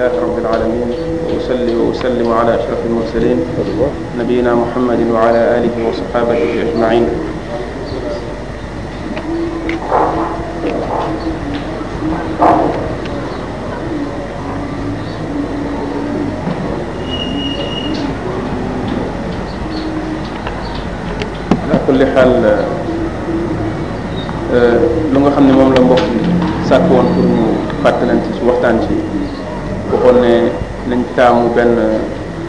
لله رب العالمين وأصلي وأسلم على أشرف المرسلين نبينا محمد وعلى آله وصحابته أجمعين ala kulli xaal lu nga xam ne moom la mbokk sàkk woon taamu benn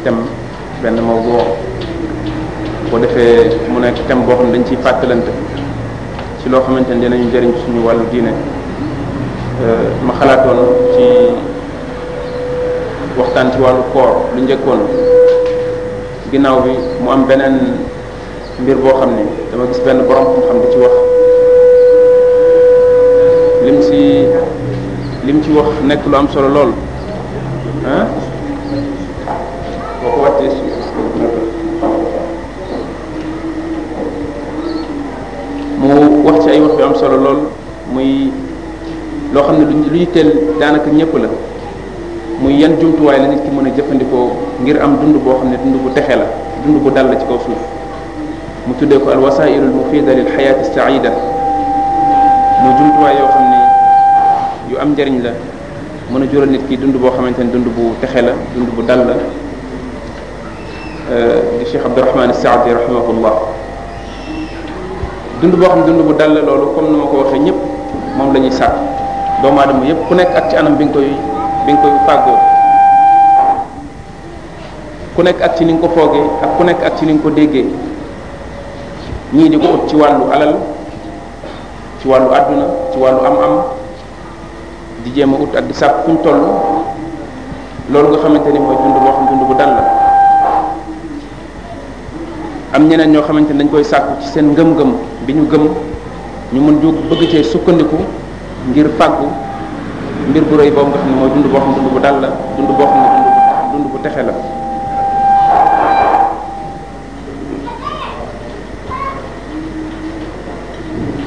thème benn mawdu boo defee mu nekk thème boo xam ne dañ ciy fàttalante ci loo xamante ne dinañu jëriñ suñu wàllu diine euh, ma xalaatoon ci waxtaan ci wàllu koor lu njëkkoon ginnaaw bi mu am beneen mbir boo xam ne dama gis benn borom xam-xam di ci wax lim ci lim ci wax nekk lu am solo lool solo lool muy loo xam ne du lu ñu daanaka ñëpp la muy yan jumtuwaay la nit ki mën a jëfandikoo ngir am dund boo xam ne dund bu texe la dund bu dal la ci kaw suuf mu tuddee ko al wasaailu al mufida lil xayaati saida muy yu am njariñ la mën a jural nit dund boo xamante ne dund bu texe la dund bu dal la di Cheikh Abdourahman Saadi rahimahullah dund boo xam dund bu dal la loolu comme ni ma ko waxee ñëpp moom lañuy ñuy sàkk doomu aadama yëpp ku nekk ak ci anam bi nga koy bi nga koy fàggoo ku nekk ak ci ni ko foogee ak ku nekk ak ci ni ko déggee ñii di ko ut ci wàllu alal ci wàllu àdduna ci wàllu am-am di jéem a ut ak di sàkk fu ñu toll loolu nga xamante ni mooy dund boo am ñeneen ñoo xamante ne dañ koy sàkku ci seen ngëm-ngëm bi ñu gëm ñu mën jóg bëgg cee sukkandiku ngir fàggu mbir bu rëy boobu nga xam ne mooy dund boo xam dund bu dal la dund boo xam ne dund bu texe la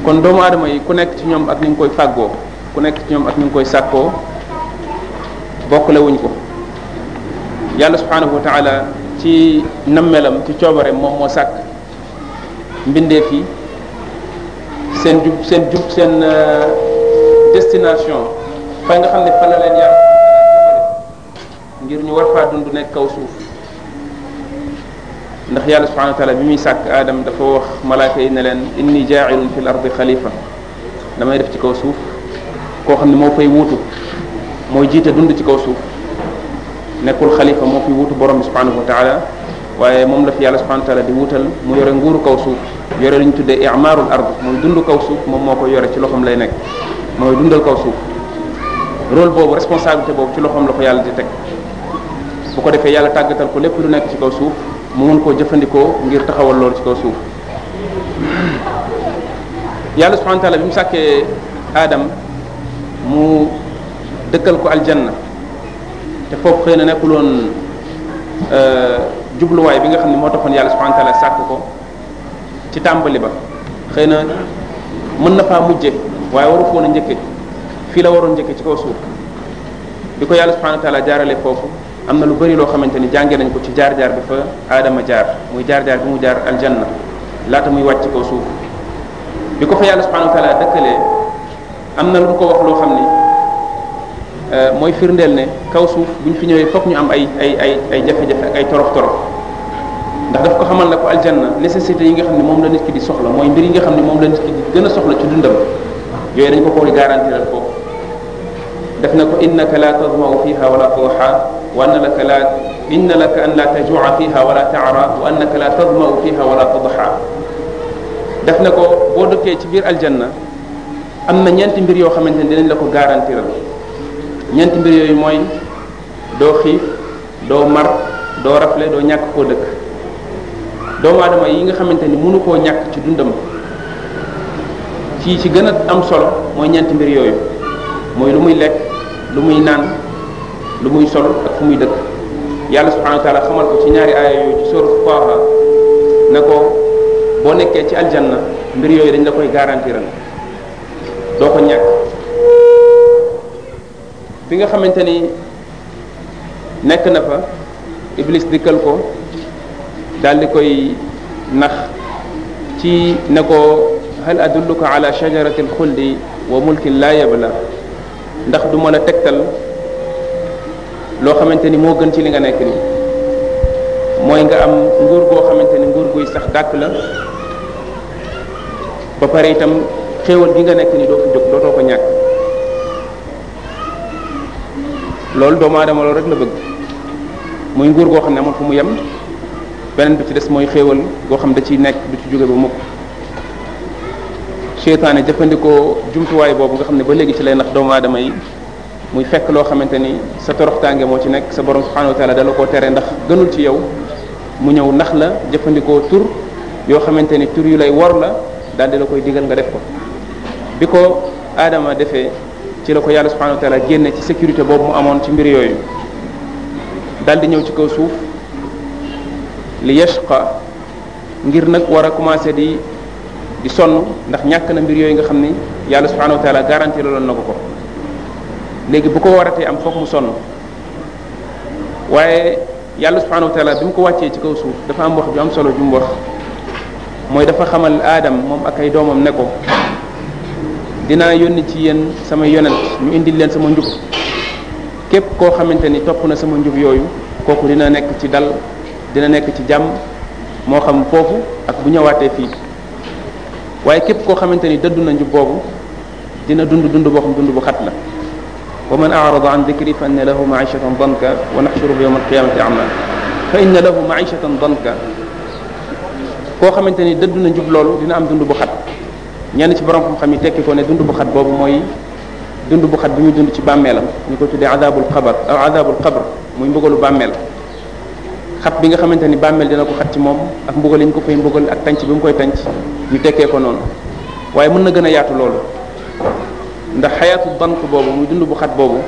kon doomu aadama yi ku nekk ci ñoom ak ni nga koy fàggoo ku nekk ci ñoom ak ni koy sàkkoo bokkale wuñ ko yàlla subhanahu wa taala ci nammelam ci coobareem moom moo sàkk mbindeef yi seen jub seen jub seen euh, destination fa nga xam ne fa la ngir ñu war faa dund nekk kaw suuf ndax yàlla subhanahu wa bi muy sàkk aadam dafa wax malaaka yi ne leen inni jaa'ilun fil ardi xalifa damay def ci kaw suuf koo xam ne moo fay wuutu mooy jiite dund ci kaw suuf nekkul xalifa moo fi wutu borom bi subhanahu wa waaye moom la fi yàlla subhanahu wa taala di wutal mu yore nguuru kaw suuf yore li ñu tuddee imaarul ard mooy dund kaw suuf moom moo ko yore ci loxoom lay nekk mooy dundal kaw suuf rôle boobu responsabilité boobu ci loxoom la ko yàlla di teg bu ko defee yàlla tàggatal ko lépp lu nekk ci kaw suuf mu mun koo jëfandikoo ngir taxawal loolu ci kaw suuf yàlla subhanahu wa bi mu sàkkee aadam mu dëkkal ko aljanna te foofu xëy na nekkuloon euh, jubluwaay bi nga xam ne moo taxoon yàlla subhanahu wa sàkk ko ci tàmbali ba xëy na mën na faa mujje waaye waru foon a njëkke fii la waroon njëkke ci kaw suuf bi ko yàlla subhanahu wa jaarale foofu am na lu bari loo xamante ni jànge nañ ko ci jaar-jaar bi aadama jaar muy jaar-jaar bi mu jaar aljanna laata muy wàcc ci kaw suuf bi ko fa yàlla subhanahu wa taala am na lu mu ko wax loo xam ni Euh, mooy firndeel ne kaw suuf bu ñu fi ñëwee fokk ñu am ay ay ay ay jafe-jafe ak ay torof torof ndax daf ko xamal na ko aljanna nécessité yi nga xam ne moom la nit ki di soxla mooy mbir yi nga xam ne moom la nit ki di gën a soxla ci dundam yooyu dañ ko ko garantiral foofu def na ko innaka la tadmau fiha wala tuha wa anna laka la inna laka a la tajua fiha wala taara wa annaka la tadmau fiha wala tadha def na ko boo dëkkee ci biir aljanna am na ñeenti mbir yoo xamante ne dinañ la ko garantiral ñenti mbir yooyu mooy doo xiif doo mar doo rafle doo ñàkk koo dëkk doomu aadama yi nga xamante ni mënu koo ñàkk ci dundam ci ci gën a am solo mooy ñenti mbir yooyu mooy lu muy lekk lu muy naan lu muy sol ak fu muy dëkk yàlla subhanahu wa taala xamal ko ci ñaari aaya yooyu ci sóoratu Taaha ne ko boo nekkee ci aljanna mbir yooyu dañ la koy garantiral doo ko ñàkk fi nga xamante ni nekk na fa iblis dikkal ko daal di koy nax ci ne ko hal adulluka ala shajarati alxuldi wa mulkin laa la ndax du mën a tegtal loo xamante ni moo gën ci li nga nekk ni mooy nga am nguur goo xamante ni nguur guy sax dàkk la ba pare itam xéewal gi nga nekk ni doo ko jóg dootoo ko ñàkk loolu doomu aadama loolu rek la bëgg muy nguur goo xam ne amul fu mu yem beneen bi ci des mooy xéewal goo xam ne da ciy nekk du ci jóge ba mukk seytaane jëfandikoo jumtuwaay boobu nga xam ne ba léegi ci lay ndax doomu aadama yi muy fekk loo xamante ni sa tàngee moo ci nekk sa borom subhanahu wa taala dala koo tere ndax gënul ci yow mu ñëw nax la jëfandikoo tur yoo xamante ni tur yu lay wor la daal di la koy digal nga def ko bi ko aadama defee ci la ko yàlla subhanahu wa taala génne ci sécurité boobu mu amoon ci mbir yooyu dal di ñëw ci kaw suuf li yashqa ngir nag war a commencé di di sonn ndax ñàkk na mbir yooyu nga xam ni yàlla subhanahu wa taala garanti la loon na ko ko léegi bu ko waratee am foog mu sonn waaye yàlla subhanahu wa bi mu ko wàccee ci kaw suuf dafa am wax ju am solo ju mu wax mooy dafa xamal aadam moom ak ay doomam ne ko dinaa yónni ci yéen sama yonent ñu indi leen sama njub képp koo xamante ni topp na sama njub yooyu kooku dina nekk ci dal dina nekk ci jàmm moo xam foofu ak bu ñëwaatee fii waaye képp koo xamante ni dëddu na njub boobu dina dund dund boo xam dund bu xat la wa man arada an dicri fa inna lahu maishatan danka wa naxshuruhu yawma alqiyamati ama fa inna danka koo xamante ni dëddu na njub loolu dina am dund bu xat ñenn ci borom xam-xam yi tekki ko ne dund bu xat boobu mooy dund bu xat bi muy dund ci bàmmeelam ñu ko tuddee azabul xabar aw euh, azabul xabr muy mbugalu bàmmeel xat bi nga xamante ni bàmmeel dina ko xat ci moom ak mbugal yi ñu ko fay mbugal ak tànc bi mu koy tànc ñu tekkee ko noonu waaye mën na gën a yaatu loolu ndax xayaatu dank boobu muy dund bu xat boobu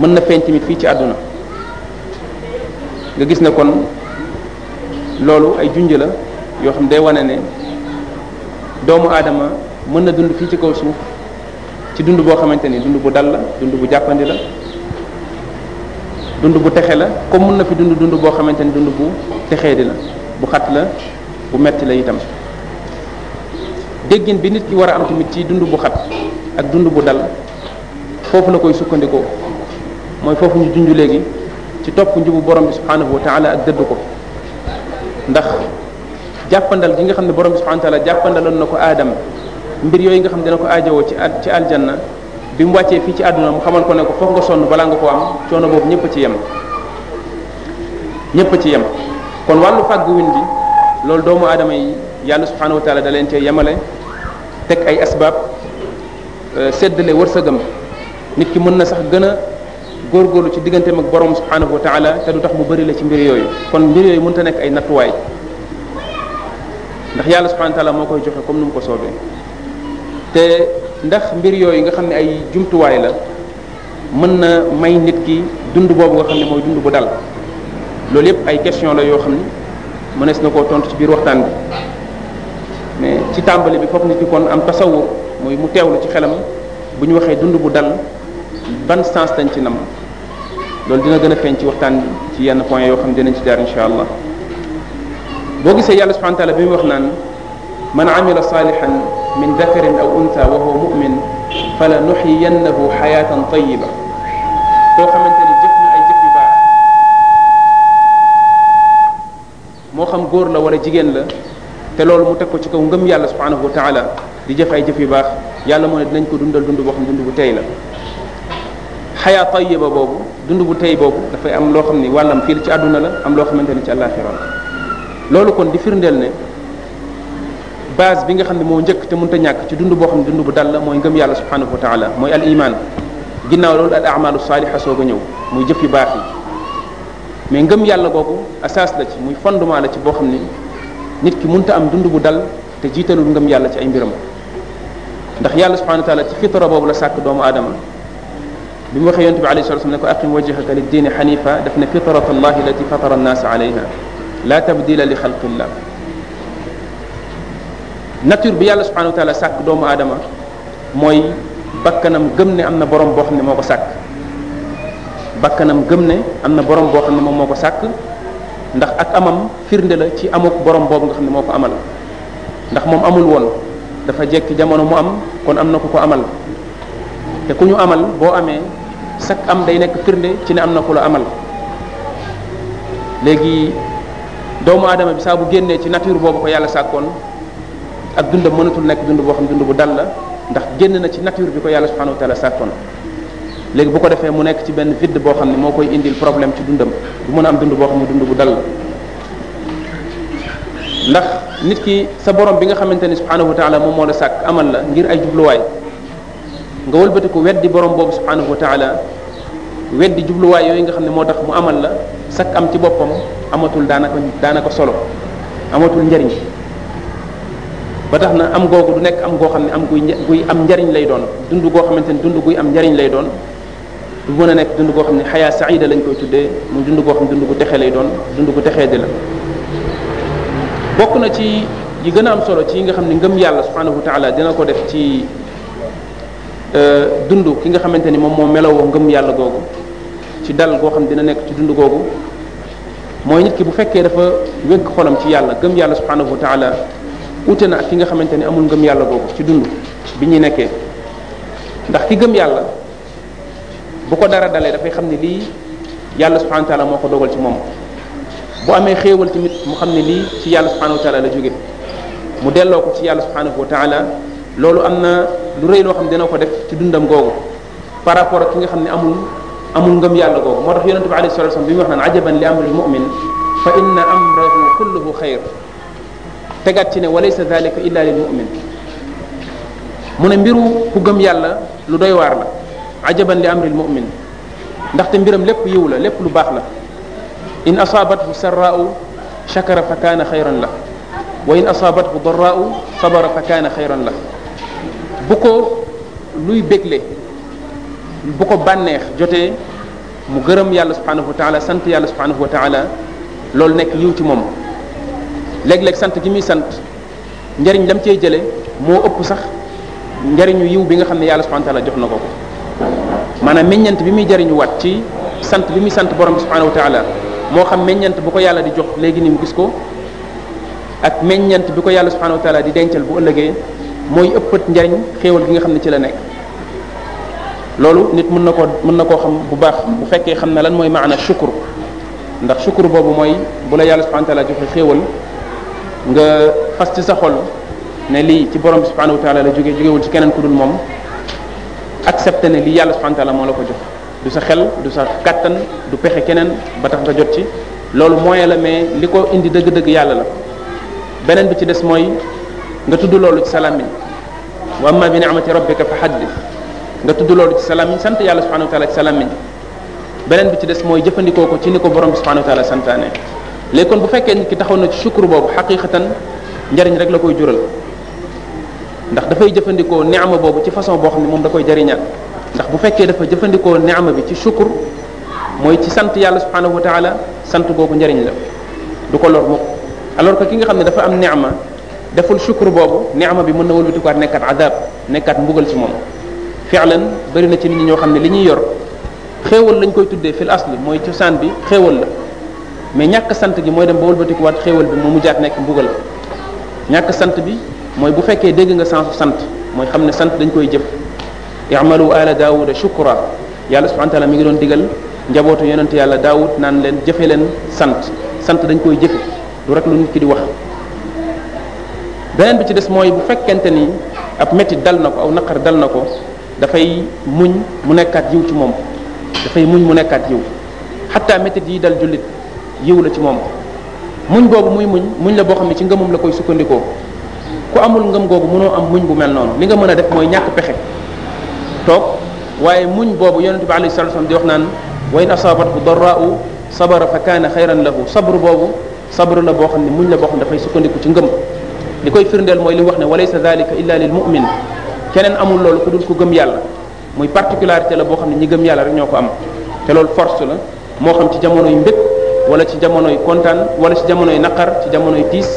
mën na feeñ tamit fii ci àdduna nga gis ne kon loolu ay junj la yoo xam day wane ne doomu aadama mën na dund fii ci kaw suuf ci dund boo xamante ni dund bu dal la dund bu jàppandi la dund bu texe la comme mën na fi dund dund boo xamante ni dund bu texee bu xat la bu metti la itam déggin bi nit ki war a am tamit dund bu xat ak dund bu dal foofu la koy sukkandikoo mooy foofu ñu junj léegi ci topp njubu borom bi subhanahu wa taala ak dëdd ko ndax jàppandal gi nga xam ne borom bi subhanahu wa taala jàppandaloon na ko aadama mbir yooyu nga xam ne dina ko aajowoo ci ci aljanna bi mu wàccee fii ci àdduna mu xamal ko ne ko foog nga sonn balaa nga ko am coono boobu ñëpp ci yem ñëpp ci yem kon wàllu fàggu win gi loolu doomu aadama yi yàlla subhanahu wa taala da leen cee yemale teg ay asbaab euh, séddale wërsëgam nit ki mën na sax gën a góorgóorlu ci digganteem ak borom subhanahu wa taala te du tax mu bari la ci mbir yooyu kon mbir yooyu mënta nekk ay nattuwaay ndax yàlla subhanahu wa taala moo koy joxe comme nu mu ko soobee te ndax mbir yooyu nga xam ne ay jumtuwaay la mën na may nit ki dund boobu nga xam ne mooy dund bu dal loolu yépp ay question la yoo xam ne mënees na koo tontu ci biir waxtaan bi mais ci tàmbali bi foofu nit ki kon am tasawur mooy mu teew teewlu ci xelam bu ñu waxee dund bu dal ban sens lañ ci nam loolu dina gën a feeñ ci waxtaan bi ci yenn point yoo xam ne dinañ ci jaar insha allah boo gisee yàlla subhanahu wa taala bi mu wax naan man amila salihan min dakarin aw unsa wa huwa mumin fala nuxiyannahu xayatan tayiba koo xamante ni jëf ay jëf moo xam góor la wala jigéen la te loolu mu teg ko ci kaw ngëm yàlla subhanahu wa taala di jëf ay jëf yu baax yàlla moo dinañ ko dundal dund boo xam bu tey la xayaa tayiba boobu dundu bu tey boobu dafay am loo xam ni wàllam fii ci àdduna la am loo xamante ni ci àllaaxira loolu kon di firndeel ne base bi nga xam ne moo njëkk te mënta ñàkk ci dund boo xam ne dund bu dal la mooy ngëm yàlla subhanahu wa taala mooy al iman ginnaaw loolu al amalu saaliha soog a ñëw muy jëf yu baax mais ngëm yàlla googu asaas la ci muy fondement la ci boo xam ni nit ki mënta am dund bu dal te jiitalul ngëm yàlla ci ay mbiram ndax yàlla subhanahu wa taala ci fitra boobu la sàkk doomu aadama bi mu waxee yonte bi alayhi salatu ne ko aqim wajhaka lid diini xanifa daf ne fitrat allahi allati fatara annaasa alayha la tabdila li xalqillah nature bi yàlla subhanahu wa taala sàkk doomu aadama mooy bakkanam gëm ne am na boroom boo xam ne moo ko sàkk bakkanam gëm ne am na borom boo xam ne moom moo ko sàkk ndax ak amam firnde la ci amuk borom boobu nga xam ne moo ko amal ndax moom amul woon dafa jekk jamono mu am kon am na ku ko amal te ku ñu amal boo amee sak am day nekk firnde ci ne am na ku la amal léegi doomu aadama bi saa bu génnee ci nature boobu ko yàlla sàkkoon ak dundam mënatul nekk dund boo xam dund bu dal la ndax génn na ci nature bi ko yàlla subhanahu wa taala sàkkoon léegi bu ko defee mu nekk ci benn vide boo xam ne moo koy indil problème ci dundam du mën a am dund boo xam ne dund bu dal la ndax nit ki sa borom bi nga xamante ni subhanahu wa taala moom moo la sàkk amal la ngir ay jubluwaay nga wëlbatiku weddi borom boobu subhanahu wa taala weddi jubluwaay yooyu nga xam ne moo tax mu amal la sakk am ci boppam amatul daanaka daanaka solo amatul njariñ ba tax na am googu du nekk am goo xam ne am guy guy am njariñ lay doon dund goo xamante ni dund guy am njariñ lay doon du mën a nekk dund xam ne xayaa saida lañ koy tuddee mu dund goo xam dund gu texee lay doon dund gu texee di la bokk na ci yi gën a am solo ci yi nga xam ne ngëm yàlla subhanahu wa taala dina ko def ci euh, dund ki nga xamante ni moom moo melowoo ngëm yàlla googu ci dal goo xam ne dina nekk ci dund googu mooy nit ki bu fekkee dafa wékk xolam ci yàlla gëm yàlla subhanahu wa taala ute na ak ki nga xamante ni amul ngëm yàlla boobu ci dund bi ñuy nekkee ndax ki gëm yàlla bu ko dara dalee dafay xam ne lii yàlla subhanahu wa taala moo ko dogal ci moom bu amee xéewal tamit mu xam ne lii ci yàlla subhanahu la jóge mu delloo ko ci yàlla subhanahu wa taala loolu am na lu rëy loo xam ne dina ko def ci dundam googu par rapport ak ki nga xam ne amul amul ngëm yàlla googu moo tax yonente bi alayhi salatu wasallam bi mu wax naan ajaban li amril mu'min fa inna amrahu kulluhu xayr tegaat ci ne walaysa dhalika illa lil mu'min mu ne mbiru ku gëm yàlla lu doy waar la ajaban li amril mu'min ndaxte mbiram lépp yiw la lépp lu baax la in asaabathu sarraa'u shakara fa kaana xayran la wa in asaabathu daraa'u sabara fa kaana xayran la bu ko luy bégle bu ko bànneex jotee mu gërëm yàlla subhanahu wa taala sant yàlla subhanahu wa taala loolu nekk yiw ci moom léeg-léeg sant gi muy sant njariñ lam cee jële moo ëpp sax njariñu yiw bi nga xam ne yàlla subhanahu wa jox na ko ko maanaam meññant bi muy jariñu wat ci sant bi muy sant borom bi subhanahu wa taala moo xam meññant bu ko yàlla di jox léegi nii mu gis ko ak meññant bi ko yàlla subhanahu wa di dencal bu ëllëgee mooy ëppat njariñ xéewal gi nga xam ne ci la nekk loolu nit mën na koo mën na koo xam bu baax bu fekkee xam ne lan mooy maana shukur ndax shukur boobu mooy bu la yàlla subhanahu wa taala joxe xéewal nga fas ci sa xol ne lii ci borom bi subhanahu wa la jóge jógewul ci keneen ku dul moom accepté ne lii yàlla subhanahu wa moo la ko jox du sa xel du sa kàttan du pexe keneen ba tax nga jot ci loolu moyen la mais li ko indi dëgg-dëgg yàlla la beneen bi ci des mooy nga tudd loolu ci sa làmmiñ wa amma bi ni'mati rabbika fa haddith nga tudd loolu ci salaam yi sant yàlla subhanahu wa taala ci beneen bi ci des mooy jëfandikoo ko ci ni ko borom bi subhanahu wa léegi kon bu fekkee nit ki taxaw na ci sukkur boobu xaqiqatan njariñ rek la koy jural ndax dafay jëfandikoo neama boobu ci façon boo moom da koy jariñaat ndax bu fekkee dafa jëfandikoo neama bi ci sukkur mooy ci sant yàlla subhanahu wa taala sant boobu njariñ la du ko lor mukk alors que ki nga xam ne dafa am neama deful sukkur boobu neama bi mën na wëlbatikuwaat nekkaat adab nekkaat mbugal ci moom fi'lan bëri na ci nit ñi ñoo xam ne li ñuy yor xéewal lañ koy tuddee fil asli mooy cosaan bi xéewal la mais ñàkk sant gi mooy dem ba wëlbatikuwaat xéewal bi mu mujjaat nekk mbugal ñàkk sant bi mooy bu fekkee dégg nga sansu sant mooy xam ne sant dañ koy jëf i'malu ala daawuda shukra yàlla subhanahu wa ta'ala mi ngi doon digal njabootu yonent yàlla daawud naan leen jëfe leen sant sant dañ koy jëfe du rek lu nit ki di wax beneen bi ci des mooy bu fekkente ni ab métti dal na ko aw naqar dal na ko dafay muñ mu nekkaat yiw ci moom dafay muñ mu nekkaat yiw xataa métit yi dal jullit yiw la ci moom muñ boobu muy muñ muñ la boo xam ne ci ngëmum la koy sukkandikoo amul ngëm googu mënoo am muñ bu mel noonu li nga mën a def mooy ñàkk pexe toog waaye muñ boobu yonente bi alayhi salatu di wax naan wa in asabathu darra'u sabara fa kaana xayran lahu sabru boobu sabru la boo xam ne muñ la boo xam ne dafay ci ngëm li koy firndeel mooy li wax ne walaysa dalika illa lil mu'min keneen amul loolu ku dul ku gëm yàlla muy particularité la boo xam ne ñi gëm yàlla rek ñoo ko am te loolu force la moo xam ci jamonoy mbég wala ci jamonoy kontaan wala ci jamonoy naqar ci jamonoy tiis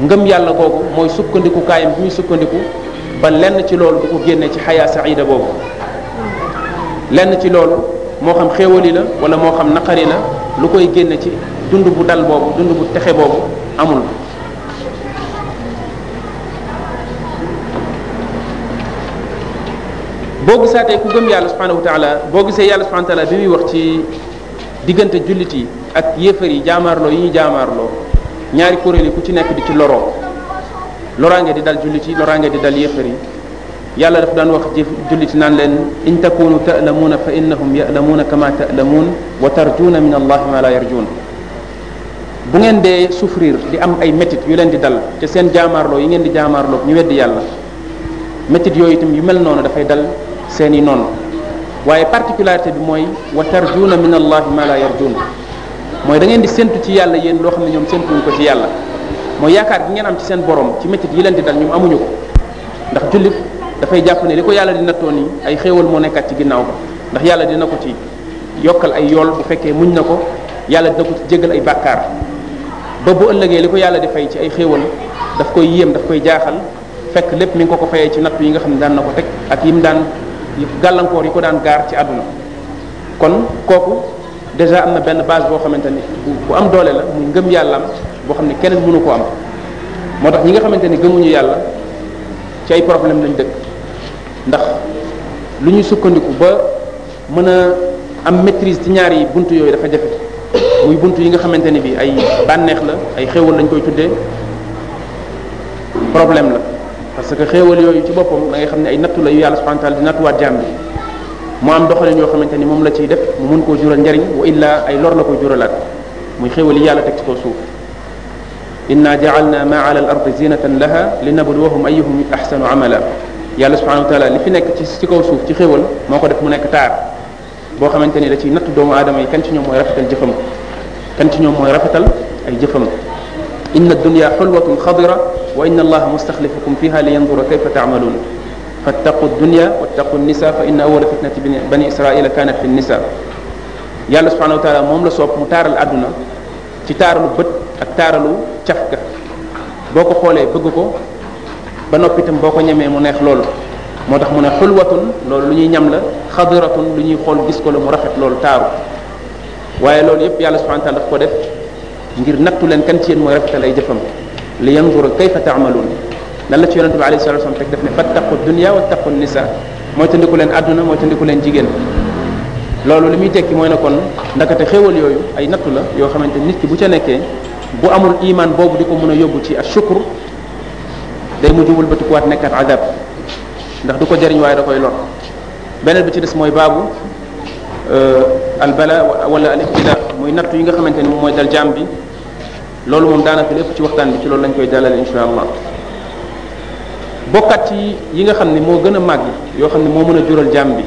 ngëm yàlla googu mooy sukkandikukaayam kaayam bi muy sukkandiku ba lenn ci loolu du ko génne ci xayaa saida boobu lenn ci loolu moo xam xéewali la wala moo xam naqari la lu koy génne ci dund bu dal boobu dund bu texe boobu amul boo gisaatee ku gëm yàlla subhanahu wa taala boo gisee yàlla subhanahu wa bi muy wax ci diggante jullit yi ak yéefar yi jaamaarloo yi ñuy jaamaarloo ñaari kuréel yi ku ci nekk di ci loro loraange di dal jullit yi loraange di dal yéefar yi yàlla daf daan wax jullit yi naan leen in takunu ta'lamuuna fa innahum ya'lamuuna kama ta'lamuun wa tarjuuna min allahi ma la yarjuun bu ngeen dee souffrir di am ay métit yu leen di dal te seen jaamaarloo yi ngeen di jaamaarloo ñu yàlla métit yooyu itam yu mel noonu dafay dal seen i noonu waaye particularité bi mooy wa tarjuuna min allah malaa la yarjuun mooy da ngeen di séntu ci yàlla yéen loo xam ne ñoom séntuñu ko ci yàlla mooy yaakaar gi ngeen am ci seen borom ci métit yi leen di dal ñoom amuñu ko ndax jullit dafay jàpp ne li ko yàlla di nattoo nii ay xéewal moo nekkaat ci ginnaaw ba ndax yàlla dina ko ci yokkal ay yool bu fekkee muñ na ko yàlla dina ko ci jégal ay bàkkaar ba bu ëllëgee li ko yàlla di fay ci ay xéewal daf koy yéem daf koy jaaxal fekk lépp mi ngi ko ko fayee ci natt yi nga xam ne daan na ko teg ak yim daan yi gàllankoor yi ko daan gaar ci àdduna kon kooku déjà am na benn base boo xamante ni bu am doole la muy ngëm am boo xam ne keneen mënu ko am moo tax ñi nga xamante ni gëmuñu yàlla ci ay problème lañ dëkk ndax lu ñuy sukkandiku ba mën a am maîtrise ci ñaari bunt yooyu dafa jafe muy bunt yi nga xamante ni bi ay bànneex la ay xéwal lañ koy tuddee problème la parce que xéewal yooyu ci boppam da ngay xam ne ay nattu la yu yàlla subhanahu wa taala di jaam bi mu am doxalin yoo xamante ni moom la ciy def mu mun koo jural njariñ wa illaa ay lor la koy juralaat muy xéewal yi yàlla teg ci kaw suuf inna ja'alna ma ala al ardi zinatan laha linabluwahum ayyuhum ahsanu amala yàlla subhanahu wa taala li fi nekk ci ci kaw suuf ci xéewal moo ko def mu nekk taar boo xamante ni da ciy natt doomu aadama yi kan ci ñoom mooy rafetal jëfam kan ci ñoom mooy rafetal ay jëfam inna dunya xulwatun xadira wa inna allaha mustaxlifukum fiha li yandura kayfa taamaluun fattaqu dunya wattaqu nisa fa inna awala fitnati bani israila kanat fi nisa yàlla subhanahu wa taala moom la soob mu taaral àdduna ci taaralu bët ak taaralu caf ga boo ko xoolee bëgg ko ba noppi itam boo ko ñemee mu neex loolu moo tax mu ne xulwatun loolu lu ñuy ñam la xadiratun lu ñuy xool gis ko la mu rafet loolu taaru waaye loolu yépp yàlla subhanahu wa taala daf ko def ngir nattu leen kan ci yéen mooy rafetal ay jëfam li yanzura kayfa taamaluun lan la ci yonente bi alayhi salatu wasallam teg def ne fattaqu dunya wattaqu mooy tandiku leen adduna mooy tandiku leen jigéen loolu li muy tekki mooy ne kon ndakate xéewal yooyu ay nattu la yoo xamante nit ki bu ca nekkee bu amul iman boobu di ko mën a yóbbu ci ashukr day mujj wëlbatikuwaat nekkaat adab ndax du ko jëriñ waaye da koy lor beneen bi ci des mooy baabu euh, albala wala al ibtila muy natt yi nga xamante ne moom mooy dal jaam bi loolu moom daanaka lépp ci waxtaan bi ci loolu lañ koy jàllale insha allah bokkat yi nga xam ni moo gën a màgg yoo xam ne moo mën a jural jàmm bi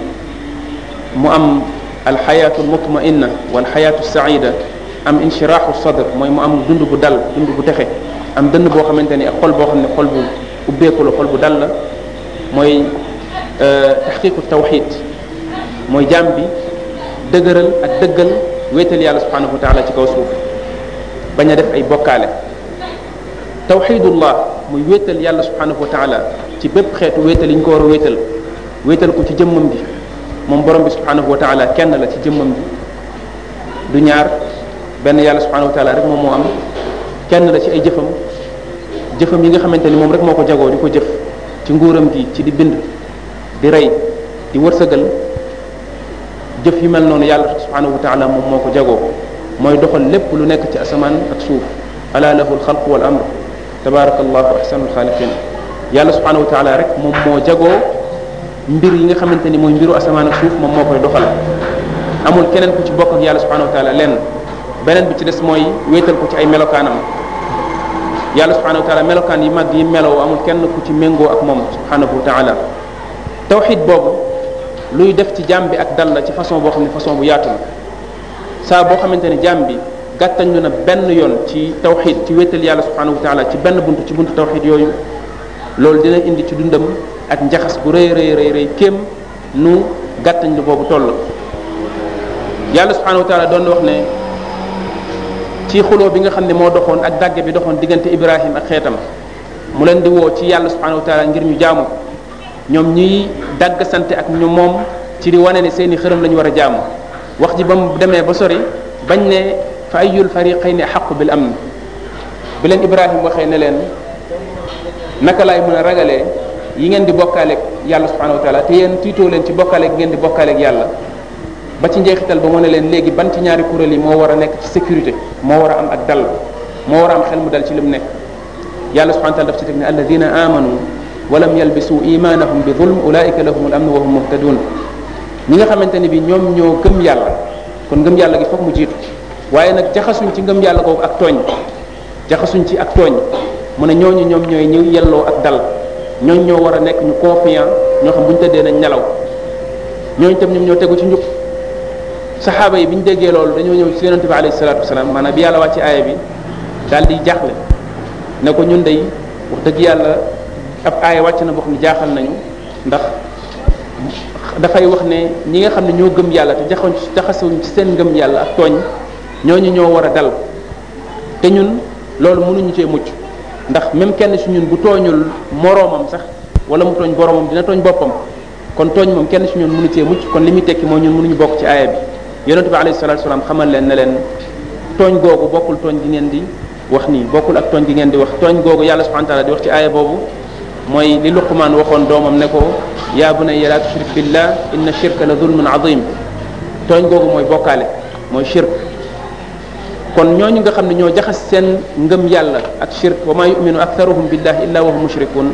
mu am alxayaatu almutmainna walxayaatu saida am inshiraaxu sadr mooy mu am dund bu dal dund bu texe am dënn boo xamante ni ak xol boo xam ne xol bu ubbeeku la xol bu dal la mooy euh, taxqiqu tawxid mooy jàmm bi dëgëral ak dëggal wéetal yàlla subhanahu wa taala ci kaw suuf bañ a def ay bokkaale tawxidullah muy wéetal yàlla subhanahu wa taala ci bépp xeetu wéetal yi ñu ko war a wéetal wéetal ko ci jëmmam bi moom borom bi subhanahu taala kenn la ci jëmmam bi du ñaar benn yàlla subhanahu wa moom moo am kenn la ci ay jëfam jëfam yi nga xamante ni moom rek moo ko jagoo di ko jëf ci nguuram gi ci di bind di rey di wërsëgal jëf yu mel noonu yàlla subhanahu wa moom moo ko jagoo mooy doxal lépp lu nekk ci asamaan ak suuf ala lahu alxalq wal amr tabarakallahu ahsanul xaaliqin yàlla subhanahu wa taala rek moom moo jagoo mbir yi nga xamante ni mooy mbiru asamaan ak suuf moom moo koy doxal amul keneen ku ci bokk yàlla subhanahu wa taala lenn beneen bi ci des mooy wéetal ko ci ay melokaanam yàlla subhanahu wa melokaan yi mag yi meloo amul kenn ku ci méngoo ak moom subhanahu wa taala tawxid boobu luy def ci jaam bi ak dal la ci façon boo xam bu yaatu saa boo xamante ne jaam bi gàttañ lu na benn yoon ci tawxiit ci wéetal yàlla subhanahu wa taala ci benn buntu ci buntu tawxid yooyu loolu dina indi ci dundam ak njaxas bu rëy rëy rëy rëy kéem nu gàttañ lu boobu toll yàlla subhanahu wa taala doon wax ne ci xuloo bi nga xam ne moo doxoon ak dàgg bi doxoon diggante ibrahim ak xeetam mu leen di woo ci yàlla subhanahu wa ngir ñu jaamu ñoom ñiy dàgg sante ak ñu moom ci di wane ne seeni xërëm lañu war a jaamu wax ji ba mu demee ba sori bañ ne fa ayul fariqayni xaqu bil amn bi am leen Ibrahim waxee ne leen naka laay mun a ragale yi ngeen di bokkaaleeg yàlla subhanahu wa taala te yéen tiitoo leen ci bokkaaleeg ngeen di bokkaaleeg yàlla ba ci njeexital ba mu leen léegi ban ci ñaari kuréel yi moo war a nekk ci sécurité moo war am ak dal moo war a am xel mu dal ci li mu nekk yàlla subhanahu wa taala daf ci teg ne alladina amanu walam yalbisu imanahum bi zulm ulaika lahum al amn wa hum muhtadun ñi nga xamante ni bi ñoom ñoo gëm yàlla kon ngëm yàlla gi foog mu jiitu waaye nag jaxasuñu ci ngëm yàlla googu ak tooñ jaxasuñ ci ak tooñ mun ne ñooñu ñoom ñooy ñu yelloo ak dal ñooñu ñoo war a nekk ñu confiant ñoo xam bu ñu tëddee nañ nelaw ñooñu tam ñoom ñoo tegu ci njub saxaaba yi bi ñu déggee loolu dañoo ñëw ci yonente bi alayhi salatu wasalaam maanaam bi yàlla wàcc aaya bi daal di jaaxle ne ko ñun day wax dëgg yàlla ab aaya wàcc na box xam jaaxal nañu ndax dafay wax ne ñi nga xam ne ñoo gëm yàlla te jaxoñ jaxasewuñ ci seen gëm yàlla ak tooñ ñooñu ñoo war a dal te ñun loolu mënuñu cee mucc ndax même kenn si ñun bu tooñul moroomam sax wala mu tooñ boromam dina tooñ boppam kon tooñ moom kenn si ñun mënu cee mucc kon li muy tekki mooy ñun mënuñu bokk ci aaya bi yonente bi alayhi salatu salaam xamal leen ne leen tooñ googu bokkul tooñ gi ngeen di wax nii bokkul ak tooñ gi ngeen di wax tooñ googu yàlla subhanahu wa di wax ci aaya boobu mooy li luqmaan waxoon doomam ne ko yaa bunayya laa tushrik billah inna shirka la zulmun azim tooñ googu mooy bokkaale mooy shirk kon ñooñu nga xam ne ñoo jaxas seen ngëm yàlla ak shirk wa maa yuminu aktharuhum billahi illa wa hum mushrikun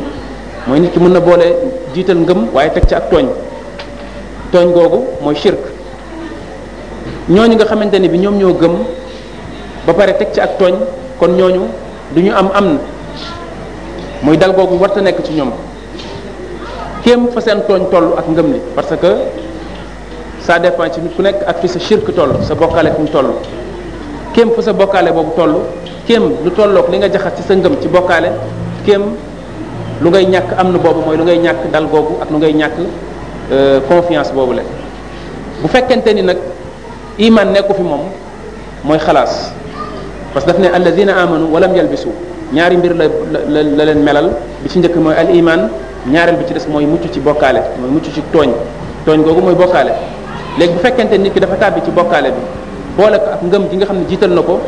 mooy nit ki mën na boole jiital ngëm waaye teg ci ak tooñ tooñ googu mooy shirk ñooñu nga xamante ne bi ñoom ñoo gëm ba pare teg ci ak tooñ kon ñooñu du ñu am am na muy dal googu warta nekk ci ñoom kéem fa seen tooñ toll ak ngëm li parce que ça dépend ci nit nekk ak fi sa shirk toll sa bokkaale fu mu toll kéem fa sa bokkaale boobu toll kéem lu tolloog li nga jaxas ci sa ngëm ci bokkaale kéem lu ngay ñàkk am na boobu mooy lu ngay ñàkk dal googu ak lu ngay ñàkk euh, confiance boobu la bu fekkente ni nag imaan nekku fi moom mooy xalaas parce que daf ne alladina amanu walam yalbisu ñaari mbir la la la leen melal bi ci njëkk mooy al iman ñaareel bi ci des mooy mucc ci bokkaale mooy mucc ci tooñ tooñ googu mooy bokkaale léegi bu fekkente nit ki dafa tàbbi ci bokkaale bi boole ak ngëm gi nga xam ne jiital na ko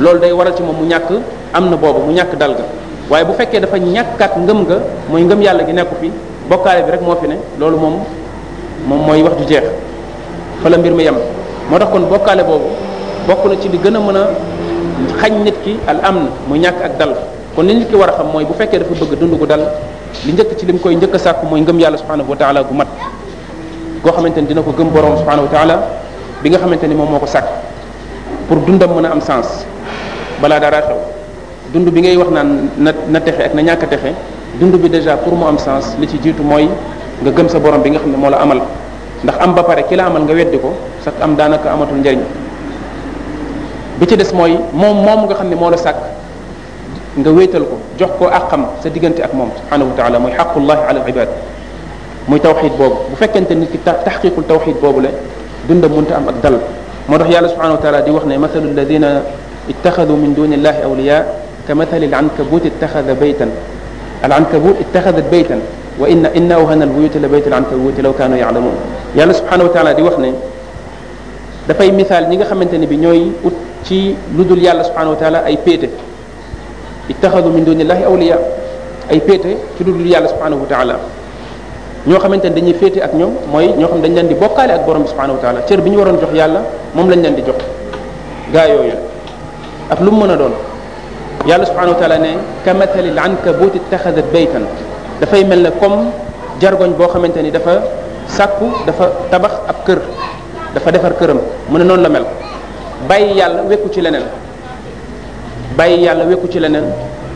loolu day waral ci moom mu ñàkk am na boobu mu ñàkk dal ga waaye bu fekkee dafa ñàkkaat ngëm nga mooy ngëm yàlla gi nekku fi bokkaale bi rek moo fi ne loolu moom moom mooy wax ju jeex fa la mbir mi yam moo tax kon bokkaale boobu na ci li gën a mën a xañ nit ki al na mu ñàkk ak dal kon li nit ki war a xam mooy bu fekkee dafa bëgg dund gu dal li njëkk ci lim koy njëkk sàkku mooy ngëm yàlla subhanahu wa taala gu mat koo xamante ni dina ko gëm borom subhanahu wa taala xamante ni moom moo ko sàkk pour dundam mën a am sens balaa dara xew dund bi ngay wax naan na na texe na ñàkk a dund bi déjà pour mu am sens li ci jiitu mooy nga gëm sa borom bi nga xam ne moo la amal ndax am ba pare ki la amal nga weddi ko sax am daanaka amatul njariñ bi ci des mooy moom moom nga xam ne moo la sàkk nga wéetal ko jox ko àqam sa diggante ak moom subhanahu wa taala mooy xaqullahi ala al ibad muy tawxid boobu bu fekkente nit ki taxqiqul tawxid boobu la dunda munta am ak dal moo tax yàlla subhanahu wa taala di wax ne mathalu alladina ittaxadu min duni illahi awliya ka mathali alankabut ittaxada baytan alankabut ittaxadat baytan wa inna inna awhana albuyuti la baytu alankabuti law kaanu yalamun yàlla subhanahu wa taala di wax ne dafay misaal ñi nga xamante ne bi ñooy ut ci lu dul yàlla subhanahu wa taala ay péete ittaxadu min dunillahi awliya ay péete ci lu dul yàlla subhanahu wa taala ñoo xamante ne dañuy féete ak ñoom mooy ñoo xam dañ leen di bokkaale ak borom bi subhanahu wa cër ñu waroon jox yàlla moom lañ leen di jox gaa yooyu ak lu mu mën a doon yàlla subhanahu wa taala ne kamathalil ankabut ittaxadat baytan dafay mel ne comme jargoñ boo xamante ni dafa sàkku dafa tabax ab kër dafa defar këram mu a noonu la mel bàyyi yàlla wékku ci leneen bàyyi yàlla wekku ci leneen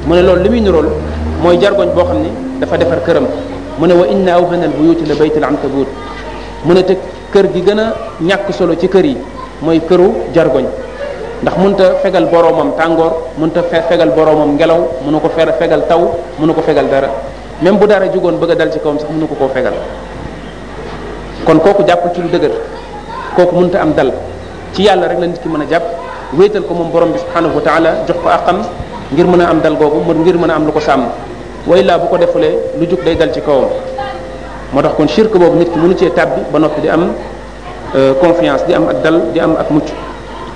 mu ne loolu li muy nirool mooy jargoñ boo xam ne dafa defar këram mu ne wa inna bu al buyuti la baytul ankabut mu ne te kër gi gën a ñàkk solo ci kër yi mooy këru jargoñ ndax mënta fegal boroomam tàngoor mënta fegal boroomam ngelaw mënu ko fer fegal taw mënu ko fegal dara même bu dara jugoon bëgg a dal ci kawam sax mënu ko koo fegal kon kooku jàppul ci lu dëgër kooku mënta am dal ci yàlla rek la nit ki mën a jàpp wéetal ko moom borom bi subhanahu wa taala jox ko àqam ngir mën a am dal googu mën ngir mën a am lu ko sàmm way laa bu ko defulee lu jug day dal ci kawam moo tax kon shirk boobu nit ki mënu cee tàbbi ba noppi di am euh, confiance di am ak dal di am ak mucc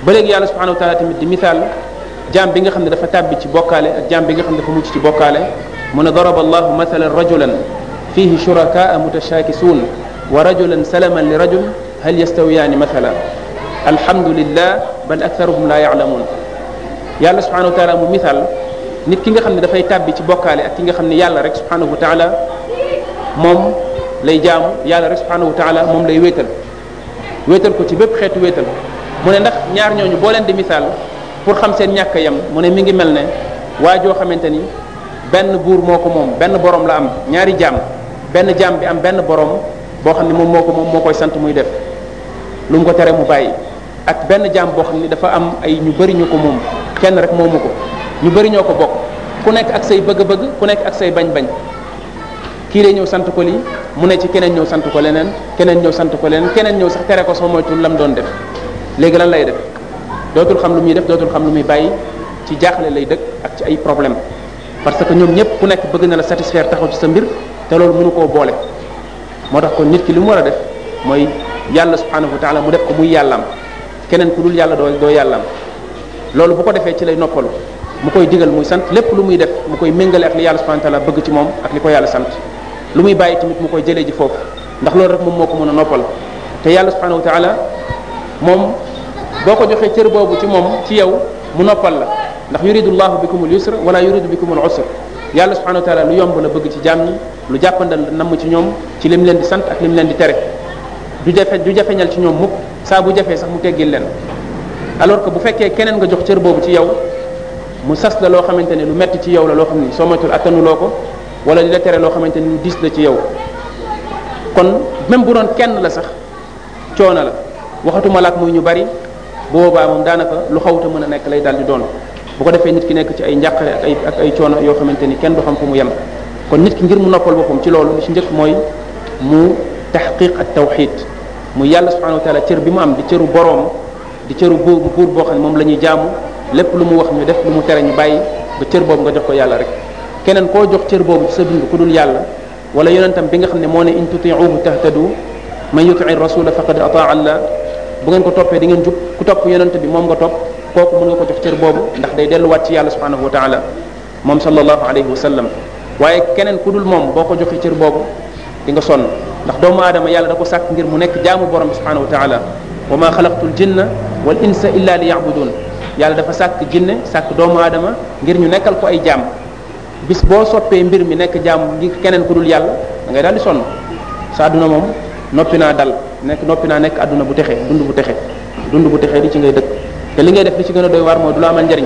ba léegi yàlla subhanahu wa taala tamit di misaal jaam bi nga xam ne dafa tàbbi ci bokkaale ak jaam bi nga xam ne dafa mucc ci bokkaale mu ne daraba allahu mathalan rajulan fihi shurakaa mutashakisuun wa rajulan salaman li rajul hal yastawiyaani mathala alhamdulillah bal aktharuhum la ya'lamun yàlla subhanahu wa taala mu misaal nit ki nga xam ne dafay tàbbi ci bokkaale ak ki nga xam ne yàlla rek subhanahu wa taala moom lay jaamu yàlla rek subhanahu wa taala moom lay wéetal wéetal ko ci bépp xeetu wéetal mu ne ndax ñaar ñooñu boo leen di misaal pour xam seen ñàkk yam mu ne mi ngi mel ne waa joo xamante ni benn buur moo ko moom benn borom la am ñaari jaam benn jaam bi am benn borom boo xam ne moom moo ko moom moo koy sant muy def lu ko tere mu bàyyi ak benn jaam boo xam ni dafa am ay ñu bëri ñu ko moom kenn rek moomu ko ñu bëri ñoo ko bokk ku nekk ak say bëgg-bëgg ku nekk ak say bañ-bañ kii de ñëw sant ko lii mu ne ci keneen ñëw sant ko leneen keneen ñëw sant ko leneen keneen ñëw sax tere ko soo moytul lam doon def léegi lan lay def dootul xam lu muy def dootul xam lu muy bàyyi ci jaaxle lay dëkk ak ci ay problème parce que ñoom ñëpp ku nekk bëgg na la satisfaire taxaw ci sa mbir te loolu mënu koo boole moo tax kon nit ki li mu war a def mooy yàlla subhanahu wa mu def ko muy yàllaam keneen ku dul yàlla doo doo yàllaam loolu bu ko defee ci lay noppalu mu koy digal muy sant lépp lu muy def mu koy méngale ak li yàlla subhanahu wa taala bëgg ci moom ak li ko yàlla sant lu muy bàyyi tamit mu koy jëlee ji foofu ndax loolu rek moom moo ko mën a noppal te yàlla subhanahu wa taala moom boo ko joxee cër boobu ci moom ci yow mu noppal la ndax yuridu llahu bikum al yusra wala yuridu bikum al usra yàlla subhanahu wa taala lu yomb la bëgg ci jaam ñi lu jàppandal namm ci ñoom ci lim leen di sant ak lim leen di tere du jafe du jafeñal ci ñoom mukk saa bu jafee sax mu teggil leen alors que bu fekkee keneen nga jox cër boobu ci yow mu sas la loo xamante ne lu metti ci yow la loo xam ni soo moytul attanuloo ko wala di la tere loo xamante ni lu diis la ci yow kon même bu doon kenn la sax coono la waxatuma laak muy ñu bari boobaa moom daanaka lu xawta mën a nekk lay daal di doon bu ko defee nit ki nekk ci ay njàqare ak ay ak coono yoo xamante ni kenn du xam ko mu yem kon nit ki ngir mu noppal boppam ci loolu li ci njëkk mooy mu taxqiq ak tawxid yàlla subhanahu wa taala cër bi mu am di cëru boroom di cëru buur boo xam ne moom la ñuy jaamu lépp lu mu wax ñu def lu mu tere ñu bàyyi ba cër boobu nga jox ko yàlla rek keneen koo jox cër boobu ci sa dund ku dul yàlla wala yonentam bi nga xam ne moo ne in tutiuhu tahtadu man yutii rasula faqad ataa allah bu ngeen ko toppee di ngeen jub ku topp yonent bi moom nga topp kooku mën nga ko jox cër boobu ndax day delluwaat ci yàlla subhanahu wa taala moom sallallahu alayhi wa sallam waaye keneen ku dul moom boo ko joxee cër boobu di nga sonn ndax doomu aadama yàlla da ko sàkk ngir mu nekk jaamu borom bi subhanahu wa taala wa ma xalaqtul jinna wal insa illa li yabudun yàlla dafa sàkk jinne sàkk doomu aadama ngir ñu nekkal ko ay jaam bis boo soppee mbir mi nekk jaam ngir keneen ku dul yàlla da ngay daal di sonn sa àdduna moom noppi naa dal nekk noppi naa nekk àdduna bu texe dund bu texe dund bu texe di ci ngay dëkk te li ngay def li ci gën a doy waar mooy du la amal njariñ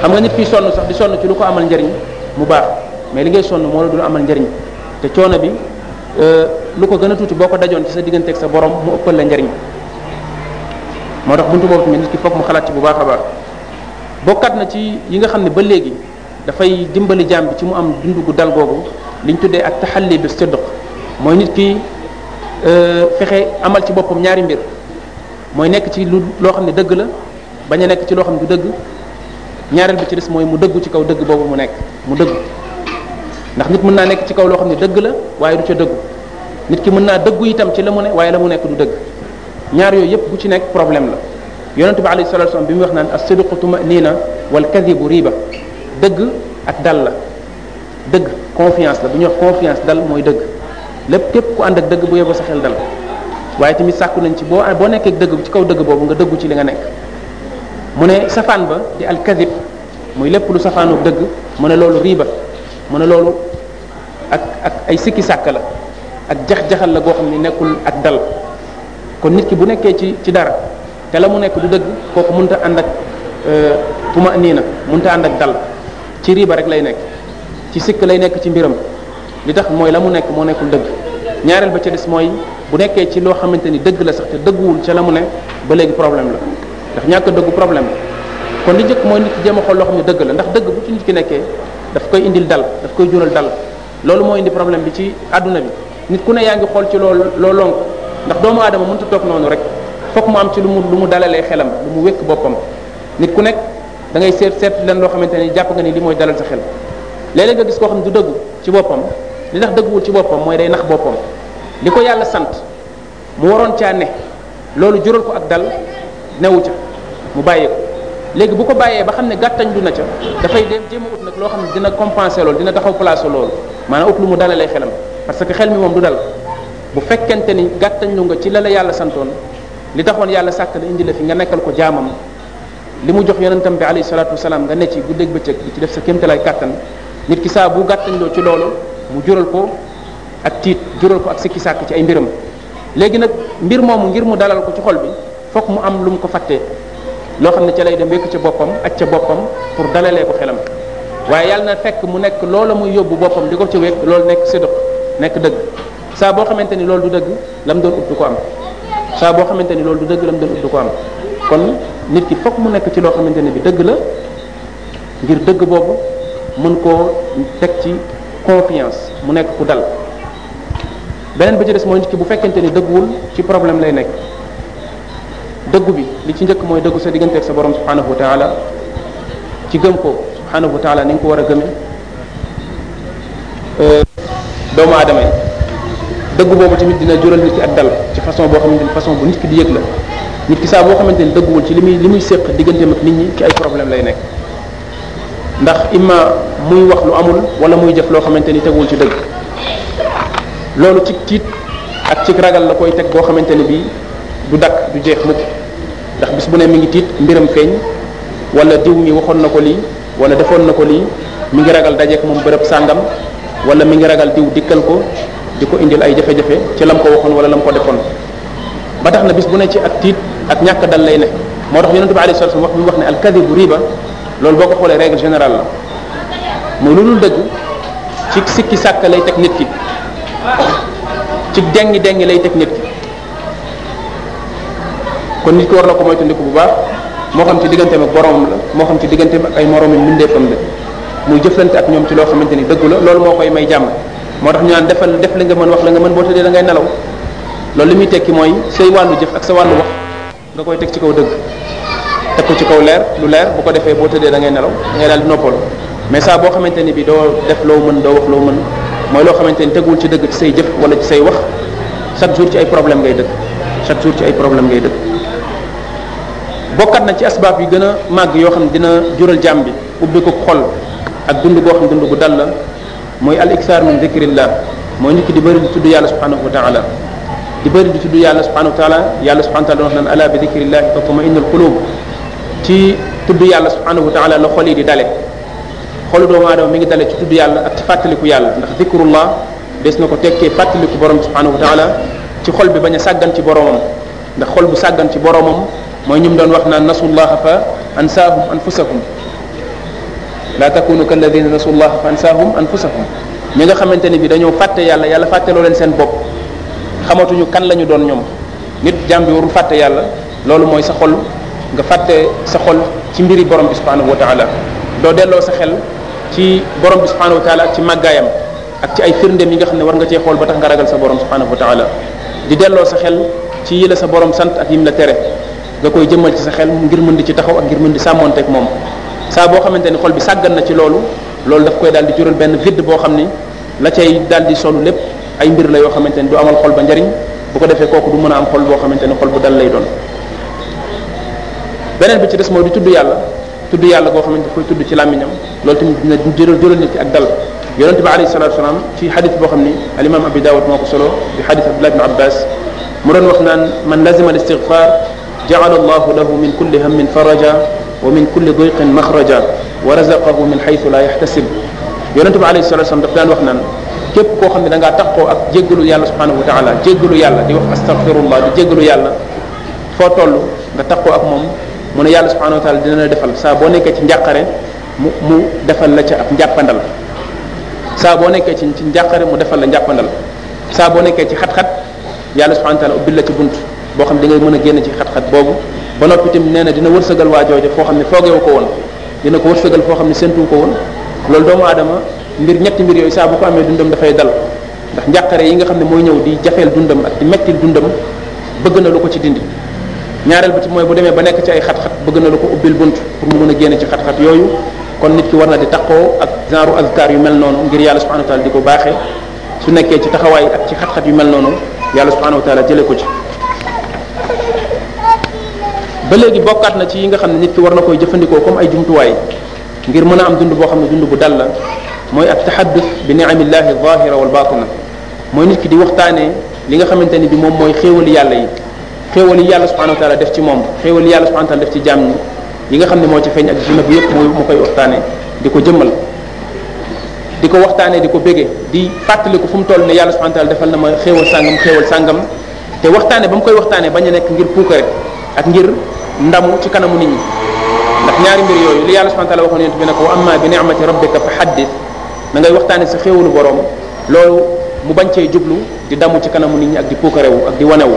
xam nga nit kiy sonn sax di sonn ci lu ko amal njariñ mu baax mais li ngay sonn moo la amal njariñ lu ko gën a tuuti boo ko dajoon ci sa diggante ak sa borom mu ëppal la njariñ moo tax buntu boobu tamit nit ki foog mu xalaat ci bu baax a baax bokkat na ci yi nga xam ne ba léegi dafay dimbali jaam bi ci mu am dund gu dal googu li ñu tuddee ak taxalli bi sidq mooy nit ki euh, fexe amal ci boppam ñaari mbir mooy nekk ci lu loo xam ne dëgg la bañ a nekk ci loo xam ne du dëgg ñaareel bi ci des mooy mu dëggu ci kaw dëgg boobu mu nekk mu dëgg ndax nit mun naa nekk ci kaw loo xam ne dëgg la waaye du ca nit ki mën naa dëggu itam ci la mu ne waaye la mu nekk du dëgg ñaar yooyu yëpp bu ci nekk problème la yonente bi alayhi salatu bi mu wax naan as-sidqu tuma'nina wal bu riiba dëgg ak dal la dëgg confiance la bu ñuy wax confiance dal mooy dëgg lépp képp ku ànd ak dëgg bu yeboo sa xel dal waaye tamit sàkku nañ ci boo boo nekkee dëgg ci kaw dëgg boobu nga dëggu ci li nga nekk mu ne safaan ba di al kadhib muy lépp lu safaanoog dëgg mu ne loolu riba mu ne loolu ak ay sikki la ak jax-jaxal la goo xam ni nekkul ak dal kon nit ki bu nekkee ci ci dara te la mu nekk du dëgg kooku mënta ànd ak euh, tuma nii na mënta ànd ak dal ci riba rek lay nekk ci sikk lay nekk ci mbiram li tax mooy la mu nekk moo nekkul dëgg ñaareel ba ca des mooy bu nekkee ci loo xamante ni dëgg la sax te dëgguwul ci la mu ne ba léegi problème la ndax ñàkk dëggu problème kon li jëkk mooy nit ki jéem a xool loo xam ne dëgg la ndax dëgg bu ci nit ki nekkee daf koy indil dal daf koy jural dal loolu moo indi problème bi ci àdduna bi nit ku ne yaa ngi xool ci loolu loo lonk ndax doomu aadama mënut a toog noonu rek fokk mu am ci lu mu lu mu dalalee xelam lu mu wékk boppam nit ku nekk dangay ngay seet seet leen loo xamante ni jàpp nga ni li mooy dalal sa xel léeg-léeg nga gis koo xam ne du dëggu ci boppam li tax dëgguwul ci boppam mooy day nax boppam li ko yàlla sant mu waroon caa ne loolu jural ko ak dal newu ca mu bàyyi ko léegi bu ko bàyyee ba xam ne gàttañ du na ca dafay dem jéem a ut nag loo xam ne dina compenser loolu dina taxaw place loolu maanaam ut lu mu dalalee xelam parce que xel mi moom du dal bu fekkente ni gàttañlu nga ci la la yàlla santoon li taxoon yàlla sàkk la indi la fi nga nekkal ko jaamam li mu jox tam bi alayhi salaatu wasalaam nga ne ci guddeeg bëccëg di ci def sa kéemtalaay kàttan nit ki saa bu gàttañloo ci loolu mu jural ko ak tiit jural ko ak sikki sàkk ci ay mbiram léegi nag mbir moomu ngir mu dalal ko ci xol bi fokk mu am lu mu ko fàttee loo xam ne ca lay dem wékk ca boppam ak ca boppam pour dalalee ko xelam waaye yàlla na fekk mu nekk loola muy yóbbu boppam di ko ca wékk loolu nekk sédox nekk dëgg saa boo xamante ni loolu du dëgg lam doon ut du ko am saa boo xamante ni loolu du dëgg lam doon ut du ko am kon nit ki fokk mu nekk ci loo xamante ne bi dëgg la ngir dëgg boobu mën koo teg ci confiance mu nekk ku dal beneen bi ci des mooy nit ki bu fekkente ni dëgguwul ci problème lay nekk dëggu bi li ci njëkk mooy dëggu sa diggante ak sa borom subhanahu wa taala ci gëm ko subhanahu wa taala ni nga ko war a gëmee euh, doomu aadama yi dëgg boobu tamit dina jural nit ki ak dal ci façon boo xamante ni façon bu nit ki di yëg la nit ki saa boo xamante ni dëgguwul ci li muy li muy séq digganteem ak nit ñi ci ay problème lay nekk ndax imma muy wax lu amul wala muy jëf loo xamante ni teguwul ci dëgg loolu ci tiit ak ci ragal la koy teg boo xamante ni bii du dakk du jeex mukk ndax bis bu ne mi ngi tiit mbiram feeñ wala diw mi waxoon na ko lii wala defoon na ko lii mu ngi ragal dajeek moom bërëb sàngam wala mi ngi ragal diw dikkal ko di ko indil ay jafe-jafe ci lam ko waxoon wala lam ko defoon ba tax na bis bu ne ci ak tiit ak ñàkk dal lay ne moo tax yonente bi alayhi salatu wax bi wax ne al kadibu riba loolu boo ko xoolee règle générale dëgg ci sikki sàkk lay teg nit ki ci dengi lay teg nit ki kon nit ki war na ko bu baax moo xam ci digganteem ak boromam la moo xam ci digganteem ak ay moroomi mbindeefam la muy jëflante ak ñoom ci loo xamante ni dëggu la loolu moo koy may jàmm moo tax ñu naan defal def la nga mën wax la nga mën boo tëddee da nelaw loolu li muy tekki mooy say wàllu jëf ak sa wàllu wax nga koy teg ci kaw dëgg teg ko ci kaw leer lu leer bu ko defee boo tëddee da ngay nelaw da ngay daal di noppalu mais saa boo xamante ni bi doo def loo mën doo wax loo mën mooy loo xamante ni teguwul ci dëgg ci say jëf wala ci say wax chaque jour ci ay problème ngay dëkk chaque jour ci ay problème ngay dëkk bokkat na ci asbaab yi gën a màgg yoo xam ne dina jural jàmm bi ubbi ko xol ak dund boo xam dund bu dal la mooy al iksaar min zikrillah mooy nit ki di bëri di tudd yàlla subhanahu wa taala di bëri di tudd yàlla subhanahu wa taala yàlla subhanahu wa taala wax naan ala bi zikrillahi tatma'innul qulub ci tudd yàlla subhanahu wa taala la xol yi di dale xolu doomu aadama mi ngi dale ci tudd yàlla ak ci fàttaliku yàlla ndax zikrullah des na ko tekkee fàttaliku borom subhanahu wa taala ci xol bi bañ a sàggan ci boromam ndax xol bu sàggan ci boromam mooy ñu mu doon wax naan nasullaha fa ansaahum anfusahum laa takunu kalladina nasu llaha fa ansaahum anfusahum ñi nga xamante ni bi dañoo fàtte yàlla yàlla fàtteloo leen seen bopp xamatuñu kan la ñu doon ñoom nit jàmm bi warul fàtte yàlla loolu mooy sa xol nga fàtte sa xol ci mbiri borom bi subhanahu wa taala doo delloo sa xel ci borom bi subhanahu wa taala ak ci màggaayam ak ci ay firndeem yi nga xam ne war nga cee xool ba tax nga ragal sa borom subhanahu wa taala di delloo sa xel ci yi sa borom sant ak yim la tere nga koy jëmmal ci sa xel ngir mën di ci taxaw ak ngir mën di sàmmoonteeg moom saa boo xamante ni xol bi sàggan na ci loolu loolu daf koy daal di jural benn vide boo xam ni la ay daal di solu lépp ay mbir la yoo xamante ni du amal xol ba njariñ bu ko defee kooku du mën a am xol boo xamante ni xol bu dal lay doon beneen bi ci des mooy du tudd yàlla tudd yàlla goo xamante koy tudd ci làmmiñam loolu tamit dina jural jural nit ki ak dal yonente bi alayhi salatu wasalaam ci xadis boo xam ni alimam abi daawud moo ko solo bi xadis abdullah ibn abbas mu doon wax naan man lazima al istighfar jaala allahu lahu min kulli hammin faraja wa min kulli duyqin maxraja wa razaqahu min xaytu la yaxtasib yonente bi alayhi salatu wasallam daf daan wax naan képp koo xam ne da ngaa taxoo ak jéggalu yàlla subhanahu wa taala jéggalu yàlla di wax astaghfirullah di jéggalu yàlla foo toll nga taxoo ak moom mu ne yàlla subhanahu wa taala dina la defal saa boo nekkee ci njàqare mu mu defal la ca ab njàppandal saa boo nekkee ci ci njàqare mu defal la njàppandal saa boo ci xat-xat yàlla subhanahu wa taala ubbil la ci bunt boo xam ne da ngay mën a génn ci xat-xat boobu ba noppi tamit nee na dina wërsëgal waa jooju foo xam ne foogeewu ko woon dina ko wërsëgal foo xam ne séntuwu ko woon loolu doomu adama mbir ñetti mbir yooyu saa bu ko amee dundam dafay dal ndax njàqare yi nga xam ne mooy ñëw di jafeel dundam ak di mettil dundam bëgg na lu ko ci dindi ñaareel ba ci mooy bu demee ba nekk ci ay xat-xat bëgg na lu ko ubbil bunt pour mu mën a génn ci xat-xat yooyu kon nit ki war na di taqoo ak genre azkar yu mel noonu ngir yàlla subhanahu wa di ko baaxee su nekkee ci taxawaay ak ci xat yu mel noonu yàlla subhanahu wa taala jëlee ko ci ba léegi bokkaat na ci yi nga xam ne nit ki war na koy jëfandikoo comme ay jumtuwaay ngir mën a am dund boo xam ne dund bu dal la mooy ak taxaddus bi niamillahi zahira wal batina mooy nit ki di waxtaanee li nga xamante ni bi moom mooy yàlla yi xéewali yàlla subhanahu wa taala def ci moom xéewali yàlla subhanahu wa def ci jaam ñi xam ne moo ci feeñ ak dina yëpp mooy mu koy waxtaanee di ko jëmmal di ko waxtaanee di ko bége di fàttaliku fu mu toll ne yàlla subhanahu defal na ma xéewal sàngam xéewal sàngam te waxtaane ba mu koy waxtaanee bañ a nekk ngir puukare ak ngir ndamu ci kanamu nit ñi ndax ñaari mbir yooyu li yàlla subhanahu wa ta'ala waxoon yonent bi ne ko amma bi ni'mati rabbika fa xaddis na ngay waxtaane sa xéewalu borom loolu mu bañ cee jublu di damu ci kanamu nit ñi ak di puukarewu ak di wanewu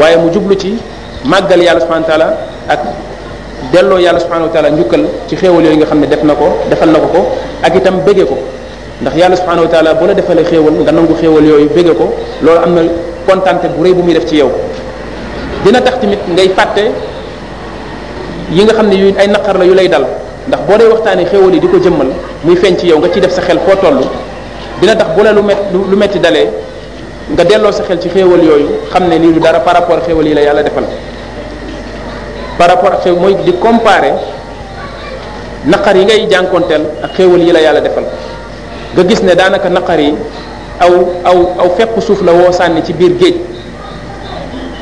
waaye mu jublu ci màggal yàlla subhanahu wa ta'ala ak delloo yàlla subhanahu wa ta'ala njukkal ci xéewal yooyu nga xam ne def na ko defal na ko ko ak itam bëgge ko ndax yàlla subhanahu wa ta'ala bu la defalee xéewal nga nangu xéewal yooyu bëgge ko loolu am na kontante bu rëy bu muy def ci yow dina tax tamit ngay fàtte yi nga xam ne yu ay naqar la yu lay dal ndax boo dee waxtaanee xéewal yi di ko jëmmal muy feeñ ci yow nga ciy def sa xel foo toll dina tax bu la lu met lu metti dalee nga delloo sa xel ci xéwal yooyu xam ne lii du dara par rapport xéwal yi la yàlla defal par rapport ak mooy di comparer naqar yi ngay jànkoonteel ak yi la yàlla defal nga gis ne daanaka naqar yi aw aw aw fepp suuf la woo sànni ci biir géej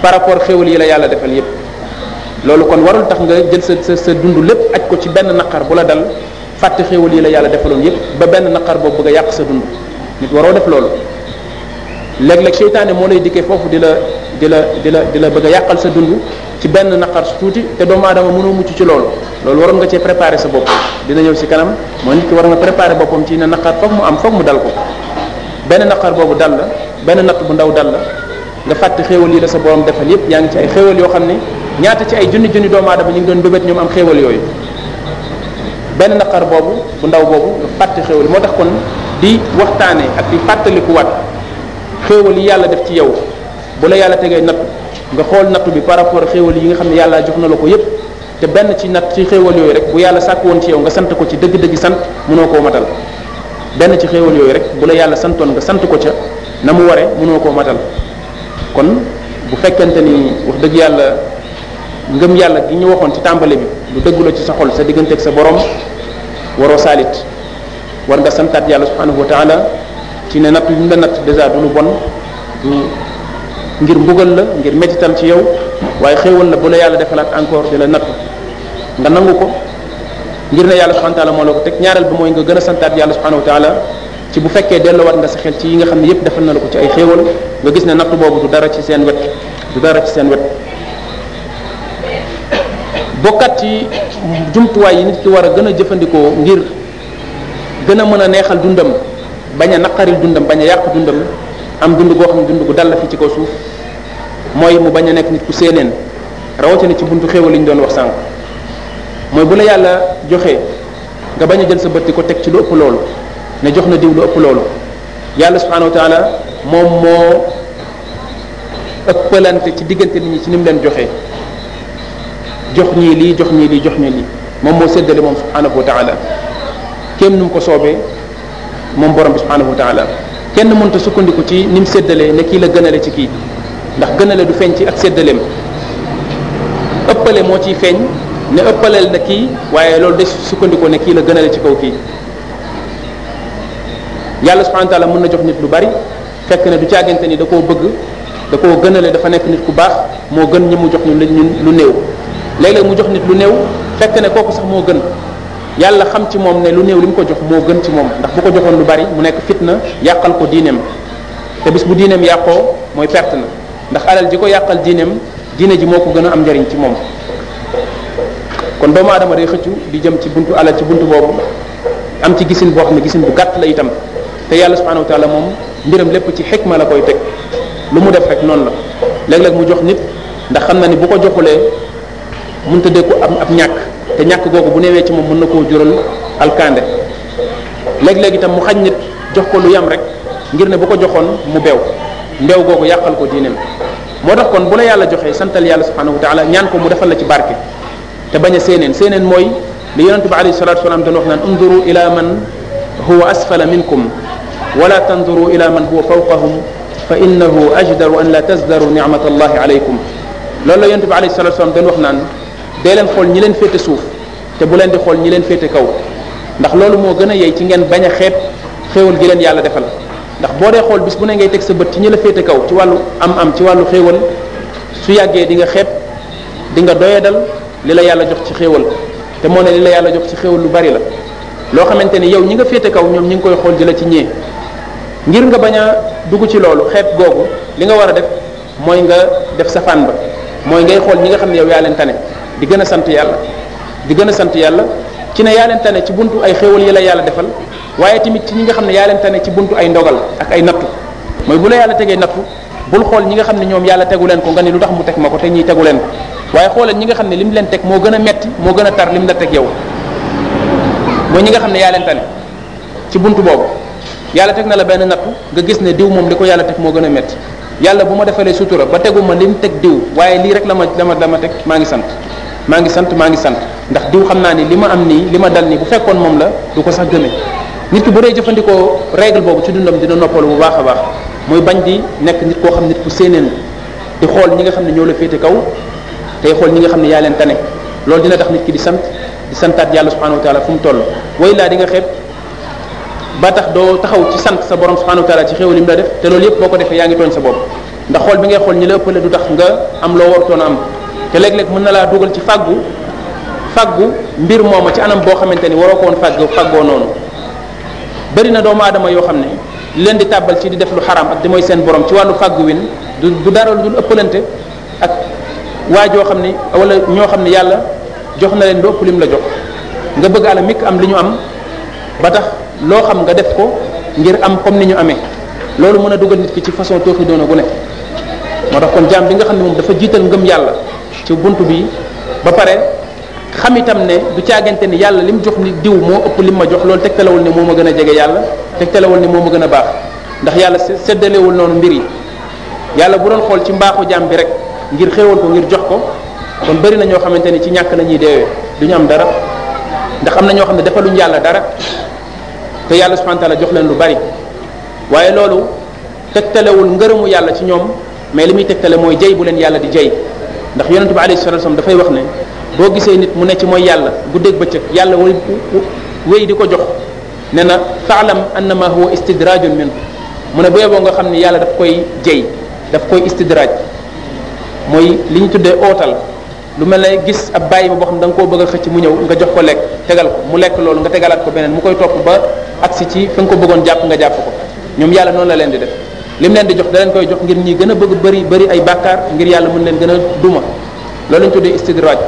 par rapport xéwal yi la yàlla defal yépp loolu kon warul tax nga jël sa sa sa dund lépp aj ko ci benn naqar bu la dal fàtte xéewal yi la yàlla defaloon yépp ba benn naqar boobu bëgg yàq sa dund waroo def loolu léeg-léeg seytaane moo lay dikkee foofu di la di la di la di la bëgg a sa dund ci benn naqar tuuti te doomu aadama mënoo mucc ci loolu loolu waroon nga cee préparer sa bopp dina ñëw si kanam mooy nit ki war boppam ci ne naqar mu am foog dal ko benn naqar boobu dal la benn natt bu ndaw dal la nga fàtte xéewal yi la sa borom defal yépp yaa ngi ci ay xéewal yoo xam ne ñaata ci ay junni junni doomu aadama ñu ngi doon bébét ñoom am xéewal yooyu benn naqar boobu bu ndaw boobu nga fàtte xéewal moo tax kon di waxtaane ak di fàttalikuwaat xéewal yi yàlla def ci yow bu la yàlla tegee nattu nga xool nattu bi par rapport xéewal yi nga xam ne yàlla jox na la ko yépp te benn ci natt ci xéewal yooyu rek bu yàlla sàkk woon ci yow nga sant ko ci dëgg-dëgg sant mënoo koo matal benn ci xéewal yooyu rek bu yàlla santoon nga sant ko ca na mu mënoo koo matal kon bu fekkente ni wax dëgg yàlla ngëm yàlla gi ñu waxoon ci tàmbali bi lu dëggu la ci sa xol sa diggante ak sa borom waroo saalit war nga santaat yàlla subhanahu wa ci ne natt li mu la natt dèjà du lu bon ngir mbugal la ngir mettital ci yow waaye xéewal la bu la yàlla defalaat encore di la natt nga nangu ko ngir ne yàlla subhanahu wa taala moo la ko nga gën a santaat yàlla subhanahu wa ci bu fekkee delloowaat nga sa xel ci yi nga xam ne yépp defal na la ko ci ay xéewal nga gis ne natt boobu du dara ci seen wet du dara ci seen wet bokkat ci jumtuwaay yi nit ki war a gën a jëfandikoo ngir gën a mën a neexal dundam bañ a naqaril dundam bañ a yàq dundam am dund goo xam ne dund gu dal la fi ci ko suuf mooy mu bañ a nekk nit ku séeneen rawatina ci buntu xéewal li doon wax sànq mooy bu la yàlla joxe nga bañ a jël sa bët ko teg ci lu loolu ne jox na diw ëpp loolu yàlla subhanahu wa taala moom moo ëppalante ci diggante nit ñi ci ni leen joxee jox ñii lii jox ñii lii jox ñii lii moom moo seddale moom subhanahu wa taala kenn nu ko soobee moom borom bi subhanahu wa taala kenn mënta sukkandiku ci ni mu séddalee ne kii la gënale ci kii ndax gënale du feeñ ci ak séddaleem ëppale moo ciy feeñ ne ëppaleel na kii waaye loolu de sukkandiku ne kii la gënale ci kaw kii yàlla subhanahu wa taala mën na jox nit lu bari fekk ne du caagante ni da koo bëgg da koo gënale dafa nekk nit ku baax moo gën ñi mu jox ñu ñun lu néew léeg-léeg mu jox nit lu néew fekk ne kooku sax moo gën yàlla xam ci moom ne lu néew li mu ko jox moo gën ci moom ndax bu ko joxoon lu bari mu nekk fitna yàqal ko diineem te bu diineem yàqoo mooy perte na ndax alal ji ko yàqal diineem diine ji moo ko gën a am njariñ ci moom kon doomu aadama day xëccu di jëm ci buntu alal ci buntu boobu am ci gisin boo xam ne gisin gàtt la te yàlla subhanahu wa taala moom mbiram lépp ci xikma la koy teg lu mu def rek noonu la léeg-léeg mu jox nit ndax xam na ni bu ko joxulee mënta dégg ko am ab ñàkk te ñàkk googu bu newee ci moom mun na koo jural alkande léeg-léeg itam mu xañ nit jox ko lu yam rek ngir ne bu ko joxoon mu beew mbeew googu yàqal ko diineem moo tax kon bu la yàlla joxee santal yàlla subhanahu wa taala ñaan ko mu defal la ci barke te bañ a séeneen séeneen mooy li yonente bi alayhi salatu wasalaam doon wax man huwa asfala minkum ولا تنظروا إلى من هو فوقهم فإنه أجدر أن لا تزدروا نعمة الله عليكم loolu la yonent bi alayhi salatu wax naan dee leen xool ñi leen féete suuf te bu leen di xool ñi leen féete kaw ndax loolu moo gën a yey ci ngeen bañ a xeeb xéewal gi leen yàlla defal ndax boo dee xool bis bu ne ngay teg sa bët ci ñi la féete kaw ci wàllu am-am ci wàllu xéewal su yàggee di nga xeeb di nga doyadal li la yàlla jox ci xéewal te moo ne li la yàlla jox ci xéewal lu bari la loo xamante ni yow ñi nga féete kaw ñoom ñi ngi koy xool di la ci ñee ngir nga bañ a dugg ci loolu xeet googu li nga war a def mooy nga def safaan ba mooy ngay xool ñi nga xam ne yow yaa leen tane di gën a sant yàlla di gën a sant yàlla ci ne yaa leen ci buntu ay xéewal yi la yàlla defal waaye tamit ci ñi nga xam ne yaa leen tane ci buntu ay ndogal ak ay nattu mooy bu la yàlla tegee nattu bul xool ñi nga xam ne ñoom yàlla tegu leen ko nga ni lu tax mu teg ma ko te ñuy tegu leen waaye xoolal nga xam ne lim leen moo gën a metti moo gën a tar lim la teg yow ñi nga xam ne yaa ci buntu boobu yàlla teg na la benn nattu nga gis ne diw moom li ko yàlla teg moo gën a métti yàlla bu ma defalee sutura ba tegu ma li mu teg diw waaye lii rek la ma la ma teg maa ngi sant maa ngi sant maa ngi sant ndax diw xam naa ni li ma am nii li ma dal nii bu fekkoon moom la du ko sax gëmee nit ki bu dee jëfandikoo règle boobu ci dundam dina noppalu bu baax a baax muy bañ di nekk nit koo xam nit ku séeneen di xool ñi nga xam ne ñoo la féete kaw tey xool ñi nga xam ne yaa leen tane loolu dina tax nit ki di sant santaat yàlla subhanahu wa fu mu toll ba tax doo taxaw ci sant sa borom subhanahu wa taala ci xéewal yi la def te loolu yëpp boo ko defee yaa ngi tooñ sa bopp ndax xool bi ngay xool ñi la ëppale du tax nga am loo warutoon a am te léeg-léeg mën na laa dugal ci fàggu fàggu mbir mooma ci anam boo xamante ni waroo ko fàgg fàggoo noonu na doomu aadama yoo xam ne li leen di tàbbal ci di def lu xaram ak di mooy borom ci wàllu fàggu win du du dara lu dul ak waa joo xam ne wala ñoo xam ne yàlla jox na leen lu lim la jox nga bëgg ala mikk am li ñu am ba tax loo xam nga def ko ngir am comme ni ñu amee loolu mën a dugal nit ki ci façon tooxi doona gu ne moo tax kon jaam bi nga xam ne moom dafa jiital ngëm yàlla ci bunt bi ba pare xam itam ne du càggante ni yàlla lim jox ni diw moo ëpp lim ma jox loolu tegtalawul ne moo ma gën a jege yàlla tegtalawul ne moo ma gën a baax ndax yàlla séddalewul noonu mbir yi yàlla bu doon xool ci mbaaxu jaam bi rek ngir xéewal ko ngir jox ko kon bari na ñoo xamante ni ci ñàkk la ñuy deewee am dara ndax am na ñoo xam ne defaluñ yàlla dara te yàlla subhanahu wa taala jox leen lu bari waaye loolu tegtalewul ngërëmu yàlla ci ñoom mais li muy tegtale mooy jay bu leen yàlla di jay ndax yonente bi alayhi salatu wasallam dafay wax ne boo gisee nit mu ne ci mooy yàlla guddeeg bëccëg yàlla way wéy di ko jox ne na faalam annama huwa istidrajun min mu ne bu yeboo nga xam ne yàlla daf koy jay daf koy istidraj mooy li ñu tuddee ootal lu mel ne gis ab bàyyi ma boo xam da nga koo bëgg a xëcc mu ñëw nga jox ko lekk tegal ko mu lekk loolu nga tegalaat ko beneen mu koy topp ba agsi ci fa ko bëggoon jàpp nga jàpp ko ñoom yàlla noonu la leen di def lim leen di jox daleen koy jox ngir ñi gën a bëgg bëri bëri ay bàkkaar ngir yàlla mën leen gën a duma loolu lañu tuddee istidraj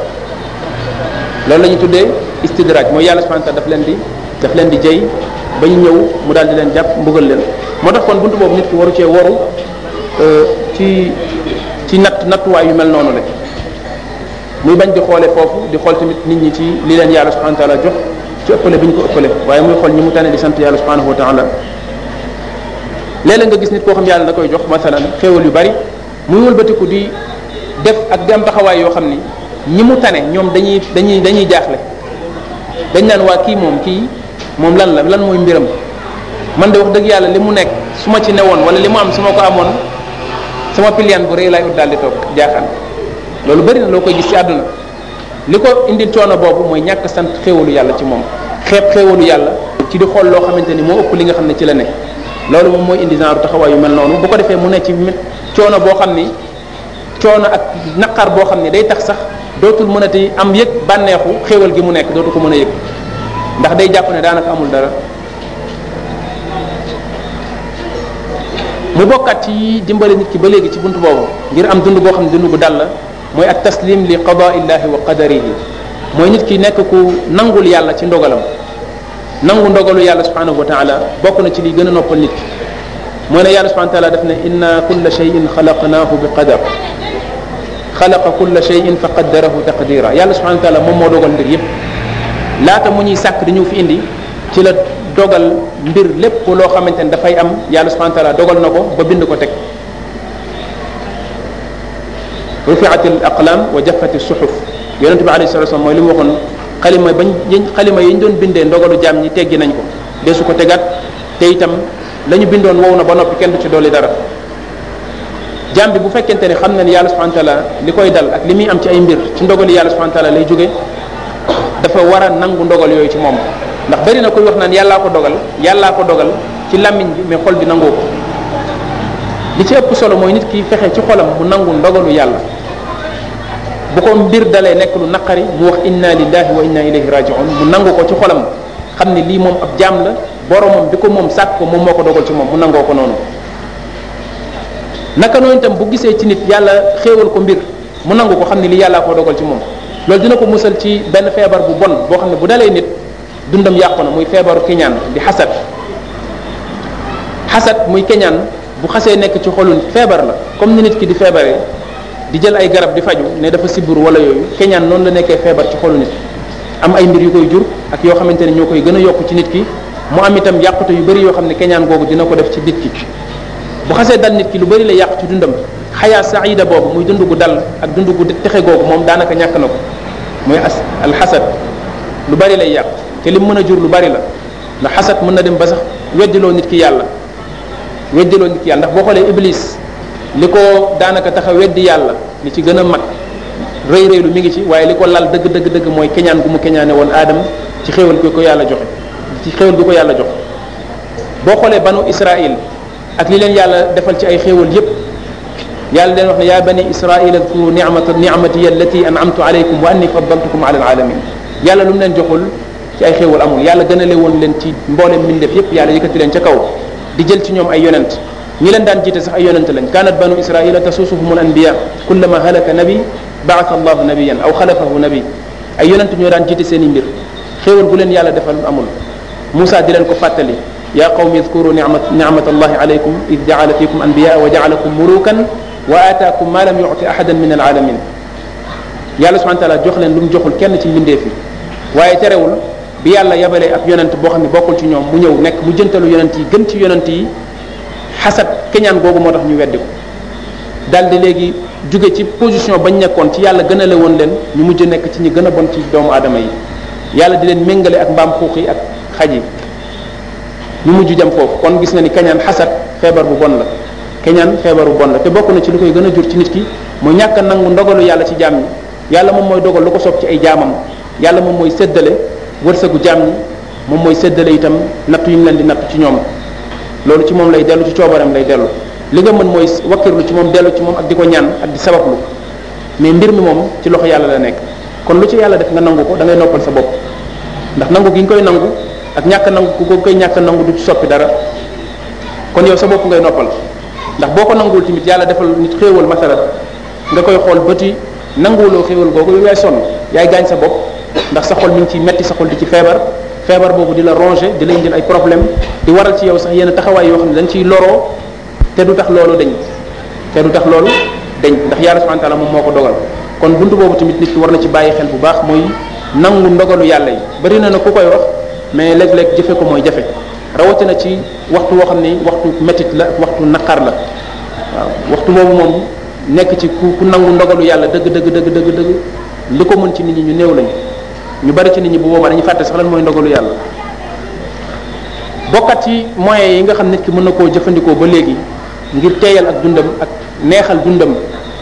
loolu lañu tuddee istidraj mooy yàlla subhanahu wa ta'ala leen di daf leen di jëy ba ñu ñëw mu daal di leen jàpp mbugal leen moo tax kon buntu boobu nit ki waru cee waru euh, ci ci natt nattuwaay yu mel noonu la muy bañ di xoolee foofu di xool tamit nit ñi ci li leen yàlla subhanahu wa ta'ala ci ëppale bi ñu ko ëppale waaye muy xool ñi mu tane di sant yàlla subhanahu wa taala léeg nga gis nit koo xam yàlla da koy jox masalan xéewal yu bari muy walbatiku di def ak dem taxawaay yoo xam ni ñi mu tane ñoom dañuy dañuy dañuy jaaxle dañ naan waa kii moom kii moom lan la lan mooy mbiram man de wax dëgg yàlla li mu nekk su ma ci newoon wala li mu am su ma ko amoon suma piliyaan bu rëy laay ut daal di toog jaaxaan loolu bari na loo koy gis ci àdduna li ko indil coono boobu mooy ñàkk sant xéewalu yàlla ci moom xeeb xéewalu yàlla ci di xool loo xamante ni moo ëpp li nga xam ne ci la ne loolu moom mooy indi genre taxawaay yu mel noonu bu ko defee mu ne ci coono boo xam ni coono ak naqar boo xam ne day tax sax dootul mënati am yëg bànneexu xéewal gi mu nekk dootu ko mën a yëg ndax day jàpp ne daanaka amul dara mu bokkat ci dimbale nit ki ba léegi ci bunt boobu ngir am dund boo xam ne dund bu dal la mooy at taslim li qadaa illahi wa qadarihi mooy nit ki nekk ku nangul yàlla ci ndogalam nangu ndogalu yàlla subhanahu wa taala bokk na ci li gën a noppal nit ki mooy ne yàlla subhanahu wa taala daf ne inna kulla shay'in xalaqnaahu bi qadar xalaqa kulla shay'in fa qaddarahu taqdira yàlla subhanahu wa moom moo dogal mbir laata mu ñuy sàkk dañu fi indi ci la dogal mbir lépp loo xamante ne dafay am yàlla subhanahu wa taala dogal na ko ba bind ko teg rufiat al aqlam wa jaffat suxuf yonente bi alayhi salaam mooy li mu waxoon xalima bañ xalima yi ñu doon bindee ndogalu jaam ñi teggi nañ ko desu ko tegaat te itam lañu bindoon wow na ba noppi kenn du ci dolli dara jaam bi bu fekkente ne xam na ni yàlla subhanahu wa li koy dal ak li muy am ci ay mbir ci ndogali yàlla subhanahu wa lay jóge dafa war a nangu ndogal yooyu ci moom ndax bari na koy wax naan yàllaa ko dogal yàllaa ko dogal ci làmmiñ bi mais xol bi nangoo ko li ci ëpp solo mooy nit ki fexe ci xolam bu nangul ndogalu yàlla bu ko mbir dalee nekk lu naqari mu wax inna lillahi wa inna ilayhi rajiun mu nangu ko ci xolam xam ne lii moom ab jaam la boromam bi ko moom sàkk ko moom moo ko dogal ci moom mu nangoo ko noonu naka noonu itam bu gisee ci nit yàlla xéewal ko mbir mu nangu ko xam ne lii yàllaa ko dogal ci moom loolu dina ko musal ci benn feebar bu bon boo xam ne bu dalee nit dundam yàqu na muy feebaru kiñaan di xasad xasad muy keñaan bu xasee nekk ci xolun feebar la comme ni nit ki di feebaree di jël ay garab di faju ne dafa sibur wala yooyu keñaan noonu la nekkee feebar ci xolu nit am ay mbir yu koy jur ak yoo xamante ne ñoo koy gën a yokk ci nit ki mu am itam yàqute yu bari yoo xam ne keñaan googu dina ko def ci nit ki bu xasee dal nit ki lu bëri la yàq ci dundam xayaa saida boobu muy dund gu dal ak dund gu texe googu moom daanaka ñàkk na ko muy as alxasad lu bari lay yàq te lim mën a jur lu bëri la ndax xasad mën na dem ba sax weddiloo nit ki yàlla weddiloo nit yàlla ndax boo xoolee iblis li ko daanaka tax a weddi yàlla li ci gën a mag rëy rëy lu mi ngi ci waaye li ko lal dëgg dëgg dëgg mooy keñaan gu mu keñaane woon aadama ci xéwal gi ko yàlla joxe ci xéwal gi ko yàlla joxe boo xoolee banu israil ak li leen yàlla defal ci ay xéwal yépp yàlla leen wax ne yaa bani israil adkuru nimata nimati allati anamtu alaykum wa anni faddaltukum ala alaalamin yàlla lu mu leen joxul ci ay xéwal amul yàlla gën a woon leen ci mboolem mbindeef yépp yàlla yëkkati leen ca kaw di jël ci ñoom ay yonent ñi leen daan jiite sax ay yonent lañ kaanat banu israila tasuusuhum al anbiya kullama halaka nabi baata allahu nabiyan aw xalafahu nabi ay yonent ñoo daan jiite seen i mbir xéewal bu leen yàlla defal amul Moussa di leen ko fàttali yaa qawmi idkuru nicmat allahi alaykum id jaala fikum anbiyaa wa jaalakum mulukan wa aataakum ma lam yuti ahadan min al alamin yàlla subhana taala jox leen lu mu joxul kenn ci mbindeef yi waaye terewul bi yàlla yabalee ak yonent boo xam ne bokkul ci ñoom mu ñëw nekk mu jëntalu yonent yi gën ci yonent yi xasat keñaan googu moo tax ñu weddi ko daldi léegi jóge ci position bañ nekkoon ci yàlla gënale woon leen ñu mujj nekk ci ñu gën a bon ci doomu aadama yi yàlla di leen méngale ak mbaam xuux yi ak xaj yi ñu mujj dem foofu kon gis nga ni keñaan xasat feebar bu bon la keñaan feebar bu bon la te bokk na ci lu koy gën a jur ci nit ki mu ñàkk nangu ndogalu yàlla ci jaam yàlla moom mooy dogal lu ko soob ci ay jaamam yàlla moom mooy séddale wërsëgu jaam ñi moom mooy séddale itam natt yu ñu leen di natt ci ñoom loolu ci moom lay dellu ci coobareem lay dellu li nga mën mooy wakkirlu ci moom dellu ci moom ak di ko ñan ak di sabablu mais mbir mi moom ci loxo yàlla la nekk kon lu ci yàlla def nga nangu ko dangay noppal sa bopp ndax nangu gi nga koy nangu ak ñàkk nangu ko ko koy ñàkk nangu du soppi dara kon yow sa bopp ngay noppal ndax boo ko nanguwul tamit yàlla defal nit xéewal masala nga koy xool bëti nanguwuloo xéewal googu yow yaay sonn yaay gaañ sa bopp ndax sa xol mi ngi ci metti sa xol di ci feebar feebar boobu di la ronger di la indil ay problème di waral ci yow sax yenn taxawaay yoo xam ne dañ ciy loroo te du tax loolu dañ te du tax loolu dañ ndax yàlla subhanahu wa moom moo ko dogal kon buntu boobu tamit nit ki war na ci bàyyi xel bu baax mooy nangu ndogalu yàlla yi bari na na ku koy wax mais léeg-léeg jëfe ko mooy jafe rawatina ci waxtu woo xam ne waxtu metit la waxtu naqar la waaw waxtu boobu moom nekk ci ku nangu ndogalu yàlla dëgg dëgg dëgg li ko mën ci nit ñu néew lañu ñu bari ci nit ñi bu boobaa dañuy fàtte sax lan mooy ndogalu yàlla bokkat ci moyens yi nga xam nit ki mën na koo jëfandikoo ba léegi ngir teeyal ak dundam ak neexal dundam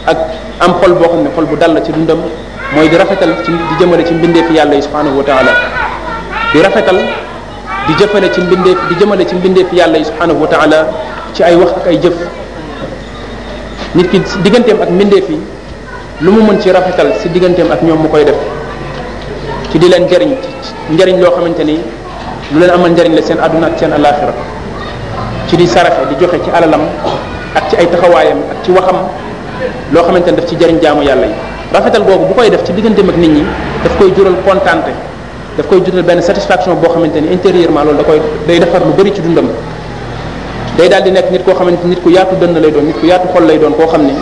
ak am xol boo xam ne xol bu dal la ci dundam mooy di rafetal ci di jëmale ci mbindeefi yàlla yi subhanahu wa taala di rafetal di jëfale ci mbindeef di jëmale ci mbindeefi yàlla yi subhanahu wa taala ci ay wax ak ay jëf nit ki digganteem ak mbindeef yi lu mu mën ci rafetal si digganteem ak ñoom mu koy def ci di leen jariñ njariñ loo xamante ni lu leen amal njariñ la seen àdduna ak seen alaxira ci di saraxe di joxe ci alalam ak ci ay taxawaayam ak ci waxam loo xamante ni daf ci jariñ jaamu yàlla yi rafetal googu bu koy def ci digganteem ak nit ñi daf koy jural kontaante daf koy jural benn satisfaction boo xamante ni intérieurement loolu da koy day defar lu bari ci dundam day daal di nekk nit koo xamante nit ku yaatu dënn lay doon nit ku yaatu xol lay doon koo xam ni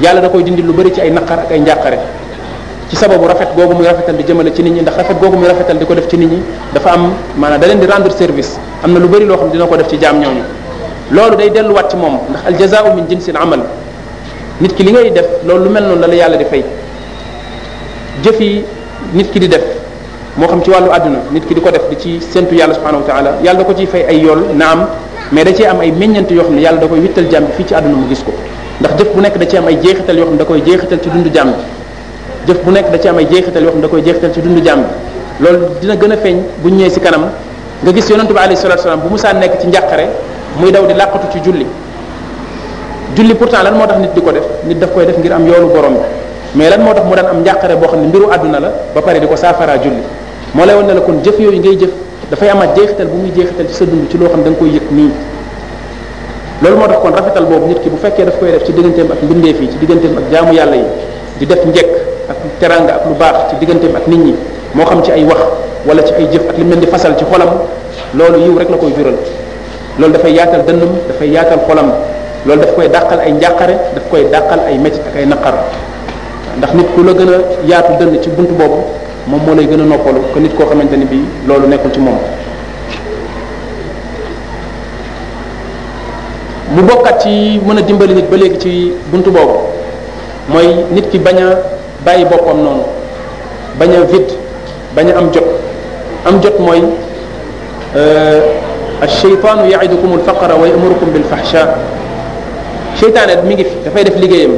yàlla da koy dindi lu bari ci ay naqar ak ay njàqare ci sababu rafet googu muy rafetal di jëmale ci nit ñi ndax rafet googu muy rafetal di ko def ci nit ñi dafa am maanaam da leen di rendre service am na lu bëri loo xam dina ko def ci jaam ñooñu loolu day delluwaat ci moom ndax al jazaau min jinsil amal nit ki li ngay def loolu lu mel noonu la yàlla di jëf yi nit ki di def moo xam ci wàllu àdduna nit ki di ko def di ci séntu yàlla subhanahu wa taala yàlla da ko ciy fay ay yool naam mais da cee am ay meññant yoo xam ne yàlla da koy wittal jàmm bi fii ci àdduna mu gis ko ndax jëf bu nekk da cee am ay jeexital yoo xam ne da koy jeexital ci dundu jàmm jëf bu nekk da ci am ay jeexital yoo xam da koy jeexital ci dundu jàmm bi loolu dina gën a feeñ bu ñëwee si kanam nga gis yonentu bi alayhi salatu salaam bu musaa nekk ci njàqare muy daw di làqatu ci julli julli pourtant lan moo tax nit di ko def nit daf koy def ngir am yoonu borom bi mais lan moo tax mu daan am njàqare boo xam ne mbiru àdduna la ba pare di ko saafara julli moo lay won ne la kon jëf yooyu ngay jëf dafay amaat jeexital bu muy jeexital ci sa dund ci loo xam da nga koy yëg nii loolu moo tax kon rafetal boobu nit ki bu fekkee daf koy def ci digganteem ak mbindeef yi ci digganteem ak jaamu yàlla di def njekk teranga ak lu baax ci digganteem ak nit ñi moo xam ci ay wax wala ci ay jëf ak li mel di fasal ci xolam loolu yiw rek la koy jural loolu dafay yaatal dënnam dafay yaatal xolam loolu daf koy dàqal ay njàqare daf koy dàqal ay métit naqar ndax nit ku gën a yaatu dënn ci bunt boobu moom moo lay gën a noppalu ko nit koo xamante ni bii loolu nekkul ci moom mu bokkat ci mën a dimbali nit ba léegi ci bunt boobu mooy nit ki bañ bàyyi boppam noonu bañ a vite bañ a am jot am jot mooy euh, alcheytaanu yaidukum alfaqara wa yamurukum bilfahsha cheytaane mi ngi fi dafay def liggéeyam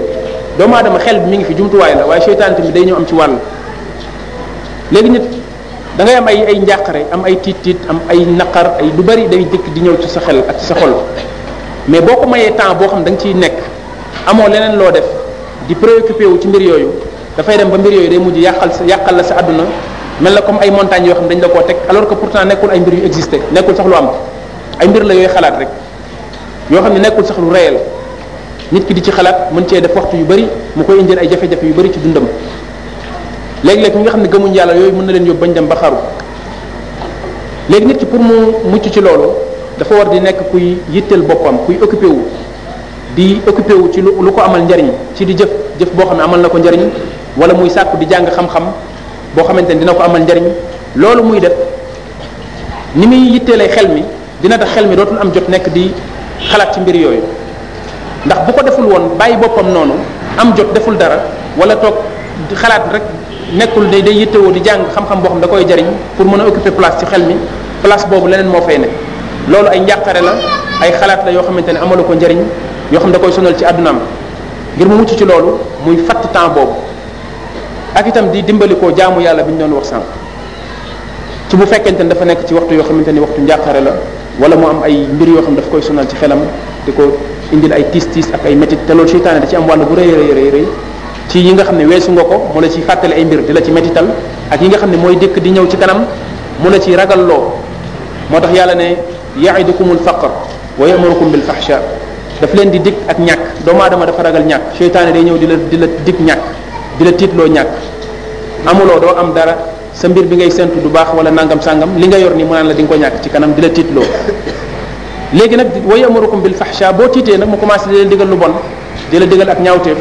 doomu aadama xel bi mi ngi fi jumtuwaay la waaye cheytaane tamit day ñëw am ci wàll léegi nit da am ay ay njàqare am ay tiit tiit am ay naqar ay lu bari day dikk di ñëw ci sa xel ak ci sa xol mais boo ko mayee temps boo xam da nga ciy nekk amoo leneen loo def di préoccupé wu ci mbir yooyu dafay dem ba mbir yooyu day mujj yàqal sa yàqal la sa àdduna mel na comme ay montagnes yoo xam dañ la ko teg alors que pourtant nekkul ay mbir yu existé nekkul sax lu am ay mbir la yooyu xalaat rek yoo xam ne nekkul sax lu reyal nit ki di ci xalaat mën cee def waxtu yu bari mu koy indil ay jafe-jafe yu bari ci dundam léegi-léeg ñi nga xam ne gëmuñ yàlla yooyu mën na leen yóbbu bañ dem ba xaru léegi nit ki pour mu mucc ci loolu dafa war di nekk kuy yitteel boppam kuy occupé wu di occupé wu ci lu ko amal njariñ ci di jëf jëf boo xam ne amal na ko njariñ wala muy sàkku di jàng xam-xam boo xamante ni dina ko amal njariñ loolu muy def ni muy yitteelee xel mi dina def xel mi dootul am jot nekk di xalaat ci mbir yooyu ndax bu ko deful woon bàyyi boppam noonu am jot deful dara wala toog xalaat rek nekkul day day yittewoo di jàng xam-xam boo xam da koy jariñ pour mën a occuper place ci xel mi place boobu leneen moo fay ne loolu ay njàqare la ay xalaat la yoo xamante ne amalu ko njariñ yoo xam da koy sonal ci àddunaam ngir mu mucc ci loolu muy fatt temps boobu ak itam di dimbali koo jaamu yàlla bi ñu doon wax sànq ci bu fekkente ne dafa nekk ci waxtu yoo xamante ni waxtu njàqare la wala mu am ay mbir yoo xam daf koy sonal ci xelam di ko indil ay tiis tiis ak ay métit te loolu seytaane da ci am wàll bu rëy rëy rëy ci yi nga xam ne weesu nga ko mu la ci fàttali ay mbir di la ci métital ak yi nga xam ne mooy dëkk di ñëw ci kanam mu la ci loo moo tax yàlla ne yaidukumul faqr wa yamurukum bil fahsha daf leen di dig ak ñàkk doomu aadama dafa ragal ñàkk seytaane day ñëw di la di la dig ñàkk di la tiitloo ñàkk amuloo doo am dara sa mbir bi ngay sentu du baax wala nangam sàngam li nga yor nii mu naan la di nga ko ñàkk ci kanam di la tiitloo léegi nag wa yamurukum bil fahsha boo tiitee nag mu commencé di leen digal lu bon di la digal ak ñaawteef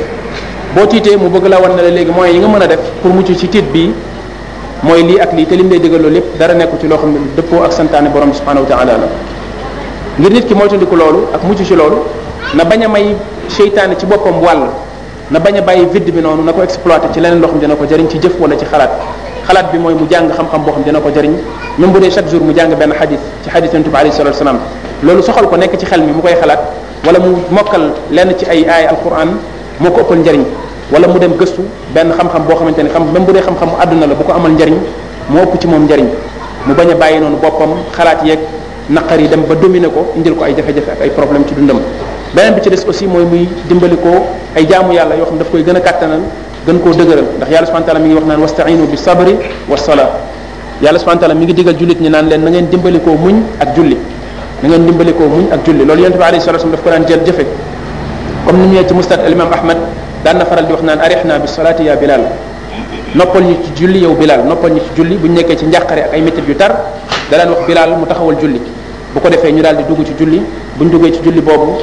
boo tiitee mu bëgg la wan ne la léegi moyens yi nga mën a def pour mucc ci tiit bii mooy lii ak lii te lim lay digal loolu lépp dara nekku ci loo xam ne dëppoo ak santaane borom subhanahu wa taala la ngir nit ki moytandiku loolu ak mucc ci loolu na bañ a may seytaane ci boppam wàll na bañ a bàyyi vide bi noonu na ko exploité ci leneen loo xam dina ko jëriñ ci jëf wala ci xalaat xalaat bi mooy mu jàng xam-xam boo xam dina ko jariñ même dee chaque jour mu jàng benn xadis ci xadis yonent bi alayhi salatu loolu soxal ko nekk ci xel mi mu koy xalaat wala mu mokkal lenn ci ay aaya alquran moo ko ëppal njariñ wala mu dem gëstu benn xam-xam boo xamante ni xam même bu dee xam-xamu àdduna la bu ko amal njariñ moo ëpp ci moom njariñ mu bañ a bàyyi noonu boppam xalaat yeeg naqar yi dem ba dominer ko indil ko ay jafe-jafe ak ay problème ci dundam beneen bi ci des aussi mooy muy dimbali ko ay jaamu yàlla yoo xam daf koy gën a kàttanal gën koo dëgëral ndax yàlla subhanahu wa ta'ala mi ngi wax naan wasta'inu bi sabri wa salaa yàlla subhanahu wa mi ngi digal jullit ñi naan leen na ngeen dimbali koo muñ ak julli na ngeen dimbali koo muñ ak julli loolu yonent bi alayhi salatu daf ko daan jël jëfe comme ni mu ñëwee ci musnad al imam ahmad daan na faral di wax naan arihna bi salaati ya bilal noppal ñu ci julli yow bilal noppal julli bu ñu nekkee ci njàqare ak ay métit yu tar da daan wax mu taxawal julli bu ko defee ñu daal di dugg ci julli bu ñu duggee ci julli boobu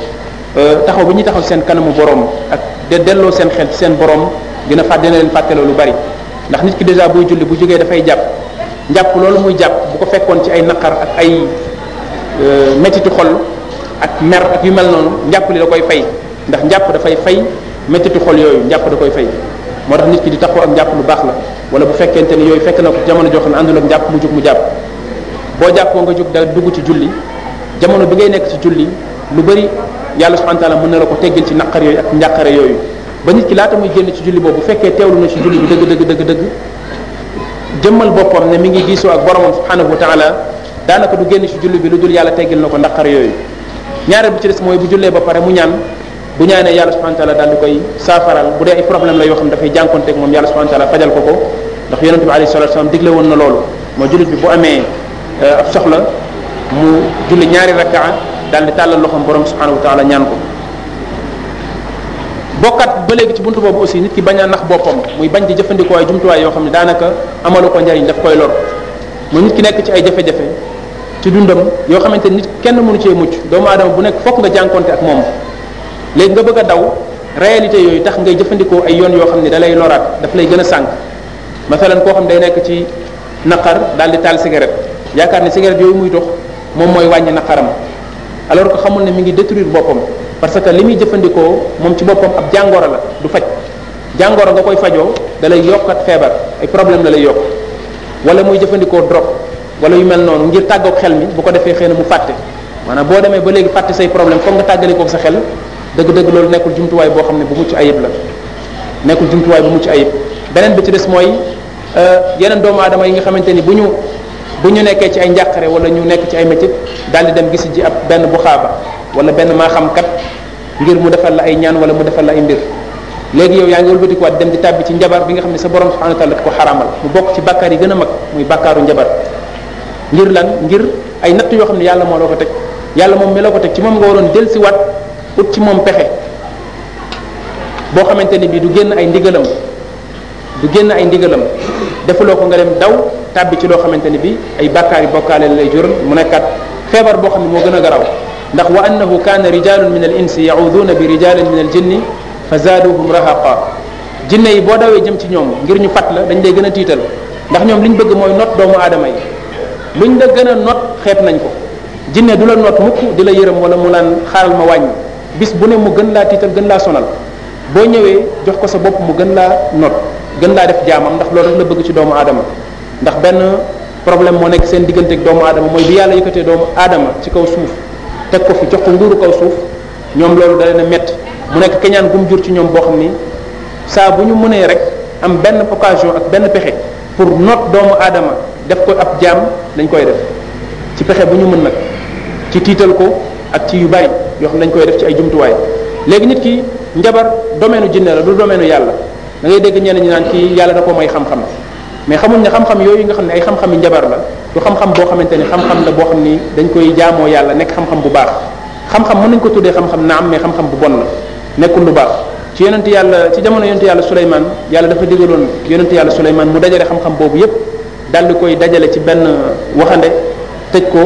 Euh, taxaw bi ñuy taxaw seen kanamu borom ak de delloo seen xel ci seen borom dina fàtt dina leen fàttaloo lu bari ndax nit ki déjà buy julli bu jógee dafay jàpp njàpp loolu muy jàpp bu ko fekkoon ci ay naqar ak ay euh, métitu xol ak mer ak mel noonu njàpp li da koy fay ndax njàpp dafay fay métitu xol yooyu njàpp da koy fay moo tax nit ki di taxaw ak njàpp lu baax la wala bu fekkente ni yooyu fekk na ko jamono joo xam ne àndul ak njàpp mu jóg mu jàpp boo jàppoo nga jug da dugg ci julli jamono bi ngay nekk ci julli lu bari yàlla subhanahu wa mën na la ko teggil ci naqar yooyu ak njàqare yooyu ba nit ki laata muy génn ci julli boobu bu fekkee teewlu na ci julli bi dëgg dëgg dëgg dëgg jëmmal boppam ne mi ngi diisoo ak boromam subhanahu wa taala daanaka du génn ci julli bi lu dul yàlla teggil na ko naqar yooyu ñaareel bu ci des mooy bu jullee ba pare mu ñaan bu ñaanee yàlla subhanahu wa taala daal di koy saafaral bu dee ay problème la yoo xam ne dafay jànkonteeg moom yàlla subhanahu wa taala fajal ko ko ndax yonente bi alayhi salatu wasalam digle woon na moo jullit bi bu amee euh, soxla mu ñaari rakaa daal di tàllal loxoom borom subhanahu wa taala ñaan ko bokkat ba léegi ci buntu boobu aussi nit ki bañ a nax boppam muy bañ di jëfandikoo ay jumtuwaay yoo xam ne daanaka amalu ko njariñ daf koy lor mu nit ki nekk ci ay jafe-jafe ci dundam yoo xamante nit kenn mënu cee mucc doomu aadama bu nekk fokk nga jànkonte ak moom léegi nga bëgg a daw réalité yooyu tax ngay jëfandikoo ay yoon yoo xam ne da lay loraat daf lay gën a sànq masalan koo xam day nekk ci naqar daal di taal cigarette yaakaar ne cigarette yooyu muy dox moom mooy wàññi naqaram alors que xamul ne mu ngi détruire boppam parce que li muy jëfandikoo moom ci boppam ab jàngoro la du faj jàngoro nga koy fajoo da lay yokkat feebar ay problème la lay yokk wala muy jëfandikoo drop wala yu mel noonu ngir tàggoog xel mi bu ko defee xëy na mu fàtte maanaam boo demee ba léegi fàtte say problème foog nga tàggale tàggalikoo sa xel dëgg-dëgg loolu nekkul jumtuwaay boo xam ne bu mucc ayib la nekkul jumtuwaay bu mucc ayib beneen bi ci des mooy euh, yeneen doomu aadama yi nga xamante ni bu ñu bu ñu nekkee ci ay njàqare wala ñu nekk ci ay métit daal di dem gisi ji ab benn bu xaaba wala benn maa xam kat ngir mu defal la ay ñaan wala mu defal la ay mbir léegi yow yaa ngi wëlbatikuwaat dem di tàbbi ci njabar bi nga xam ne sa borom subhanahu wa taala ko xaraamal mu bokk ci bàkkaar yi gën a mag muy bàkkaaru njabar ngir lan ngir ay natt yoo xam ne yàlla moo la ko teg yàlla moom mi ko teg ci moom nga waroon dellusiwaat ut ci moom pexe boo xamante ni bii du génn ay ndigalam du génn ay ndigalam ko nga dem daw tàbbi ci loo xamante ni bi ay bàkkaar yi bokkaale lay jural mu nekkat feebar boo xam ne moo gën a garaw ndax wa annahu kaana rijalun min al insi yauduna bi rijalin min al jinni fa zaaduhum rahaqa jinne yi boo dawee jëm ci ñoom ngir ñu fat la dañ lay gën a tiital ndax ñoom li ñu bëgg mooy not doomu aadama yi luñ la gën a not xeet nañ ko jinne du la not mukk di la yërëm wala mu naan xaaral ma wàññi bis bu ne mu gën laa tiital gën laa sonal boo ñëwee jox ko sa bopp mu gën laa not gën laa def jaamam ndax loolu rek la bëgg ci doomu aadama ndax benn problème moo nekk seen diggante ak doomu aadama mooy bi yàlla yëkkatee doomu aadama ci kaw suuf teg ko fi jox ko nguuru kaw suuf ñoom loolu da leen a métti mu nekk keñaan gum jur ci ñoom boo xam ni saa bu ñu mënee rek am benn occasion ak benn pexe pour noot doomu aadama def ko ab jaam dañ koy def ci pexe bu ñu mën nag ci tiital ko ak ci yu bari yoo xam dañ koy def ci ay jumtuwaay léegi nit ki njabar domaine u jinne la du domaine u yàlla da ngay dégg ñenn ñi naan kii yàlla da ko may xam mais xamuñ ne xam-xam yooyu nga xam ne ay xam-xami njabar la du xam-xam boo xamante ni xam-xam la boo xam ni dañ koy jaamoo yàlla nekk xam-xam bu baax xam-xam mën nañ ko tuddee xam-xam na am mais xam bu bon la nekkul lu baax ci yonent yàlla ci jamono yonent yàlla Suleymaan yàlla dafa digaloon yonent yàlla Suleymaan mu dajale xam-xam boobu yépp daal di koy dajale ci benn waxande tëj ko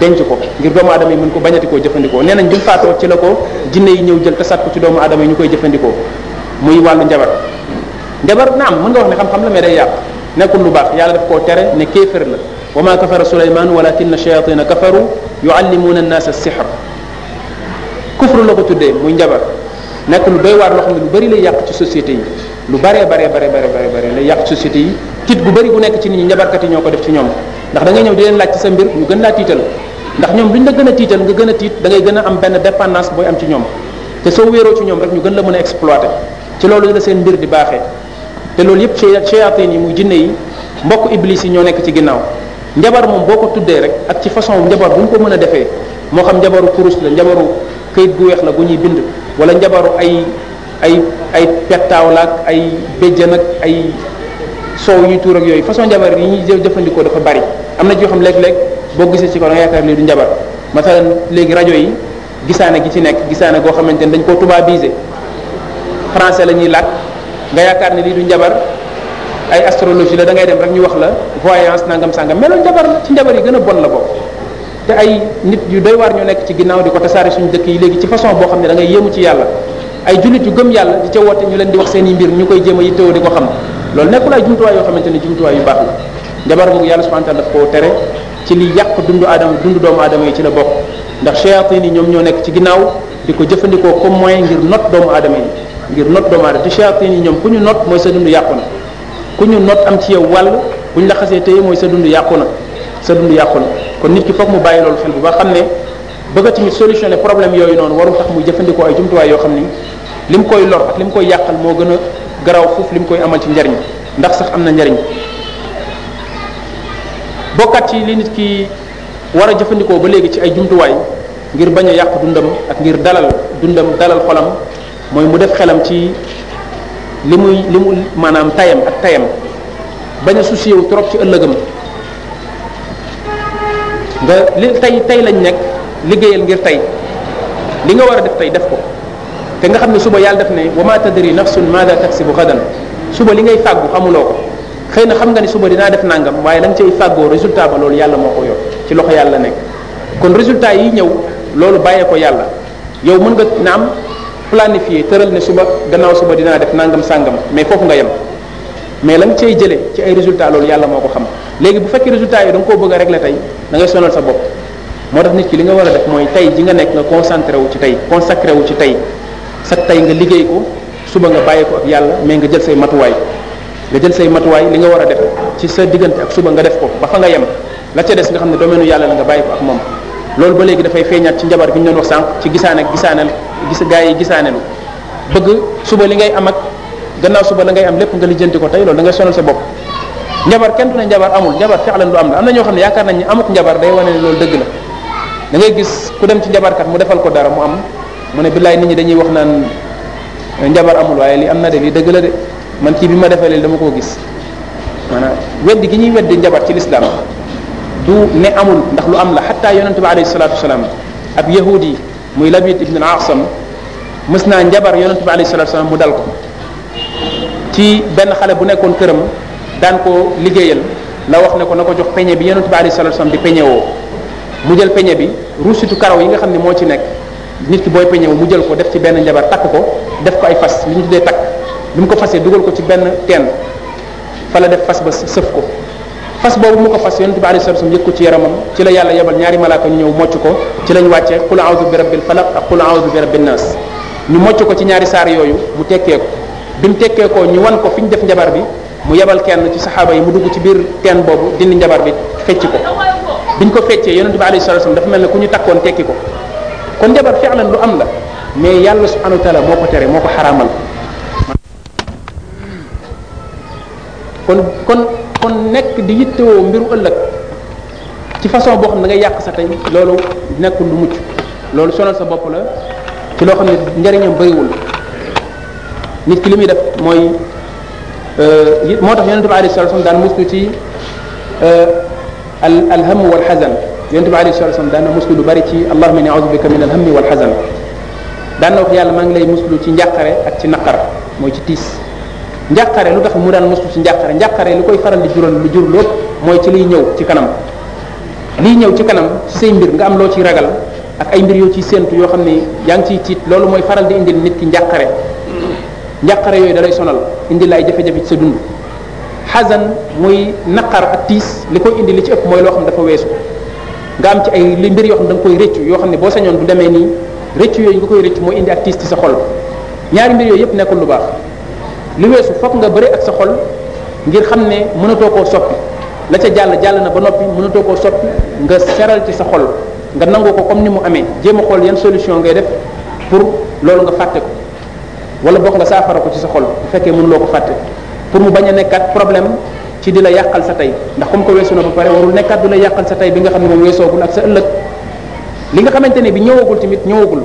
denc ko ngir doomu aadama yi mën ko bañati koo jëfandikoo nee nañ bi mu ci la ko jinne yi ñëw jël tasaat ko ci doomu aadama yi ñu koy jëfandikoo muy wàllu njabar njabar na am mën nga wax ne xam la mais day yàq nekkul lu baax yàlla def koo tere ne kéefër la wa ma kafara suleyman na shayatina kafaru yuallimuuna a sixr kufru la ko tuddee muy njabar nekk lu doy waar loo lu bari lay yàq ci société yi lu baree baree bare bare baree baree lay yàq société yi tiit bu bari bu nekk ci nit ñi njabarkat yi ñoo ko def ci ñoom ndax da ñëw di leen laaj ci sa mbir ñu gën laa tiital ndax ñoom luñ la gën a tiital nga gën a tiit dangay gën a am benn dépendance booy am ci ñoom te soo wéeroo ci ñoom rek ñu gën la mën a exploiter ci loolu la mbir di baaxee te loolu yëpp shayatin yi muy jinne yi mbokk iblis yi ñoo nekk ci ginnaaw njabar moom boo ko tuddee rek ak ci façon njabar bu ñu ko mën a defee moo xam njabaru kurus la njabaru këyit gu weex la gu ñuy bind wala njabaru ay ay ay pettaaw la ak ay béjjën ak ay soow yuy tuur ak yooyu façon njabar yi ñuy jëfandikoo dafa bari am na ci yoo xam léeg-léeg boo gisee ci ko da yaakaar lii du njabar masalan léegi rajo yi gisaane gi ci nekk gisaane goo xamante ne dañ koo tubaabisé français la ñuy làkk nga yaakaar ne lii du njabar ay astrologie la dangay dem rek ñu wax la voyance nangam sangam mais loolu njabar la ci njabar yi gën a bon la bokk te ay nit yu doy waar ñu nekk ci ginnaaw di ko tasaare suñu dëkk yi léegi ci façon boo xam ne da ngay yéemu ci yàlla ay jullit yu gëm yàlla ñu leen di wax seen i mbir ñu koy jéem a yittewoo di ko xam loolu nekkul ay jumtuwaay yoo xamante ne yu baax la njabar googu yàlla subhanahu tere ci li yàq dundu aadama dundu doomu aadama ci la bokk ndax shayatin yi ñoom ñoo nekk ci ginnaaw di ko jëfandikoo comme moyen ngir not doomu aadama yi ngir not doomu aadama te shayatin yi ñoom ku ñu not mooy sa dund yàqu na ku ñu not am ci yow wàll bu ñu la xasee mooy sa dund yàqu na sa dund yàqu na kon nit ki foog mu bàyyi loolu xel bu baax xam ne bëgg a tamit solutionné problème yooyu noonu warul tax muy jëfandikoo ay jumtuwaay yoo xam ni lim koy lor ak li mu koy yàqal moo gën a garaaw li mu koy amal ci njariñ ndax sax am na njariñ bokkat ci li nit ki war a jëfandikoo ba léegi ci ay jumtuwaay ngir bañ a yàq dundam ak ngir dalal dundam dalal xolam mooy mu def xelam ci li muy li mu maanaam tayam ak tayam bañ a soucié wu trop ci ëllëgam nga li tey tey lañ nekk liggéeyal ngir tey li nga war a def tey def ko te nga xam ne suba yàlla def ne wa ma tadri nafsun maada taksibu gadan suba li ngay fàggu xamuloo ko xëy na xam nga ni suba dinaa def nangam waaye la nga cay fàggoo résultat ba loolu yàlla moo ko yor ci loxo yàlla nekk kon résultat yi ñëw loolu bàyyee ko yàlla yow mën nga naam planifié tëral ne suba gannaaw suba dinaa def nangam sàngam mais foofu nga yem mais la nga cay jëlee ci ay résultat loolu yàlla moo ko xam léegi bu fekkee résultats yi danga nga koo bëgg a régler tey da ngay sonal sa bopp moo tax nit ki li nga war a def mooy tey ji nga nekk nga concentré wu ci tey consacré wu ci tey sa tey nga liggéey ko suba nga bàyyi ko ak yàlla mais nga jël say matuwaay nga jël say matuwaay li nga war a def ci sa diggante ak suba nga def ko ba fa nga yem la ca xam ne domaine yàlla la nga bàyyi ko ak ba léegi dafay feeñaat ci njabar gi ñu wax sànq ci gisaane ak gisaanal gis gaa yi gisaanelu bëgg suba li ngay am ak gannaaw suba la ngay am lépp nga lijjanti ko tey loolu da ngay sonal sa bopp njabar kenn du ne amul njabar fexlan lu am la am na ñoo xam ne yaakaar nañ ni amut njabar day ne loolu dëgg la da ngay gis ku dem ci njabarkat mu defal ko dara mu am mu ne billaay nit ñi dañuy wax naan eh, njabar amul waaye li am na de li man kii bi ma defee léegi dama koo gis maanaam weddi gi ñuy weddi njabar ci lislaam du ne amul ndax lu am la xataa yonente bi alayhi salatu wasalaam ab yahudi muy labit ibn al-A'sam mës naa njabar yonent bi alayhi salatu wasallam mu dal ko ci benn xale bu nekkoon këram daan ko liggéeyal la wax ne ko na ko jox peñe bi yonent bi alayhi salatu wasallam di peñe mu jël peñe bi ruusitu karaw yi nga xam ne moo ci nekk nit ki booy peñe wu mu jël ko def ci benn njabar takk ko def ko ay fas li ñu tuddee takk bi mu ko fasee dugal ko ci benn teen fa la def fas ba sëf ko fas boobu mu ko fas yonent bi alei satu yëg wàcce qul a'udhu bi rabbil ko ci ñaari saar yooyu mu tekkee ko bi mu tekkee wan ko fi ñu def njabar bi mu yebal kenn ci saxaaba yi mu dugg ci biir teen boobu dindi njabar bi fecc ko biñ ko feccee yonent bi alei satu dafa mel ne ku ñu takkoon ko kon njabar fi'lan lu am la mais yàlla subhanahu wa taala moo ko tere moo ko xaraamal kon kon kon nekk di yittewoo mbiru ëllëg ci façon boo xam ne da ngay yàq sa tey loolu nekkul lu mucc loolu sonal sa bopp la ci loo xam ne njariñam bëriwul nit ki li muy def mooy euh, moo tax yonente bi alayhi salatu wasallam daan muslu ci euh, al alham wal xasan yonente bi alayhi salatu wasallam daan na muslu lu bari ci allahumma inni a'udhu bika min alhammi wal xasan daan na wax yàlla maa ngi lay muslu ci njàqare ak ci naqar mooy ci tiis njàqare lu tax mu daan mosu ci njàqare njàqare lu koy faral di jural lu jur lépp mooy ci liy ñëw ci kanam liy ñëw ci kanam ci say mbir nga am loo ciy ragal ak ay mbir yoo ciy séentu yoo xam ne yaa ngi ciy tiit loolu mooy faral di indil nit ki njàqare njàqare yooyu da lay sonal indi laay jafe-jafe ci sa dund xasan muy naqar ak tiis li koy indi li ci ëpp mooy loo xam dafa weesu nga am ci ay li mbir yoo xam da nga koy rëccu yoo xam ne boo sañoon du demee nii rëccu yooyu nga koy rëccu mooy indi ci sa xol ñaari mbir yëpp nekkul lu baax li weesu foog nga bëri ak sa xol ngir xam ne mënatoo koo soppi la ca jàll jàll na ba noppi mënatoo koo soppi nga seral ci sa xol nga nangoo ko comme ni mu amee jéem a xool yan solution ngay def pour loolu nga fàtte ko wala boog nga saafara ko ci sa xol bu fekkee mënuloo ko fàtte pour mu bañ a nekkaat problème ci di la yàqal sa tey ndax comme ko weesu na ba pare warul nekkaat du la yàqal sa tey bi nga xam ne moom weesoogul ak sa ëllëg li nga xamante ne bi ñëwagul ñëwagul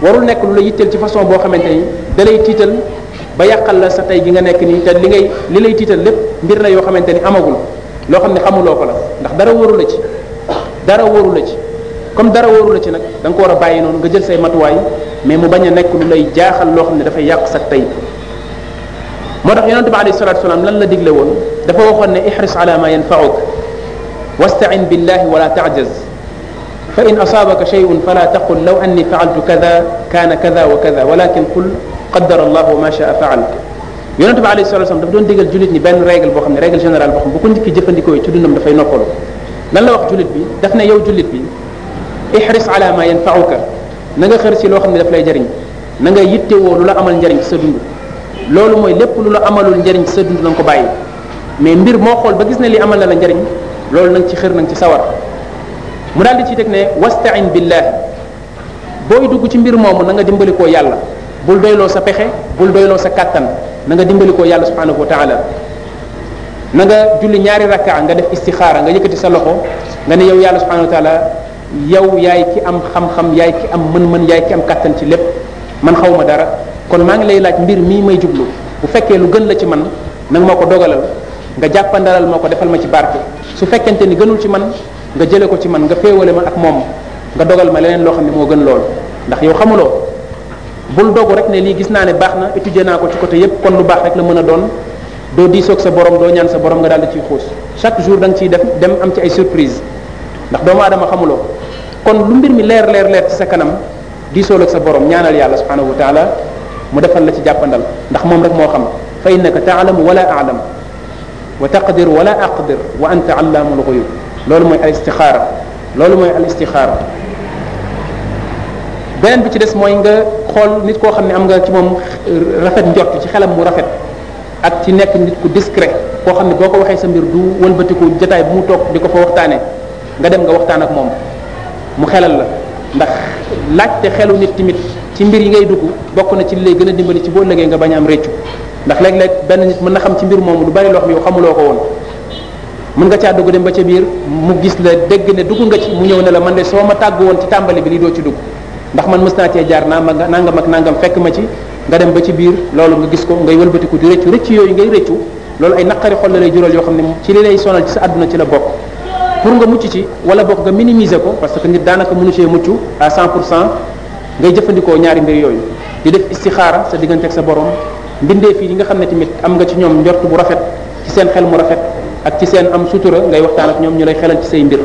warul nekk lu la ci façon boo xamante ni da lay tiital ba yàqal la sa tey gi nga nekk nii te li ngay li lay tiital lépp mbir la yoo xamante ni amagul loo xam ne xamuloo ko la ndax dara wóoru la ci dara wóoru la ci comme dara wóoru la ci nag da ko war a bàyyi noonu nga jël say matuwaay mais mu bañ a nekk lu lay jaaxal loo xam ne dafay yàq sa tey moo tax yonente bi alayhi salatu lan la digle woon dafa waxoon ne ihris ala ma yanfauk wastain billahi wala taajaz fa in asaabaka shay'un fala taqul law anni faaltu kada kana kada wa kada walakin qaddara allah wa ma shaa faal yonente bi alayhi salaam dafa doon déggal jullit ñi benn règle boo xam ne règle générale boo xam bu ko nit ki jëfandikoo ci dundam dafay noppalu lan la wax jullit bi daf ne yow jullit bi ihris ala ma yanfauka na nga xër si loo xam ne daf lay jariñ na nga yittewoo lu la amal njariñ ci sa dund loolu mooy lépp lu la amalul njariñ ci sa dund na nga ko bàyyi mais mbir moo xool ba gis ne li amal na la njariñ loolu na nga ci xër na nga ci sawar mu daal di ci teg ne wastain billah booy dugg ci mbir moomu na nga dimbali koo yàlla bul doyloo sa pexe bul doyloo sa kàttan na nga dimbali ko yàlla subhanahu wa taala na nga julli ñaari rakka nga def istixaara nga yëkkati sa loxo nga ne yow yàlla subhanahu wa taala yow yaay ki am xam-xam yaay ki am mën-mën yaay ki am kàttan ci lépp man xawuma dara kon maa ngi lay laaj mbir mii may jublu bu fekkee lu gën la ci man nag moo ko dogalal nga jàppandalal moo ko defal ma ci barke su fekkente ni gënul ci man nga jële ko ci man nga féewale ma ak moom nga dogal ma leneen loo xam ne moo gën lool ndax yow xamuloo bul dogu rek ne lii gis naa ne baax na étudier naa ko ci côté yépp kon lu baax rek la mën a doon doo diisoog sa borom doo ñaan sa borom nga daal di ciy xuus chaque jour da nga ciy def dem am ci ay surprise ndax doomu aadama xamuloo kon lu mbir mi leer leer leer ci sa kanam diisool ak sa borom ñaanal yàlla subhanahu wa taala mu defal la ci jàppandal ndax moom rek moo xam fa innaka taalamu wala alam wa taqdir wala aqdir wa anta allaamul xuyub loolu mooy al istixaara loolu mooy al istixaara beneen bi ci xool nit koo xam ne am nga ci moom euh, rafet njort ci xelam mu rafet ak ci nekk nit ku discret koo xam ne boo ko waxee sa mbir du wëlbatiku jataay bu mu toog di ko fa waxtaanee nga dem nga waxtaan ak moom mu xelal la ndax laajte xelu nit tamit ci mbir yi ngay dugg bokk na ci li lay gën a dimbali ci boo lëgee nga bañ am réccu ndax léeg-léeg benn nit mën na xam ci mbir moomu lu bari loo xam yow xamuloo ko woon mën nga caa dugg dem ba ca biir mu gis la dégg ne dugg nga ci mu ñëw ne la man de soo ma tàgg woon ci tàmbali bi lii doo ci dugg ndax man mës naa cee jaar naa mag nangam ak nangam fekk ma ci nga dem ba ci biir loolu nga gis ko ngay wëlbatiku di rëccu rëcc yooyu ngay rëccu loolu ay naqari xol la lay jural yoo xam ne ci li lay sonal ci sa àdduna ci pour nga mucc ci wala bokk nga minimiser ko parce que nit daanaka mënu cee mucc à 100 pour cent ngay jëfandikoo ñaari mbir yooyu di def istixaara sa diggante ak sa borom fii yi nga xam ne tamit am nga ci ñoom njort bu rafet ci seen xel mu rafet ak ci seen am sutura ngay waxtaan ak ñoom ñu lay xelal ci say mbir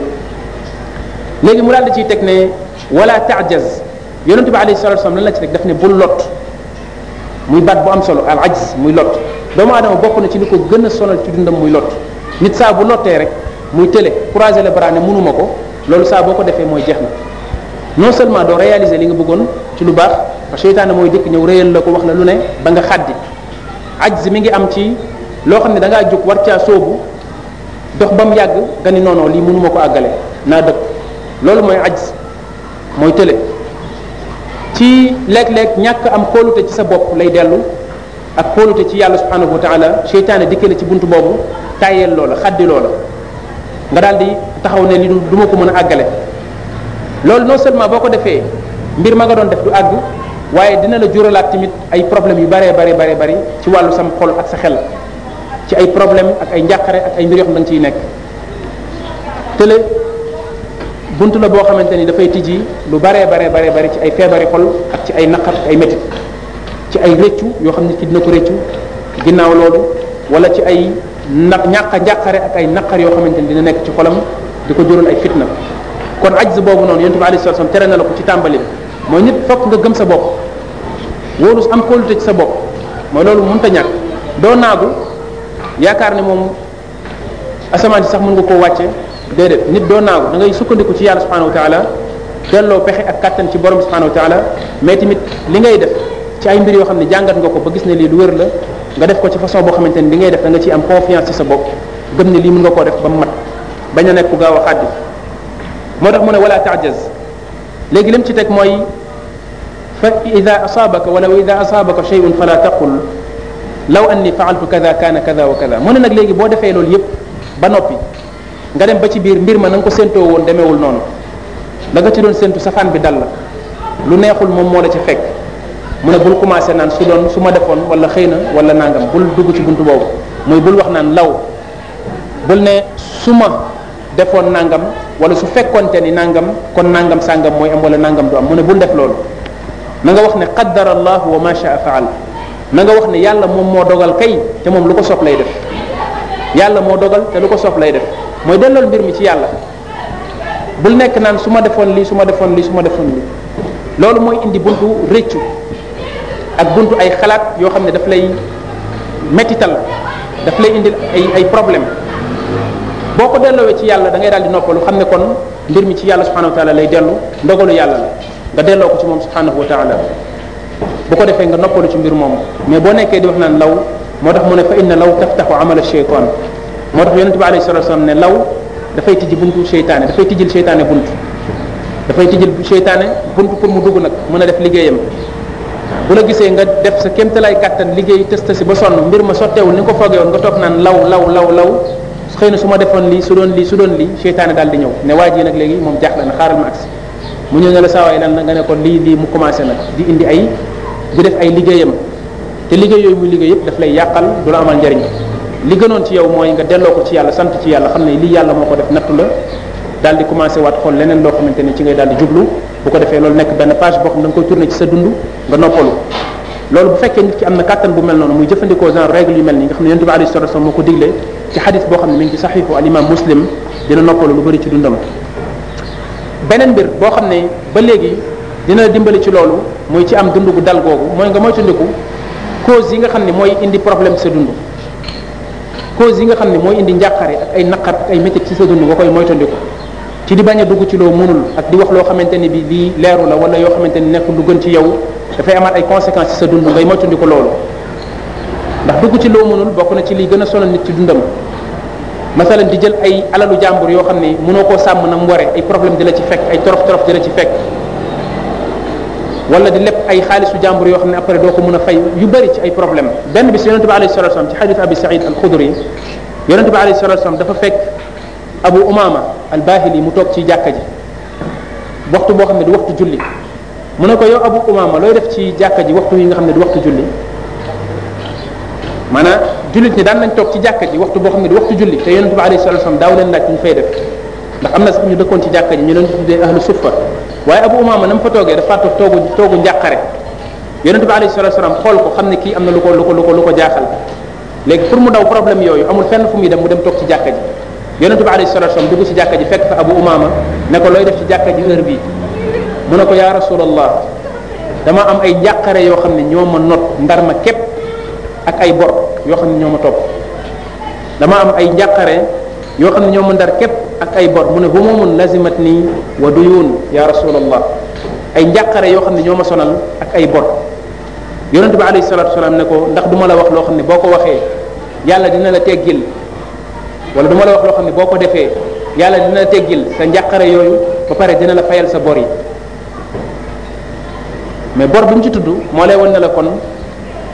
léegi mu daal di ciy teg ne wala taajaz yonent bi alayhi salatu wasallam lan la ci rek daf ne bul lot muy baat bu am solo al ajz muy lot doomu aadama bokk na ci li ko gën a sonal ci dundam muy lot nit saa bu lottee rek muy tële croiser les bras ne mënuma ko loolu saa boo ko defee mooy jeex na non seulement doo réaliser li nga bëggoon ci lu baax parce que seytaane mooy dëkk ñëw réyal la ko wax la lu ne ba nga xàddi ajz mi ngi am ci loo xam ne da ngaa jóg war caa sóobu dox ba mu yàgg nga ni noonoo lii mënuma ko àggale naa dëkk loolu mooy ajz mooy tële ci léeg-léeg ñàkk am kóolute ci sa bopp lay dellu ak kóolute ci yàlla subhanahu wa taala seytaane dikke la ci buntu boobu tàyyeel loola xaddi loola nga daal di taxaw ne li du ma ko mën a àggale loolu noo seulement boo ko defee mbir ma nga doon def du àgg waaye dina la juralaat tamit ay problèmes yu baree baree baree bari ci wàllu sam xol ak sa xel ci ay problème ak ay njàqare ak ay mbir yoo xam ciy nekk bunt la boo xamante ni dafay tijji lu baree baree baree bari ci ay feebari xol ak ci ay naqar ay métit ci ay rëccu yoo xam ne ci dina ko rëccu ginnaaw loolu wala ci ay naq ñàq njàqare ak ay naqar yoo xamante ni dina nekk ci xolam di ko jural ay fitna kon ajz boobu noonu yonent bi alayhi salaam tere na la ko ci tàmbali mooy nit fokk nga gëm sa bopp woolu am kóolute ci sa bopp mooy loolu mënta ñàkk doo naagu yaakaar ne moom asamaan si sax mën nga koo wàcce déedéet nit doo naagu da ngay sukkandiku ci yàlla subhanahu wa taala delloo pexe ak kàttan ci borom subhanahu wa taala mais tamit li ngay def ci ay mbir yoo xam ne jàngat nga ko ba gis ne lii lu wér la nga def ko ci façon boo xamante ne li ngay def da nga ciy am confiance ci sa bopp gëm ne lii mën nga koo def ba mu mat bañ a nekk ku gaaw a xàddi moo tax mu ne wala taajaz léegi lim ci teg mooy fa ida asaabaka wala ida asaabaka shay'un fala taqul law anni faaltu kada kaana kada wa kada mu ne nag léegi boo defee loolu yépp ba noppi nga dem ba ci biir mbir ma na nga ko séentoo woon demeewul noonu danga nga ci doon séentu safaan bi dal la lu neexul moom moo la ci fekk mu ne bul commencé naan su doon su ma defoon wala xëy na wala nangam bul dugg ci buntu boobu muy bul wax naan law bul ne su ma defoon nangam wala su fekkonte ni nangam kon nangam sàngam mooy am wala nangam du am mu ne bul def loolu na nga wax ne qaddara allah wa ma shaa faal na nga wax ne yàlla moom moo dogal kay te moom lu ko soob lay def yàlla moo dogal te lu ko soob def mooy dellool mbir mi ci yàlla bul nekk naan su ma defoon lii su ma defoon lii su ma defoon lii loolu mooy indi buntu rëccu ak buntu ay xalaat yoo xam ne daf lay mettital daf lay indil ay ay problème boo ko delloowee ci yàlla da ngay daal di noppalu xam ne kon mbir mi ci yàlla subhanahu wa taala lay dellu ndogalu yàlla la nga delloo ko ci moom subhanahu wa taala bu ko defee nga noppalu ci mbir moom mais boo nekkee di wax naan law moo tax mu ne fa inna law taftaxu amala shaytan moo tax yonente bi alayhi salatu wasallam ne law dafay tijji buntu seytaane dafay tijjil seytaane buntu dafay tijjil seytaane bunt pour mu dugg nag mën a def liggéeyam bu la gisee nga def sa kéemtalaay kàttan liggéey tëstasi ba sonn mbir ma sotteewul ni nga ko foogeewoon nga toog naan law law law law xëy na su ma defoon lii su doon lii su doon lii seytaane daal di ñëw ne waa ji nag léegi moom jaaxle na xaaral ma agsi mu ñëw ne la saawaay lan la nga ne ko lii lii mu commencé nag di indi ay di def ay liggéeyam te liggéey yooyu muy liggéey daf lay yàqal du la njariñ li gënoon ci yow mooy nga delloo ko ci yàlla sant ci yàlla xam ne lii yàlla moo ko def nattu la daal di commencé waat xool leneen loo xamante ne ci ngay daal di jublu bu ko defee loolu nekk benn page boo xam ne da nga koy tourné ci sa dund nga noppalu loolu bu fekkee nit ki am na kàttan bu mel noonu muy jëfandikoo genre règle yu mel nii nga xam ne yonent bi alayhi salatu wasallam moo ko digle ci xadis boo xam ne mi ngi ci saxiixu muslim dina noppalu lu bëri ci dundam beneen boo xam ne ba léegi dina dimbali ci loolu muy ci am dund gu dal googu mooy nga moytandiku cause yi nga xam ne mooy indi problème sa dund cause yi nga xam ne mooy indi njàqare ak ay naqar ak ay métit ci sa dund nga koy moytandiku ci di bañ a dugg ci loo mënul ak di wax loo xamante ni bi lii leeru la wala yoo xamante ni nekk lu gën ci yow dafay amaat ay conséquence ci sa dund ngay moytandiku loolu ndax dugg ci loo mënul bokk na ci li gën a sonal nit ci dundam masalan di jël ay alalu jàmbur yoo xam ne mënoo koo sàmm na mu waree ay problème di la ci fekk ay torof torof di la ci fekk wala di lépp ay xaalisu jàmbur yoo xam ne après doo ko mën a fay yu bëri ci ay problème benn bi alayhi salatu wasallam ci xadis abi saïd al xudri yonente bi alayhi salatu wasallam dafa fekk abu umama al bahili mu toog ci jàkka ji waxtu boo xam ne du waxtu julli mun ne ko yow abu umama looy def ci jàkka ji waxtu yi nga xam ne di waxtu julli maanaam jullit ñi daan nañ toog ci jàkka ji waxtu boo xam ne du waxtu julli te yonente bi alayhi salatu wasallam daaw leen laaj ñu fay def ndax am na sax ñu dëkkoon ci jàkka waaye abu umaama na mu fa toogee dafa toog toogu toogu njàqare yonente bi alayhi salatu salaam xool ko xam ne kii am na lu ko lu ko lu ko lu ko jaaxal léegi pour mu daw problème yooyu amul fenn fu muy dem mu dem toog ci jàkka ji yonente bi alayhi salatu salaam dugg ci jàkka ji fekk fa abu umaama ne ko looy def ci jàkka ji heure bii mu ne ko yaa rasulallah dama am ay njàqare yoo xam ne ñoo ma not ndar ma képp ak ay bor yoo xam ne ñoo ma topp dama am ay njàqare yoo xam ne ñoo ma képp ak ay bor mu ne humumun lazimat nii wa duyuun ya rasulallah ay njàqare yoo xam ne ñoo ma sonal ak ay bor yonente bi alayhi salatu wasalaam ko ndax du ma la wax loo xam ne boo ko waxee yàlla dina la teggil wala du la wax loo xam ne boo ko defee yàlla dina teggil sa njàqare yooyu ba pare dina la fayal sa bor yi mais bor bi mu ci tudd moo lay wan ne la kon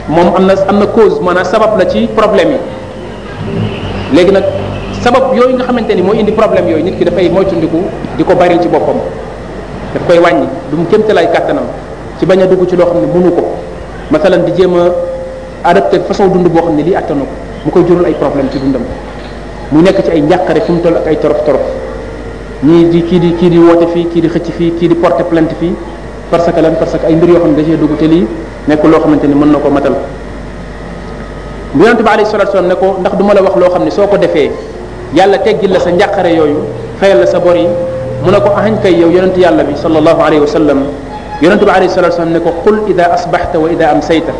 moom am na am na cause maanaam sabab la ci problème yi léegi nag sabab yooyu nga xamante ni mooy indi problème yooyu nit ki dafay moytundiku di ko bari ci boppam daf koy wàññi du mu ay kàttanam ci bañ a dugg ci loo xam ne mënu ko masalan di jéem a adapté façon dund boo xam ne lii attanu mu koy jural ay problème ci dundam mu nekk ci ay njàqare fu mu toll ak ay torof torof ñii di kii di kii di woote fii kii di xëcc fii kii di porter plainte fii parce que lan parce que ay mbir yoo xam ne da cee dugg te lii nekk loo xamante ni mën na ko matal bu yonente bi alayhi salatu wasallam ne ko ndax du ma la wax loo xam ne soo ko defee yàlla teggil la sa njàqare yooyu fayal la sa bor yi mu ne ko ahañ kay yow yonent yàlla bi sallallahu alayhi wa sallam yonent bi alayhi salatu wasallam ne ko qul ida asbaxta wa ida amsayta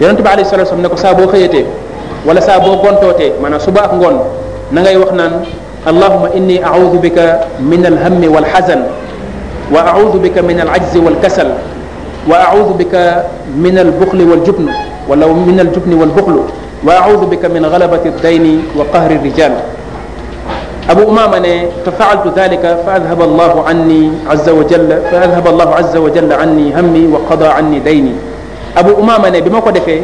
yonent bi alayhi salatu wasallam ne ko saa boo xëyatee wala saa boo gontootee maanaam suba ak ngoon na ngay wax naan allahuma inni audu bika min alhammi walxazan wa audu bika min alajzi walkasal wa audu bika min albuxli waljubn wala min aljubni walbuxlu wa audu bika min galabati aldayni wa qahri rijal أبو أمامة ففعلت ذلك فأذهب الله عني عز وجل فأذهب الله عز وجل عني همي وقضى عني ديني Abu Umaama ne bi ma ko defee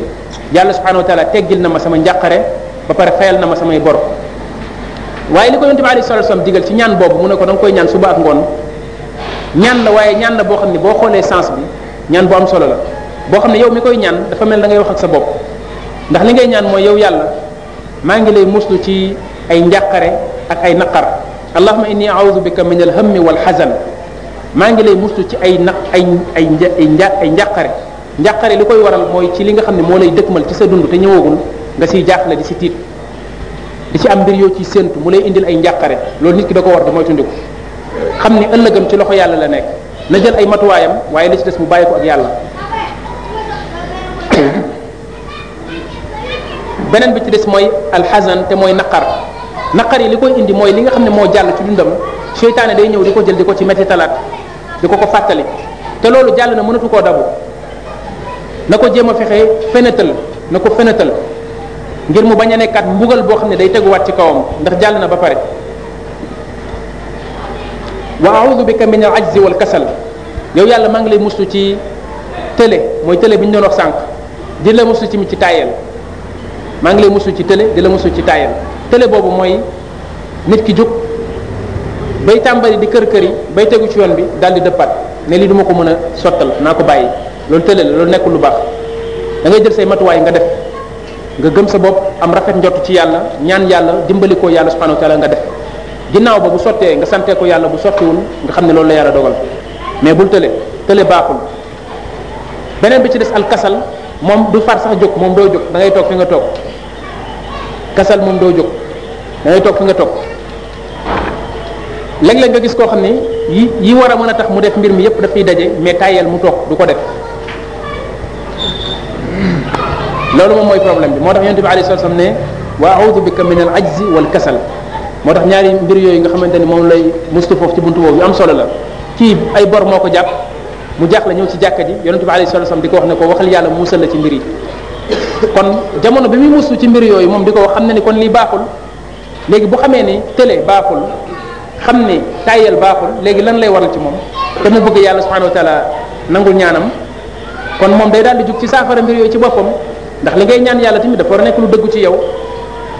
yàlla subhanahu wa taala teggil na ma sama njàqare ba pare fayal na ma samay bor waaye li ko yonte bi alayhi salatu wasallam si ci ñaan boobu mu ne ko da koy ñaan suba ak ngoon ñaan la waaye ñaan la boo xam ne boo xoolee sens bi ñaan bu am solo la boo xam ne yow mi koy ñaan dafa mel da ngay wax ak sa bopp ndax li ngay ñaan mooy yow yàlla maa ngi lay muslu ci ay njàqare ak ay naqar allahuma inni audu bika min alhammi walxasan maa ngi lay mustu ci ay naq ay ay nja ay njaqare njàqare li koy waral mooy ci li nga xam ne moo lay dëkk mal ci sa dund te ñëwagul nga siy jaaxle di ci tiit di ci am mbir yoo ci séntu mu lay indil ay njàqare loolu nit ki da ko war da mooy tundiku xam ni ëllëgam ci loxo yàlla la nekk na jël ay matuwaayam waaye li ci des mu bàyyi ko ak yàlla beneen bi ci des mooy alxasan te mooy naqar naqar yi li koy indi mooy li nga xam ne moo jàll ci dundam seytaane day ñëw di ko jël di ko ci métti talaat di ko ko fàttali te loolu jàll na mënatu koo dabu na ko jéem a fexe fenetal na ko fenetal ngir mu bañ a nekkaat mbugal boo xam ne day teguwaat ci kawam ndax jàll na ba pare wa a'udhu bika min al-ajzi kasal yow yàlla maa ngi lay muslu ci télé mooy télé bi ñu doon wax sànq di la muslu ci mi taayal maa ngi lay muslu ci télé di la muslu ci taayal télé boobu mooy nit ki jóg bay tàmbali di kër kër yi bay tegu ci yoon bi daal di dëppaat ne lii duma ko mën a sottal naa ko bàyyi loolu télé la loolu nekkul lu baax da ngay say matuwaay nga def nga gëm sa bopp am rafet njott ci yàlla ñaan yàlla dimbali ko yàlla subhanahu wa taala nga def ginnaaw ba bu sottee nga santee ko yàlla bu sottiwul nga xam ne loolu la yàlla dogal mais bul tële tële baaxul beneen bi ci des alkasal moom du far sax jóg moom doo jóg da toog nga toog kasal moom doo jóg da ngay toog fi nga toog léeg-léeg nga gis koo xam ne yi yi war a mën a tax mu def mbir mi yépp dafay daje mais tàyyeel mu toog du ko def loolu moom mooy problème bi moo tax yonent bi alayhi salaam ne wa a'udhu bika min al ajzi wal kasal moo tax ñaari mbir yooyu nga xamante ni moom lay mustu foofu ci buntu boobu yu am solo la kii ay bor moo ko jàpp mu jaaxle ñëw ci jàkka ji yonent bi alayhi salaam di ko wax ne ko waxal yàlla muusal la ci mbir yi kon jamono bi muy musu ci mbir yooyu moom di ko wax xam na ni kon lii baaxul léegi bu xamee ni télé baaxul xam ni tayel baaxul léegi lan lay waral ci moom te mu bëgg yàlla subhanahu wa taala nangul ñaanam kon moom day daal di jug ci saafara mbir yooyu ci boppam ndax li ngay ñaan yàlla tamit dafa war a nekk lu dëggu ci yow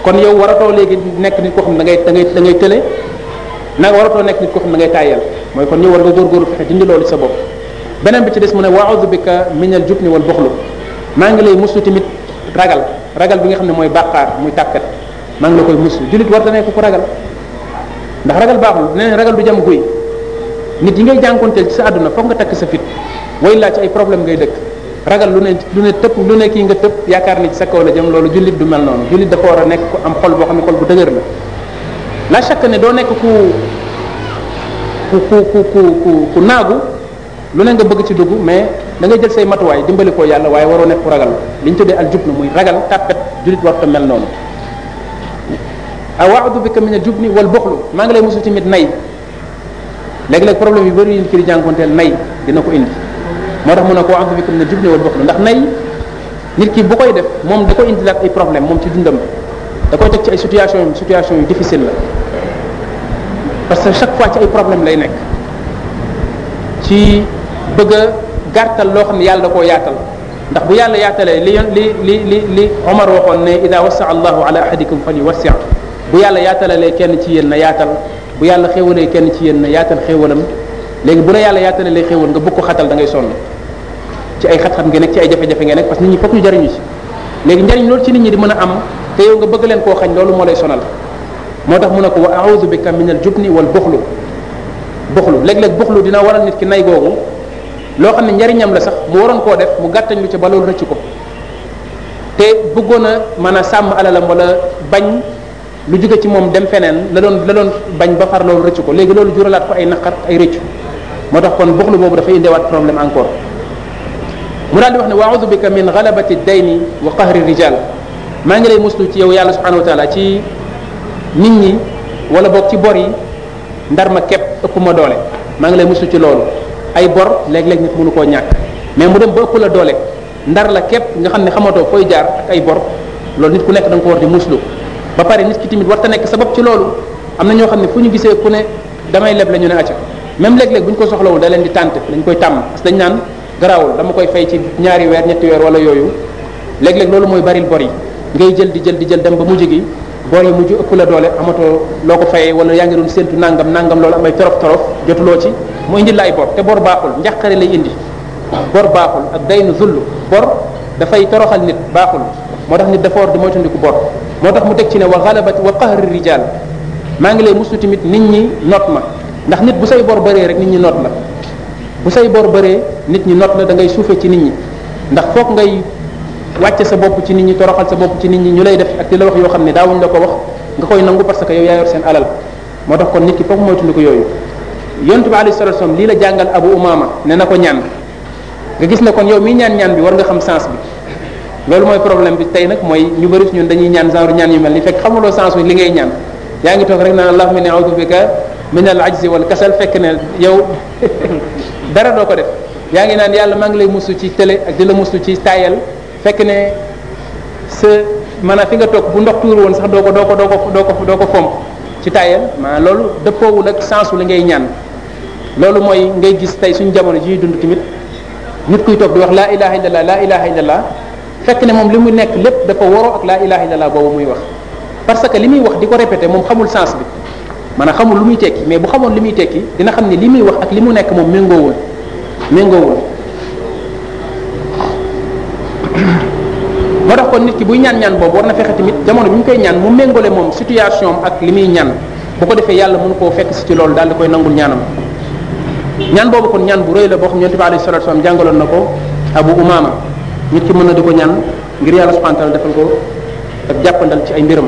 kon yow waratoo léegi nekk nit koo xam da ngay da ngay da ngay tële na waratoo nekk nit koo xam da ngay tayel mooy kon yow war nga góorgóorlu fexe dindi loolu sa bopp beneen bi ci des mu ne wa'udhu bika min al-jubni wal bukhlu maa ngi lay musu tamit ragal ragal bi nga xam ne mooy bàqaar muy tàkkat maa ngi la koy muslu jullit war da nekk ku ragal ndax ragal baaxul ne ragal du jam guy nit yi ngay jànkonteel ci sa àdduna foog nga takk sa fit way laa ci ay problème ngay dëkk ragal lu ne lu ne tëpp lu ne kii nga tëpp yaakaar ni ci sa kaw la jëm loolu jullit du mel noonu jullit dafa war a nekk ku am xol boo xam ne xol bu dëgër la la chaque ne doo nekk ku ku ku ku ku ku naagu lu ne nga bëgg ci dugg mais da ngay jël say matuwaay dimbali ko yàlla waaye waroo nekk ragal li ñu tuddee al jubnu muy ragal tàppet jullit warta mel noonu awaudu bika min al jubni wal buxlu maa ngi lay musul tamit nay léegi-léeg problème yu bëri yi ci di jànkonteel nay dina ko indi moo tax mu ne ko awaudu bika min al jubni wal buxlu ndax nay nit ki bu koy def moom da koy indi laat ay problème moom ci dundam da koy teg ci ay situation yu situation yu la parce que chaque fois ci problème lay nekk ci bëgg a gàttal loo xam ne yàlla da koo yaatal ndax bu yàlla yaatalee li li li li li omar waxoon ne ida wasa allahu ala ahadikum fal yuwassia bu yàlla yaatalalee kenn ci yéen na yaatal bu yàlla xéewalee kenn ci yéen na yaatal xéewalam léegi bu la yàlla yaatalalee xéewal nga bëgg ko xatal da ngay sonn ci ay xat-xat nga nekk ci ay jafe-jafe nga nekk parce que nit ñi fokk ñu jariñu ci léegi njariñ loolu ci nit ñi di mën a am te yow nga bëgg leen koo xañ loolu moo lay sonal moo tax mu ne ko wa a'udhu bika minal jubni wal buxlu buxlu léeg-léeg buxlu dina waral nit ki nay googu loo xam ne njariñam la sax mu waroon koo def mu gàttañ lu ci ba loolu rëcc ko te bëggoon a mën a sàmm alalam wala bañ lu jóge ci moom dem feneen la doon la doon bañ ba far loolu rëcc ko léegi loolu juralaat ko ay naqar ay rëccu moo tax kon buxlu boobu dafay indiwaat problème encore mu daal di wax ne waaudu bika min galabati dayni wa qahri rijal maa ngi lay muslu ci yow yàlla subhanahu wa taala ci nit ñi wala boog ci bor yi ndar ma képp ëpp ma doole maa ngi lay muslu ci loolu ay bor léeg-léeg nit mënu koo ñàkk mais mu dem ba ëpp la doole ndar la képp nga xam ne xamatoo fooy jaar ay bor loolu nit ku nekk da nga di muslu ba pare nit ki tamit war ta nekk sabab ci loolu am na ñoo xam ne fu ñu gisee ku ne damay leb la ñu ne acca même léeg-léeg ko soxlawul da leen di tànt dañ koy tàmm parce naan garaawul dama koy fay ci ñaari weer ñetti weer wala yooyu léeg-léeg loolu mooy baril bor yi ngay jël di jël di jël dem ba mujj gi boolee mujj ëpp la doole amatoo loo ko fayee wala yaa ngi doon séntu nangam nangam loolu amay torof torof jotuloo ci mu indi lay bor te bor baaxul njàqare lay indi bor baaxul ak day daynu zull bor dafay toroxal nit baaxul moo tax nit dafa war di moytandiku bor moo tax mu teg ci ne wa xalabat wa qahri rijal maa ngi lay mustu tamit nit ñi not ma ndax nit bu say bor bëree rek nit ñi not na bu say bor bëree nit ñi not la da ngay suufee ci nit ñi ndax foog ngay wàcce sa bopp ci nit ñu toroxal sa bopp ci nit ñu lay def ak di la wax yoo xam ne daawuñ la ko wax nga koy nangu parce que yow yaa seen alal moo tax kon nit ki foog moytu ko yooyu yontu bi alayhi salatu wasallam lii la jàngal abu umama ne na ko ñaan nga gis ne kon yow mii ñaan ñaan bi war nga xam sens bi loolu mooy problème bi tey nag mooy ñu bëri ñun dañuy ñaan genre ñaan yu mel ni fekk xamuloo sens bi li ngay ñaan yaa ngi toog rek naan allahumma inni a'udhu bika min al fekk ne yow dara doo ko def yaa ngi naan yàlla maa ngi lay musu ci télé ak di la musu ci taayal fekk ne sa maanaam fi nga toog bu ndox tuuru woon sax doo ko doo ko doo ko doo ko doo ko fomp ci tayal a loolu dëppoowul ak sensu li ngay ñaan loolu mooy ngay gis tey suñu jamono ji dund tamit nit kuy toog di wax laa ilaha illallah laa ilaha illallah fekk ne moom li mu nekk lépp dafa waroo ak laa de laa boobu muy wax parce que li muy wax di ko répété moom xamul sens bi maanaam xamul lu muy tekki mais bu xamoon li muy tekki dina xam ne li muy wax ak li mu nekk moom méngoowul méngoowul moo tax kon nit ki buy ñaan ñaan boobu war na fexe tamit jamono bi ñu koy ñaan mu méngale moom situation ak li muy ñaan bu ko defee yàlla mën koo fekk si ci loolu daal di koy nangul ñaanam ñaan boobu kon ñaan bu rëy la boo xam yonent bi alayhi salatu wasallam jàngaloon na ko abu umama nit ki mën na di ko ñaan ngir yàlla subhanahu wa ta'ala defal ko ak jàppandal ci ay mbiram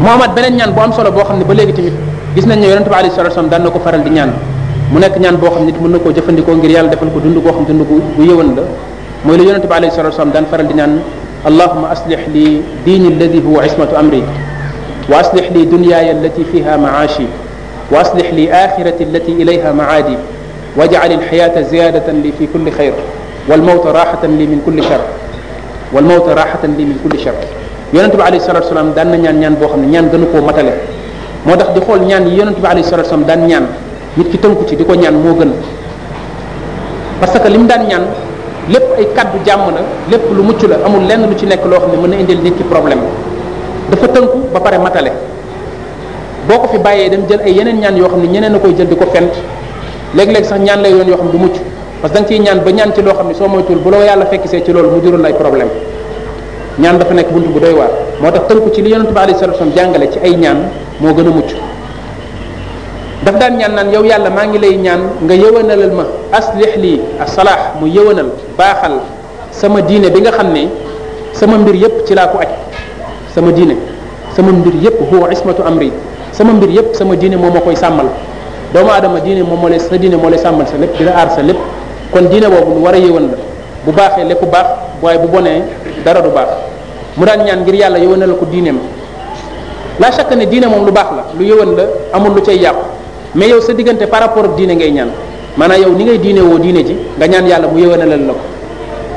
mu amaat beneen ñaan bu am solo boo xam ne ba léegi tamit gis nañ ne yonent bi alayhi salatu wasallam daan na ko faral di ñaan mu nekk ñaan boo xam nit mën na koo jëfandikoo ngir yàlla defal ko dund koo xam dund bu yëwan la mooy la yonente bi alayhi salatu wasalam daan faral di naan allahuma aslih li diini alladi huwa ismatu amri wa aslih li dunyaaya allati fiha maashi wa aslih li axirati allati ilayha maadi wajcal alxayaata ziyadatan li fi kulli xayr walmawta raxatan li min kulli shar walmawta raxatan li min kulli shar yonente bi alayhi salatu wasalam daan na ñaan ñaan boo xam ne ñaan gënu koo matale moo tax di xool ñaan yi yonente bi alayhi salatu wasalam daan ñaan nit ki tënku ci di ko ñaan moo gën parce que li mu daan ñaan lépp ay kàddu jàmm na lépp lu mucc la amul lenn lu ci nekk loo xam ne mën na indil nit ki problème dafa tënku ba pare matale boo ko fi bàyyee dem jël ay yeneen ñaan yoo xam ne ñeneen a koy jël di ko fent léeg-léeg sax ñaan lay yoon yoo xam ne du mucc parce que da ciy ñaan ba ñaan ci loo xam ne soo moytuwul bu loo yàlla fekk see ci loolu mu jural ay problème ñaan dafa nekk buntu bu doy waar moo tax tënku ci li yonente bi alayhi salatu wasallam jàngale ci ay ñaan moo gën a mucc daf daan ñaan naan yow yàlla maa ngi lay ñaan nga yëwanalal ma aslix lii asalaax mu yëwanal baaxal sama diine bi nga xam ne sama mbir yépp ci laa ko aj sama diine sama mbir yépp huwa ismatu amri sama mbir yépp sama diine moom moo koy sàmmal doomu aadama diine moom moo lay sa diine moo lay sàmmal sa dina aar lépp kon diine boobu lu war a yëwan la bu baaxee lépp baax waaye bu bonee dara du baax mu daan ñaan ngir yàlla yëwanal ko diine ma la chaque ne diine moom lu baax la lu yëwan la amul lu cay yàqu mais yow sa diggante par rapport ak diine ngay ñaan maanaam yow ni ngay diine woo diine ji nga ñaan yàlla mu yëwénalal la ko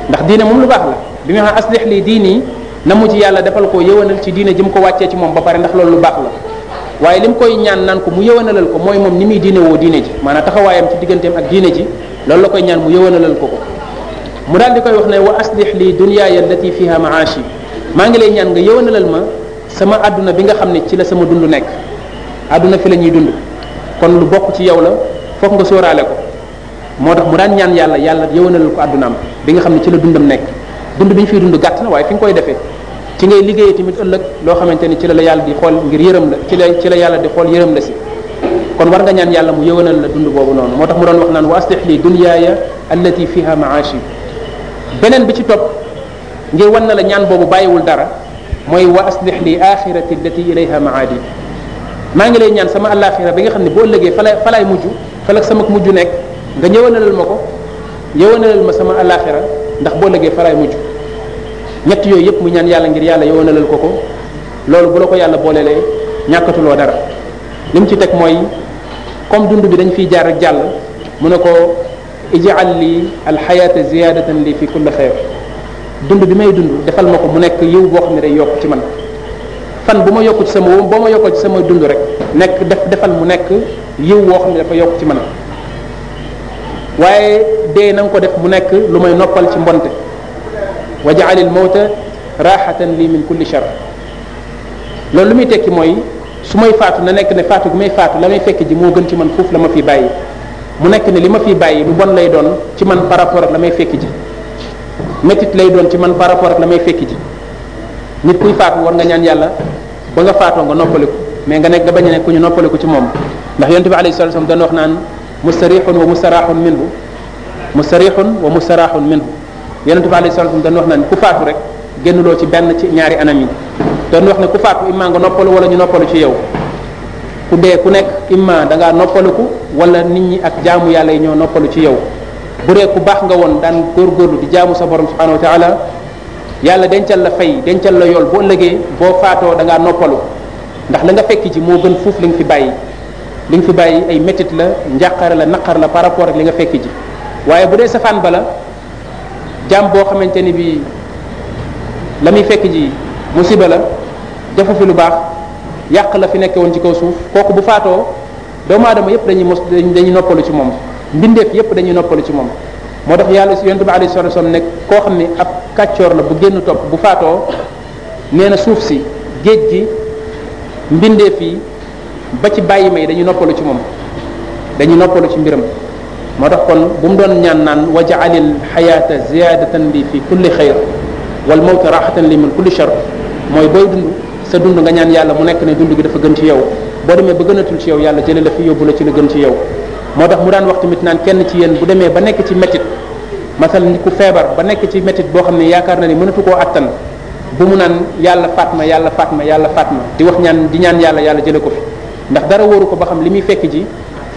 ndax diine moom lu baax la bi nga xam aslih lii diine yi na mu ci yàlla defal ko yëwénal ci diine ji ko wàccee ci moom ba pare ndax lu baax la waaye li mu koy ñaan naan ko mu ko mooy moom ni muy diine woo diine ji maanaam taxawaayam ci digganteem ak diine ji loolu la koy ñaan mu yëwénalal ko ko mu daal di koy wax ne wa aslih lii dunyaaya allati fiha maashi maa ngi lay ñaan nga yëwénalal ma sama àdduna bi nga xam ne ci la sama dund nekk àdduna fi la ñuy dund kon lu bokk ci yow la foog nga sóoraale ko moo tax mu daan ñaan yàlla yàlla yëwanalal ko àddunaam bi nga xam ne ci la dund am nekk dund bi ñu fiy dund gàtt na waaye fi nga koy defee ci ngay liggéeyee tamit ëllëg loo xamante ne ci la la yàlla di xool ngir yërëm la ci la ci la yàlla di xool yërëm la si kon war nga ñaan yàlla mu yëwanal la dund boobu noonu moo tax mu doon wax naan wa aslih li dunyaaya allati fiha maashi beneen bi ci topp ngir wan na la ñaan boobu bàyyiwul dara mooy wa aslih li axirati allati maa ngi lay ñaan sama àllaaxira bi nga xam ne boo ëllëgee fa lay fa lay sama fa la sama mujj nekk nga ñëwanalal ma ko ñëwanalal ma sama àllaaxira ndax boo ëllëgee fa lay ñett yooyu yëpp mu ñaan yàlla ngir yàlla ñëwanalal ko ko loolu bu la ko yàlla boolelee ñàkkatuloo dara li mu ci teg mooy comme dund bi dañ fiy jaar jàll mu ne ko ijaal li alxayaata ziyaadatan li fi kulli xeer dund bi may dund defal ma ko mu nekk yiw boo xam ne day yokk ci man fan bu ma yokku ci sama boo ma yokkoo ci sama dund rek nekk def defal mu nekk yiw woo xam ne dafa yokk ci man waaye dee na ko def mu nekk lu may noppal ci mbonte wa jaalil mawta raxatan lii min kulli shar loolu lu muy tekki mooy su may faatu na nekk ne faatu gu may faatu la may fekk ji moo gën ci man foofu la ma fi bàyyi mu nekk ne li ma fi bàyyi lu bon lay doon ci man par rapport la may fekki ji métit lay doon ci man par rapport ak la may fekk ji nit kuy faatu war nga ñaan yàlla ba nga faatoo nga noppaliku mais nga nekk nga bañ a nekk ku ñu noppaliku ci moom ndax yonte bi alayhi salatu wasallam doon wax naan mustarihun wa mustarahun minhu mustarihun wa mustarahun minhu yonente bi alayhi salatu wasallam doon wax naan ku faatu rek génnuloo ci benn ci ñaari anam yi doon wax ne ku faatu imma nga noppalu wala ñu noppalu ci yow ku dee ku nekk imma da ngaa noppaliku wala nit ñi ak jaamu yàlla yi ñoo noppalu ci yow bu dee ku baax nga woon daan góorgóorlu di jaamu sa borom subhanahu wa taala yàlla dencal la fay dencal la yool boo lëgee boo faatoo da ngaa noppalu ndax la nga fekk ci moo gën fuuf li nga fi bàyyi li nga fi bàyyi ay métit la njàqare la naqar la par rapport ak li nga fekk ji waaye bu dee safaan ba la jàmm boo xamante ni bi la muy fekk ji musiba la defu fi lu baax yàq la fi nekke woon ci kaw suuf kooku bu faatoo doomu aadama yépp dañuy mos dañuy noppalu ci moom mbindeef yépp dañuy noppalu ci moom moo tax yàlla si yontu bi alayhi salatu wasallam nekk koo xam ne ab kàccoor la bu génn topp bu faatoo nee na suuf si géej gi mbindeef yi ba ci bàyyi may dañu noppalu ci moom dañu noppalu ci mbiram moo tax kon bu mu doon ñaan naan wajaalil xayaata ziyaadatan li fi kulli xayr wal mawta raxatan li min kulli shar mooy booy dund sa dund nga ñaan yàlla mu nekk ne dund gi dafa gën ci yow boo demee ba gënatul ci yow yàlla jële la fi yóbbu la ci la gën ci yow moo tax mu daan wax mit naan kenn ci yéen bu demee ba nekk ci métit masal ni ku feebar ba nekk ci métit boo xam ne yaakaar na ni mënatu koo attan bu mu naan yàlla faat ma yàlla faat ma yàlla faat ma di wax ñaan di ñaan yàlla yàlla jële ko fi ndax dara wóoru ko ba xam li muy fekk ji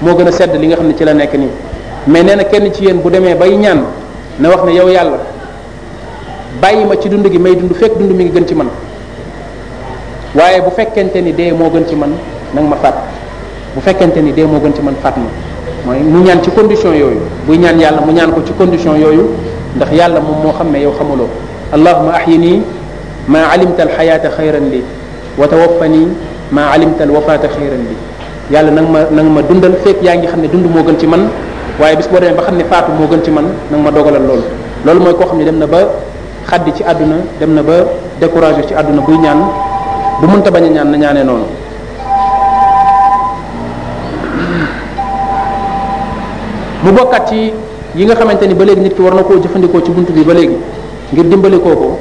moo gën a sedd li nga xam ne ci la nekk nii mais nee na kenn ci yéen bu demee bay ñaan na wax ne yow yàlla bàyyi ma ci dund gi may dund fekk dund mi ngi gën ci man waaye bu fekkente ni dee moo gën ci man nanga ma faat bu fekkente ni dee moo gën ci man faat ma mooy mu ñaan ci condition yooyu buy ñaan yàlla mu ñaan ko ci condition yooyu ndax yàlla moom moo xam ne yow xamuloo allahuma ahyini maa alimta alxayaata xayran li wa tawaffani maa alimta alwafaata xayran li yàlla nanga ma nanga ma dundal fekk yaa ngi xam ne dund moo gën ci man waaye bis boo demee ba xam ne faatu moo gën ci man nanga ma dogalal loolu loolu mooy koo xam ne dem na ba xàdd ci àdduna dem na ba découragé ci àdduna buy ñaan bu mënta bañ ñaan na ñaanee noonu mu bokkat ci yi nga xamante ni ba léegi nit ki war na koo jëfandikoo ci bunt bi ba léegi ngir dimbali koo ko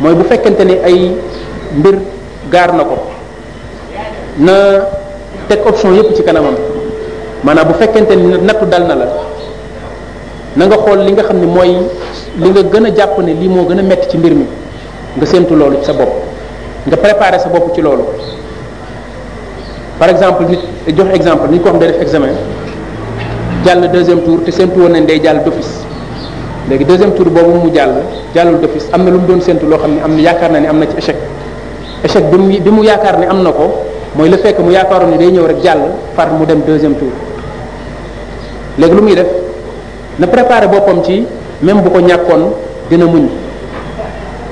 mooy bu fekkente ni ay mbir gaar na ko na teg option yépp ci kanamam maanaam bu fekkente ni nattu dal na la na nga xool li nga xam ne mooy li nga gën a jàpp ne lii moo gën a metti ci mbir mi nga séentu loolu sa bopp nga préparer sa bopp ci loolu par exemple nit jox exemple nit ko xam ne def examen jàll deuxième tour te séntu nañ day jàll d'office léegi deuxième tour boobu mu jàll jàllul d'office am na lu mu doon séntu loo xam ne am na yaakaar na ne am na ci échec échec bi mu bi mu yaakaar ne am na ko mooy le fekk mu yaakaaroon ne day ñëw rek jàll far mu dem deuxième tour léegi lu muy def na préparer boppam ci même bu ko ñàkkoon dina muñ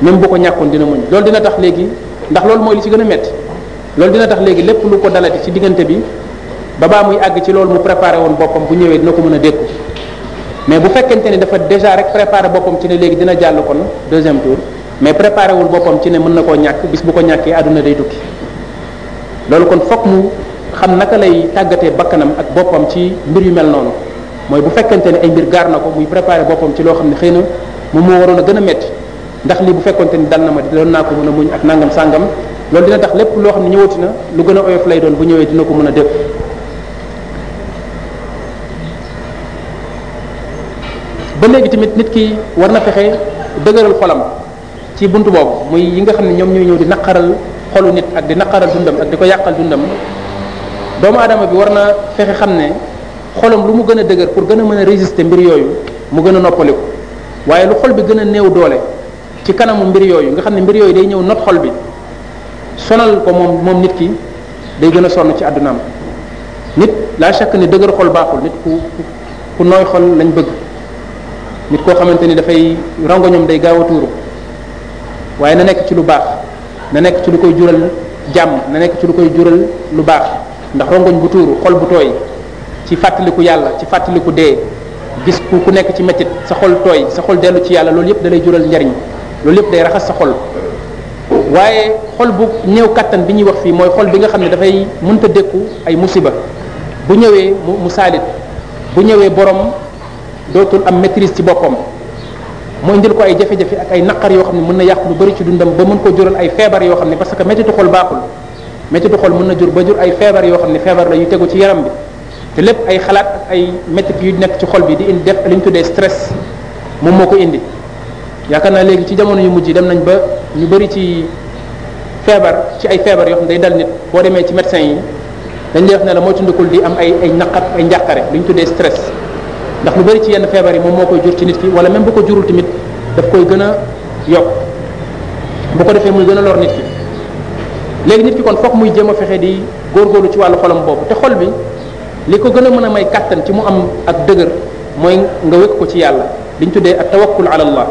même bu ko ñàkkoon dina muñ loolu dina tax léegi ndax loolu mooy li ci gën a metti loolu dina tax léegi lépp lu ko dalati ci diggante bi babaa muy àgg ci loolu mu préparé woon boppam bu ñëwee dina ko mën a dékku mais bu fekkente ni dafa déjà rek préparé boppam ci ne léegi dina jàll kon deuxième tour mais préparé wul boppam ci ne mën na koo ñàkk bis bu ko ñàkkee àdduna day tukki loolu kon fokk mu xam naka lay tàggatee bakkanam ak boppam ci mbir yu mel noonu mooy bu fekkente ne ay mbir gaar na ko muy préparé boppam ci loo xam ne xëy na moom moo waroon a gën a métti ndax lii bu fekkonte ni dal na ma doon naa ko mën a muñ ak nangam sàngam loolu dina tax lépp loo xam ne ñëwati na lu gën a oyof lay doon bu ñëwee dina ko mën a def ba léegi tamit nit ki war na fexe dëgëral xolam ci bunt boobu mooy yi nga xam ne ñoom ñooy ñëw di naqaral xolu nit ak di naqaral dundam ak di ko yàqal dundam doomu aadama bi war na fexe xam ne xolam lu mu gën a dëgër pour gën a mën a résister mbir yooyu mu gën a noppaliku waaye lu xol bi gën a néew doole ci kanamu mbir yooyu nga xam ne mbir yooyu day ñëw not xol bi sonal ko moom moom nit ki day gën a sonn ci àddunaam nit laa chaque ne dëgër xol baaxul nit ku ku nooy xol lañ bëgg nit koo xamante ni dafay rongoñoom day gaaw a tuuru waaye na nekk ci lu baax na nekk ci lu koy jural jàmm na nekk ci lu koy jural lu baax ndax rongoñ bu tuuru xol bu tooy ci fàttaliku yàlla ci fàttaliku dee gis ku ku nekk ci métit sa xol tooy sa xol dellu ci yàlla loolu yëpp dalay jural njariñ loolu yëpp day raxas sa xol waaye xol bu ñëw kàttan bi ñuy wax fii mooy xol bi nga xam ne dafay mënta dékku ay musiba bu ñëwee mu mu saalit bu ñëwee borom dootul am maîtrise ci boppam mu indil ko ay jafe-jafe ak ay naqar yoo xam ne mën na yàq lu bari ci dundam ba mën ko jural ay feebar yoo xam ne parce que métitu xol baaxul métitu xol mën na jur ba jur ay feebar yoo xam ne feebar la yu tegu ci yaram bi te lépp ay xalaat ay métit yu nekk ci xol bi di indi def li ñu tuddee stress moom moo ko indi yaakaar naa léegi ci jamono yu mujj dem nañ ba ñu bari ci feebar ci ay feebar yoo xam ne day dal nit boo demee ci médecin yi dañ lay ne la moytandikul di am ay ay naqar ay njàqare li tuddee stress ndax lu bari ci yenn feebar yi moom moo koy jur ci nit ki wala même bu ko jurul tamit daf koy gën a yokk bu ko defee muy gën a lor nit ki léegi nit ki kon foog muy jéem a fexe di góor góorgóorlu ci wàllu xolam boobu te xol bi li ko gën a mën a may kàttan ci mu am ak dëgër mooy nga wékk ko ci yàlla li ñu tuddee ak tawakkul ala allah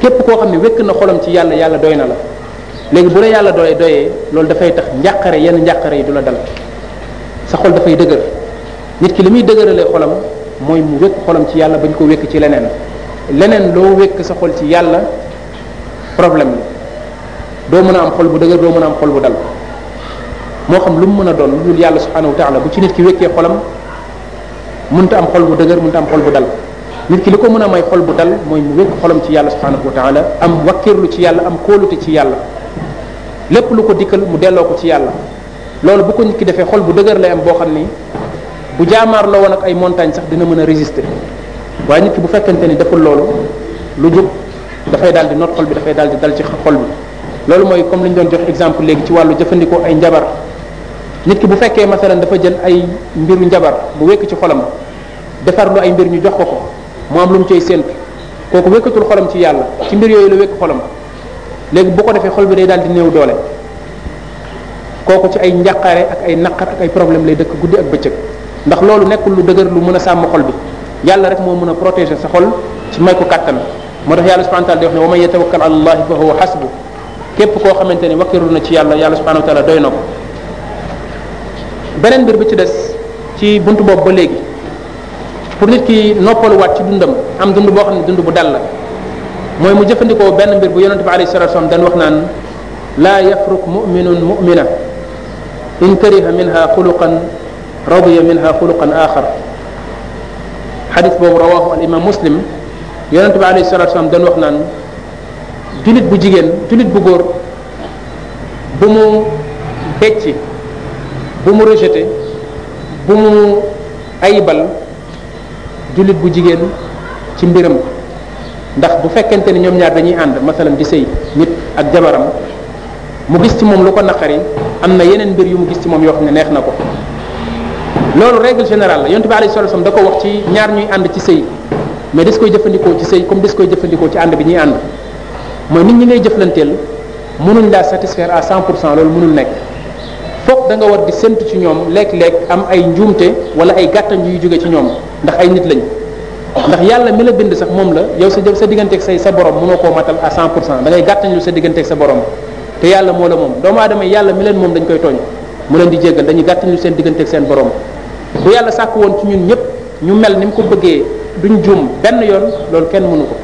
képp koo xam ne wékk na xolom ci yàlla yàlla doy na la léegi bu la yàlla doy doyee loolu dafay tax njàqare yenn njàqare yi du la dal sa xol dafay dëgër nit ki li muy dëgëralee xolam mooy mu wékk xolam ci yàlla bañ ko wékk ci leneen leneen loo wékk sa xol ci yàlla problème la doo mën a am xol bu dëgër doo mën a am xol bu dal moo xam lu mu mën a doon lu dul yàlla subhanahu wa taala bu ci nit ki wékkee xolam mënta am xol bu dëgër mënta am xol bu dal nit ki li ko mën a may xol bu dal mooy mu wékk xolam ci yàlla subhanahu wa taala am wakkirlu ci yàlla am kóolute ci yàlla lépp lu ko dikkal mu delloo ko ci yàlla loolu bu ko nit ki defee xol bu dëgër lay am boo xam ni bu jaamaar la woon ak ay montagne sax dina mën a résister waaye nit ki bu fekkente ni deful loolu lu jóg dafay daal di noot xol bi dafay daal di dal ci xol bi loolu mooy comme li ñu doon jox exemple léegi ci wàllu jëfandikoo ay njabar nit ki bu fekkee masalan dafa jël ay mbiru njabar bu wekk ci xolam defar lu ay mbir ñu jox ko ko mu am lu mu cay séentu kooku wekkatul xolam ci yàlla ci mbir yooyu la wekk xolam léegi bu ko defee xol bi day daal di néew doole kooku ci ay njàqare ak ay naqar ay problème lay dëkk guddi ak bëccëg ndax loolu nekkul lu dëgër lu mën a sàmm xol bi yàlla rek moo mën a protéger sa xol ci may ko kàttan moo tax yàlla subhanahu wa taala di wax ne wa man yatawakkal ala koo xamante ne wakkiru na ci yàlla yàlla subhanahu wa taala doy beneen mbir bi ci des ci buntu boobu ba léegi pour nit ki noppaluwaat ci dundam am dund boo xam ne dund bu dal la mooy mu jëfandikoo benn mbir bu yonente bi alayhi salatu wasallam dan wax naan laa yafruk muminun mumina in kariha minha xuluqan radiya minha xuluqan axar xadis boobu rawahu al imam muslim yonente bi alayhi salatu wasalam wax naan julit bu jigéen julit bu góor bu mu becci bu mu rejeté bu mu ayibal julit bu jigéen ci mbiram ndax bu fekkente ni ñoom ñaar dañuy ànd masalan di sëy nit ak jabaram mu gis ci moom lu ko naqari am na yeneen mbir yu mu gis ci moom yoo xam ne neex na ko loolu règle générale la yonent bi alayhi salaam da ko wax ci ñaar ñuy ànd ci sëy mais des koy jëfandikoo ci sëy comme des koy jëfandikoo ci ànd bi ñuy ànd mooy nit ñi ngay jëflanteel mënuñ laa satisfaire à 100 pour cent loolu mënul nekk foog da nga war di séntu ci ñoom lekk lekk am ay njuumte wala ay gàttañ yuy jóge ci ñoom ndax ay nit lañ ndax yàlla mi la bind sax moom la yow sa sa digganteeg say sa borom mënoo koo matal à 100 pour cent da gàttañ lu sa digganteeg sa borom moom doomu aadama yàlla mi leen moom dañ koy tooñ mu leen dañuy gàttañ seen digganteeg seen borom bu yàlla sàkk woon ci ñun ñëpp ñu mel ni mu ko bëggee duñ juum benn yoon loolu kenn mënu ko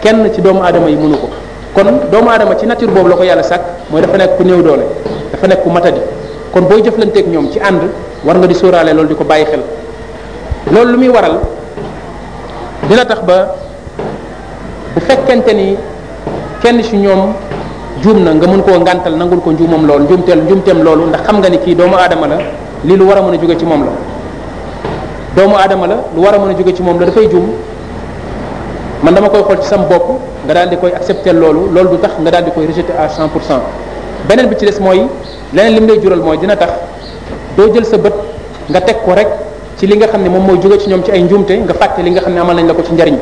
kenn ci doomu aadama yi mënu ko kon doomu aadama ci nature boobu la ko yàlla sàkk mooy dafa nekk ku néew doole dafa nekk ku matadi kon booy jëflanteeg ñoom ci ànd war nga di sóoraale loolu di ko bàyyi xel loolu lu muy waral dina tax ba bu fekkente ni kenn ci ñoom juum na nga mën koo ngàntal nangul ko njuumam loolu njuumteel njuumteem loolu ndax xam nga ni kii doomu aadama la lii lu war a mën a jóge ci moom la doomu aadama la lu war a mën a jóge ci moom la dafay juum man dama koy xool ci sam bopp nga daal di koy accepter loolu loolu du tax nga daal di koy rejeter à 100 pour cent beneen bi ci des mooy leneen lim lay jural mooy dina tax doo jël sa bët nga teg ko rek ci li nga xam ne moom mooy jóge ci ñoom ci ay njuumte nga fàtte li nga xam ne amal nañ la ko ci njariñ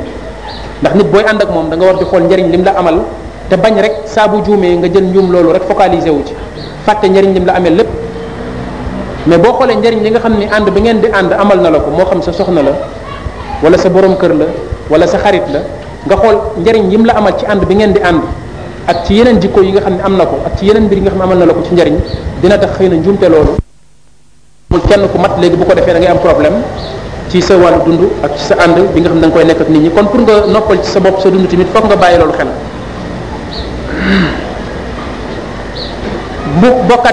ndax nit booy ànd ak moom da nga war di xool njariñ lim la amal te bañ rek saa bu juumee nga jël njuum loolu rek focaliser wu ci fàtte njariñ lim la amee lépp mais boo xoolee njëriñ li nga xam ni ànd bi ngeen di ànd amal na la ko moo xam sa soxna la wala sa borom kër la wala sa xarit la nga xool njëriñ yim la amal ci ànd bi ngeen di ànd ak ci yeneen jikko yi nga xam ne am na ko ak ci yeneen mbir yi nga xam ne amal na la ko ci njëriñ dina tax xëy na njuumte loolu kenn ku mat léegi bu ko defee da ngay am problème ci sa wàllu dund ak ci sa ànd bi nga xam ne da koy nekk ak nit ñi kon pour nga noppal ci sa bopp sa dund tamit foog nga bàyyi loolu xel bu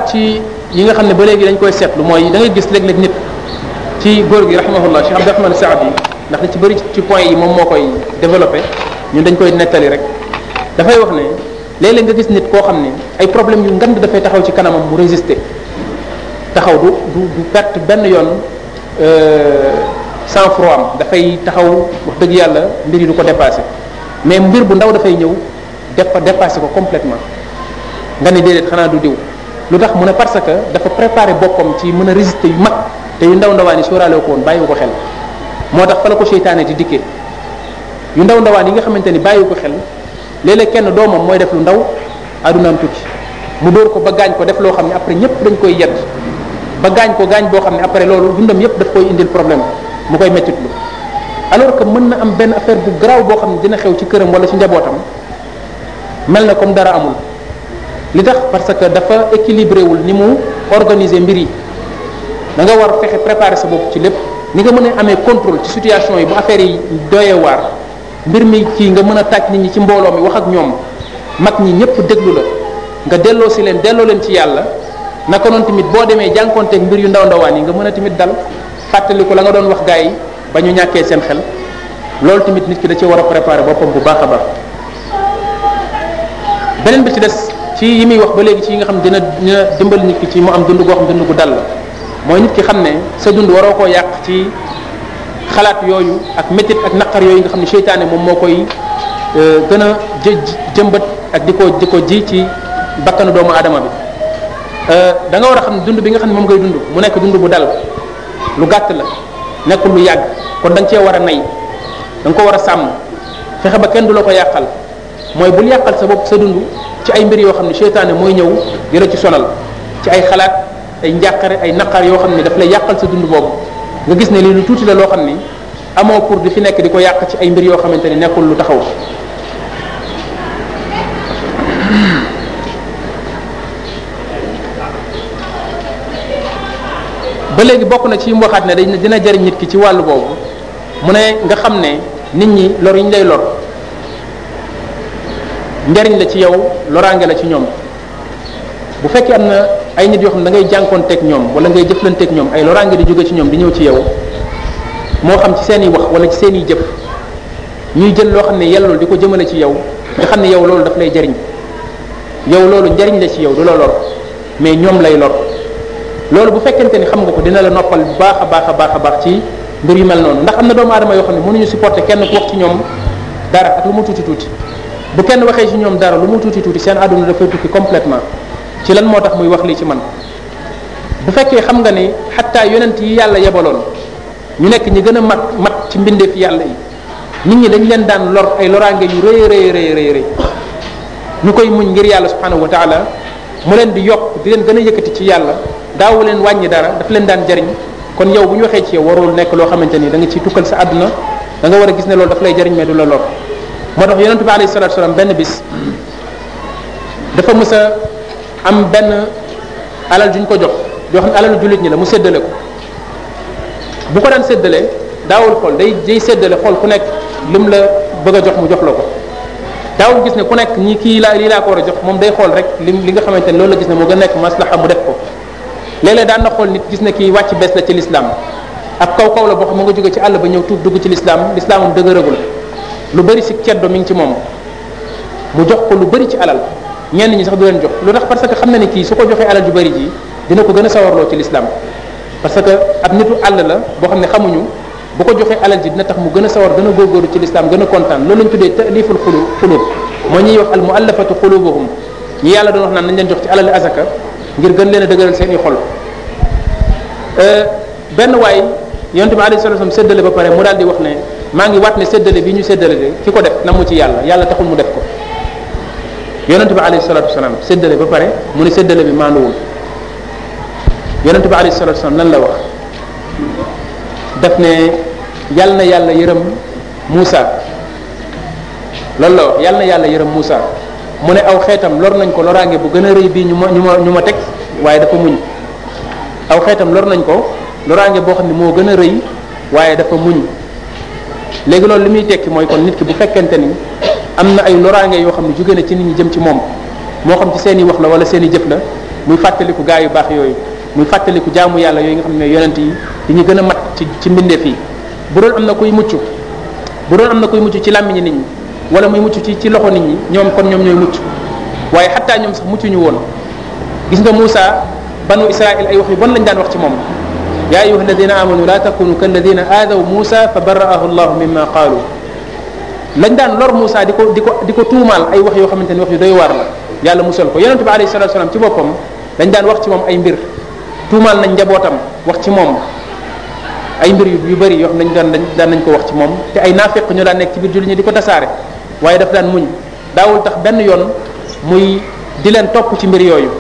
ci yi nga xam ne ba léegi dañ koy seetlu mooy da ngay gis léeg-léeg nit ci góor gi rahimahullah Cheikh Abdourahmane Saadi ndax li ci bëri ci point yi moom moo koy développé ñun dañ koy nettali rek dafay wax ne léeg nga gis nit koo xam ne ay problème yu ngand dafay taxaw ci kanamam mu résister taxaw du du du benn yoon euh, sans froid am dafay taxaw wax dëgg yàlla mbir yi du ko dépassé mais mbir bu ndaw dafay ñëw def dépassé ko completement nga ne déedéet xanaa du diw lu tax mu ne parce que dafa préparé boppam ci mën a résister yu mag te yu ndaw ndawaan yi sóoraale ko woon bàyyi ko xel moo tax fa la ko seytaane di dikkee yu ndaw ndawaan yi nga xamante ni bàyyiwu ko xel léeg-léeg kenn doomam mooy def lu ndaw adunaam tukki mu dóor ko ba gaañ ko def loo xam ne après ñëpp dañ koy yedd ba gaañ ko gaañ boo xam ne après loolu dundam yëpp daf koy indil problème mu koy méttit lu alors que mën na am benn affaire bu garaaw boo xam ne dina xew ci këram wala ci njabootam mel na comme dara amul li tax parce que dafa équilibré wul ni mu organiser mbir yi da nga war fexe préparer sa bopp ci lépp ni nga mën a amee contrôle ci situation yi bu affaire yi doyee waar mbir mi kii nga mën a taaj nit ñi ci mbooloo mi wax ak ñoom mag ñi ñëpp déglu la nga delloo si leen delloo leen ci yàlla naka noonu tamit boo demee jànkonteeg mbir yu ndaw ndawaan yi nga mën a tamit dal fàttali ko la nga doon wax gars yi ba ñu ñàkkee seen xel loolu tamit nit ki da ci war a préparer boppam bu baax a baax ci yi muy wax ba léegi ci yi nga xam dina dina jëmbal nit ki ci mu am dund goo xam dund gu dal la mooy nit ki xam ne sa dund waroo koo yàq ci xalaat yooyu ak métit ak naqar yooyu nga xam ne seytaane moom moo koy euh, gën a jëmbat ak di ko di ji ci bakkanu doomu aadama bi euh, da war a xam ne dund bi nga xam ne moom ngay dund mu nekk dund bu dal lu gàtt la nekkul lu yàgg kon da cee war a nay da ko war a sàmm fexe ba kenn du la ko yàqal mooy bul yàqal sa bopp sa dund ci ay mbir yoo xam ne seytaane mooy ñëw di la ci sonal ci ay xalaat ay njàqare ay naqar yoo xam ne daf lay yàqal sa dund boobu nga gis ne lii lu tuuti la loo xam ni amoo pour di fi nekk di ko yàq ci ay mbir yoo xamante ni nekkul lu taxaw bokk na ci yi waxaat ne dañ dina jariñ nit ki ci wàllu boobu mu ne nga xam ne nit ñi lor yi ñu lay lor njariñ la ci yow loraange la ci ñoom bu fekkee am na ay nit yoo xam ne da ngay jànkoonteeg ñoom wala ngay jëflanteeg ñoom ay loraange di jóge ci ñoom di ñëw ci yaw moo xam ci seen i wax wala ci seen i jëf ñuy jël loo xam ne yellul di ko jëmale ci yow nga xam ne yow loolu daf lay jariñ yow loolu njariñ la ci yow du la lor mais ñoom lay lor loolu bu fekkente ni xam nga ko dina la noppal bu baax a baax a baax a baax ci mbir yu mel noonu ndax am na doomu aadama yoo xam ne mënuñu supporter kenn ku wax ñoom dara ak lu tuuti bu kenn waxee ci ñoom dara lu mu tuuti tuuti seen àdduna dafay tukki complètement ci lan moo tax muy wax lii ci man bu fekkee xam nga ni xataa yonent yi yàlla yebaloon ñu nekk ñi gën a mat mat ci mbindeef yàlla yi nit ñi dañu leen daan lor ay loraange yu rëy rëy rëy rëy ñu koy muñ ngir yàlla subhanahu wa taala mu leen di yokk di leen gën a yëkkati ci yàlla daawu leen wàññi dara daf leen daan jariñ kon yow bu ñu waxee ci yow warul nekk loo xamante ni da nga ciy tukkal sa àdduna da nga war gis ne loolu daf lay jariñ mais du la moo tax yonente bi alayhi benn bis dafa mës am benn alal juñ ko jox jox alalu jullit ñi la mu séddale ko bu ko daan séddalee daawul xool day day séddale xool ku nekk lim la bëgg a jox mu jox la ko daawul gis ne ku nekk ñi kii laa lii laa ko war a jox moom day xool rek lim li nga xamante ne loolu la gis ne moo gën nekk maslaxa mu def ko léeg-léeg daan na xool nit gis ne kii wàcc bees la ci lislaam ab kaw kaw la boo xam nga jóge ci àll ba ñëw tuub dugg ci lislaam lislaamam dëgëragul lu bari si ceddo mi ngi ci moom mu jox ko lu bari ci alal ñenn ñi sax du leen jox lu tax parce que xam na ne kii su ko joxee alal ju bari ji dina ko gën a sawarloo ci lislaam parce que ab nitu àll la boo xam ne xamuñu bu ko joxee alal ji dina tax mu gën a sawar dana a góorgóorlu ci lislaam gën a kontaan loolu lañ tuddee taaliful xulu xulub moo ñuy wax al muallafatu xulubuhum ñi yàlla doon wax naan dañ leen jox ci alal azaka ngir gën leen a dëgëral seen i xol euh, benn waay yonte bi alayhi salaam séddale ba pare mu daal di wax ne maa ngi waat ne séddale bi ñu séddale de ki ko def na mu ci yàlla yàlla taxul mu def ko yonente bi alayhi salatu wasalaam séddale ba pare mu ne séddale bi maanduwul yonente bi alayhi salatu wasalaam lan la wax def ne yàlla na yàlla yërëm Moussa loolu la wax yàlla yàlla yërëm Moussa mu ne aw xeetam lor nañ ko loraange bu gën a rëy bii ñu ma ñu ma ñu ma teg waaye dafa muñ aw xeetam lor nañ ko loraange boo xam ne moo gën a rëy waaye dafa muñ léegi loolu li muy tekki mooy kon nit ki bu fekkente ni am na ay loraange yoo xam ne jóge na ci nit ñi jëm ci moom moo xam ci seen i wax la wala seen i jëf la muy fàttaliku gaa yu baax yooyu muy fàttaliku jaamu yàlla yooyu nga xam ne yonent yi di ñu gën a mat ci ci mbindeef yi bu doon am na koy mucc bu doon am na koy mucc ci làmmiñi nit ñi wala muy mucc ci ci loxo nit ñi ñoom kon ñoom ñooy mucc waaye xattaa ñoom sax muccuñu ñu woon gis nga Moussa banu Israël ay wax yu bon lañ daan wax ci moom يا أيها الذين آمنوا لا تكونوا كالذين آذوا موسى فبرأه الله مما قالوا lañ daan lor Moussa di ko di ko di ko tuumaal ay wax yoo xamante ni wax yu doy waar la yàlla musal ko yonente bi alayhi salatu salaam ci boppam dañ daan wax ci moom ay mbir tuumaal nañ njabootam wax ci moom ay mbir yu bari yoo xam nañ daan daan nañ ko wax ci moom te ay naafeq ñoo daan nekk ci biir jullit ñi di ko tasaare waaye daf daan muñ daawul tax benn yoon muy di leen topp ci mbir yooyu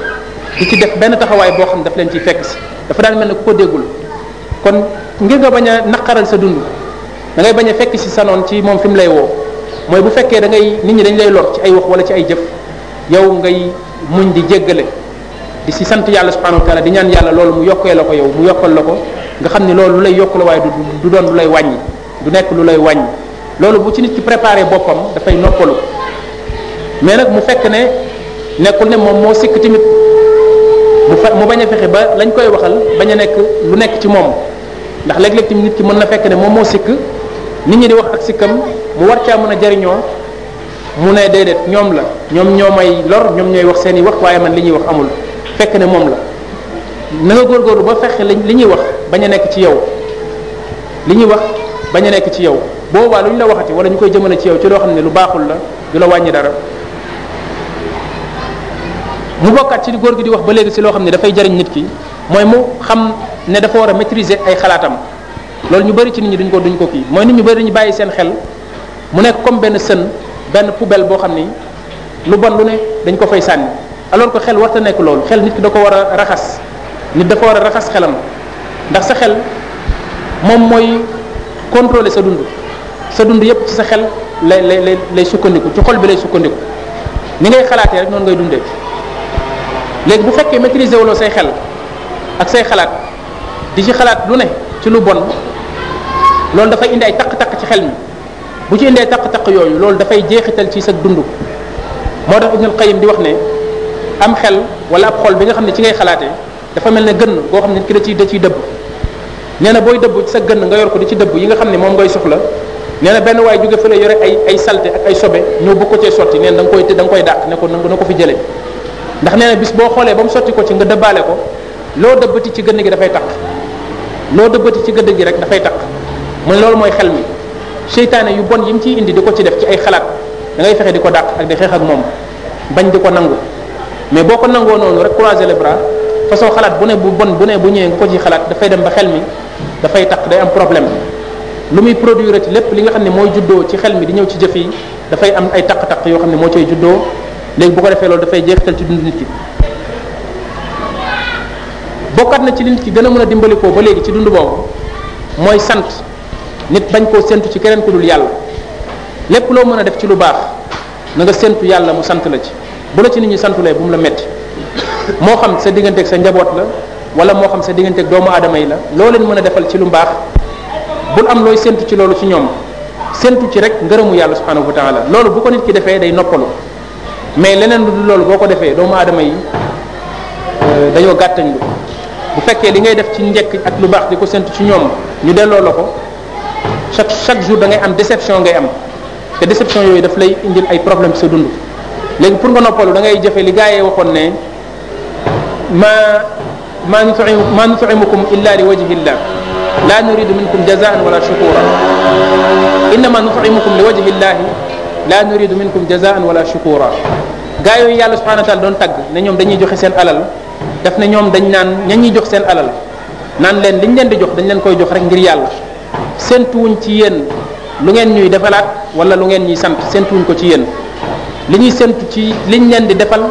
di ci def benn taxawaay boo xam daf leen ciy fekk si dafa daan mel ne ku ko déggul kon ngir nga bañ a naqaral sa dund da ngay bañ a fekk si sanoon ci moom fi mu lay woo mooy bu fekkee dangay nit ñi dañ lay lor ci ay wax wala ci ay jëf yow ngay muñ di jéggale di si sant yàlla subhanahu wa di ñaan yàlla loolu mu yokkee la ko yow mu yokkal la ko nga xam ne loolu lu lay yokk la waaye du doon lu lay wàññi du nekk lu lay wàññi loolu bu ci nit ci préparé boppam dafay noppalu mais nag mu fekk ne nekkul ne moom moo sikk tamit mu fa mu bañ a fexe ba lañ koy waxal bañ a nekk lu nekk ci moom ndax léeg-léeg nit ki mën na fekk ne moom moo sikk nit ñi di wax ak sikkam mu war caa mun a jariñoo mu ne déedéet ñoom la ñoom ñoo may lor ñoom ñooy wax seeni wax waaye man li ñuy wax amul fekk ne moom la na nga góorgóorlu ba fexe li ñuy wax bañ a nekk ci yow li ñuy wax bañ nekk ci yow boobaa lu ñu la waxati wala ñu koy jëmale ci yow ci loo xam ne lu baaxul la du la wàññi dara mu bokkaat ci góor gi di wax ba léegi si loo xam ne dafay jariñ nit ki mooy mu xam ne dafa war a maîtriser ay xalaatam loolu ñu bëri ci nit ñi duñ ko duñ ko kii mooy nit ñu bëri ñu bàyyi seen xel mu nekk comme benn sën benn poubelle boo xam ne lu bon lu ne dañ ko fay sànni alors que xel warta nekk loolu xel nit ki da ko war a raxas nit dafa war a raxas xelam ndax sa xel moom mooy contrôler sa dund sa dund yépp ci sa xel lay lay sukkandiku ci xol bi lay sukkandiku ni ngay xalaatee rek noonu ngay dundee léegi bu fekkee maîtriser wuloo say xel ak say xalaat di ci xalaat lu ne ci lu bon loolu dafay indi ay taq takk ci xel mi bu ci indee taq-taq yooyu loolu dafay jeexital ci sa dund moo tax Ibnul Qayyim di wax ne am xel wala ab bi nga xam ne ci ngay xalaatee dafa mel ne gën goo xam ne ki da ciy da ciy dëbb nee booy dëbb sa gën nga yor ko di ci dëbb yi nga xam ne moom ngay soxla nee benn waay jóge fële yore ay ay salte ak ay sobe ñëw bu ko cee sotti nee na da nga koy da nga koy dàq ne ko na ko fi jëlee ndax nee bis boo xoolee ba mu sotti ko ci nga dëbbaale ko loo dëbbati ci gën gi dafay taq loo dëbbati ci gëdd gi rek dafay takk mu loolu mooy xel mi seytaane yu bon yi mu ciy indi di ko ci def ci ay xalaat da ngay fexe di ko dàq ak di xeex ak moom bañ di ko nangu mais boo ko nangoo noonu rek croiser les bras façon xalaat bu ne bu bon bu ne bu ñëwee nga ko ci xalaat dafay dem ba xel mi dafay takk day am problème lu muy produire ci lépp li nga xam ne mooy juddoo ci xel mi di ñëw ci jëf yi dafay am ay takk-takk yoo xam ne moo cay juddoo léegi bu ko defee loolu dafay jeexital ci dund nit ki bokkat na ci liñ ci gën a mën a dimbali ko ba léegi ci dund boobu mooy sant nit bañ koo séntu ci keneen ku dul yàlla lépp loo mën a def ci lu baax na nga séntu yàlla mu sant la ci bu la ci nit ñi santulee bu mu la metti moo xam sa digganteeg sa njaboot la wala moo xam sa digganteeg doomu aadama yi la loo leen mën a defal ci lu mbaax bul am looy séntu ci loolu ci ñoom séentu ci rek ngërëmu yàlla subhanahu wa taala loolu bu ko nit ki defee day noppalu mais leneen loolu boo ko defee doomu aadama yi euh, dañoo gàttañ lu bu fekkee li ngay def ci njëkk ak lu baax di ko séntu ci ñoom ñu delloo la ko chaque chaque jour da ngay am déception ngay am te déception yooyu daf lay indi ay problème sa dund léegi pour nga noppalu da ngay jëfe li gaa yee waxoon ne ma ma nutimu ma nutimukum illa li wajhillah la nuridu minkum jazaan wala shukura innama nutimukum li wajhillahi la nuridu minkum jazaan wala shukura gaa yooyu yàlla subhanahu wa taala doon tagg ne ñoom dañuy joxe seen alal daf ne ñoom dañ naan ña jox seen alal naan leen liñ leen di jox dañ leen koy jox rek ngir yàlla séentuwuñ ci yéen lu ngeen ñuy defalaat wala lu ngeen ñuy sant séentuwuñ ko ci yéen li ñuy séentu ci liñ leen di defal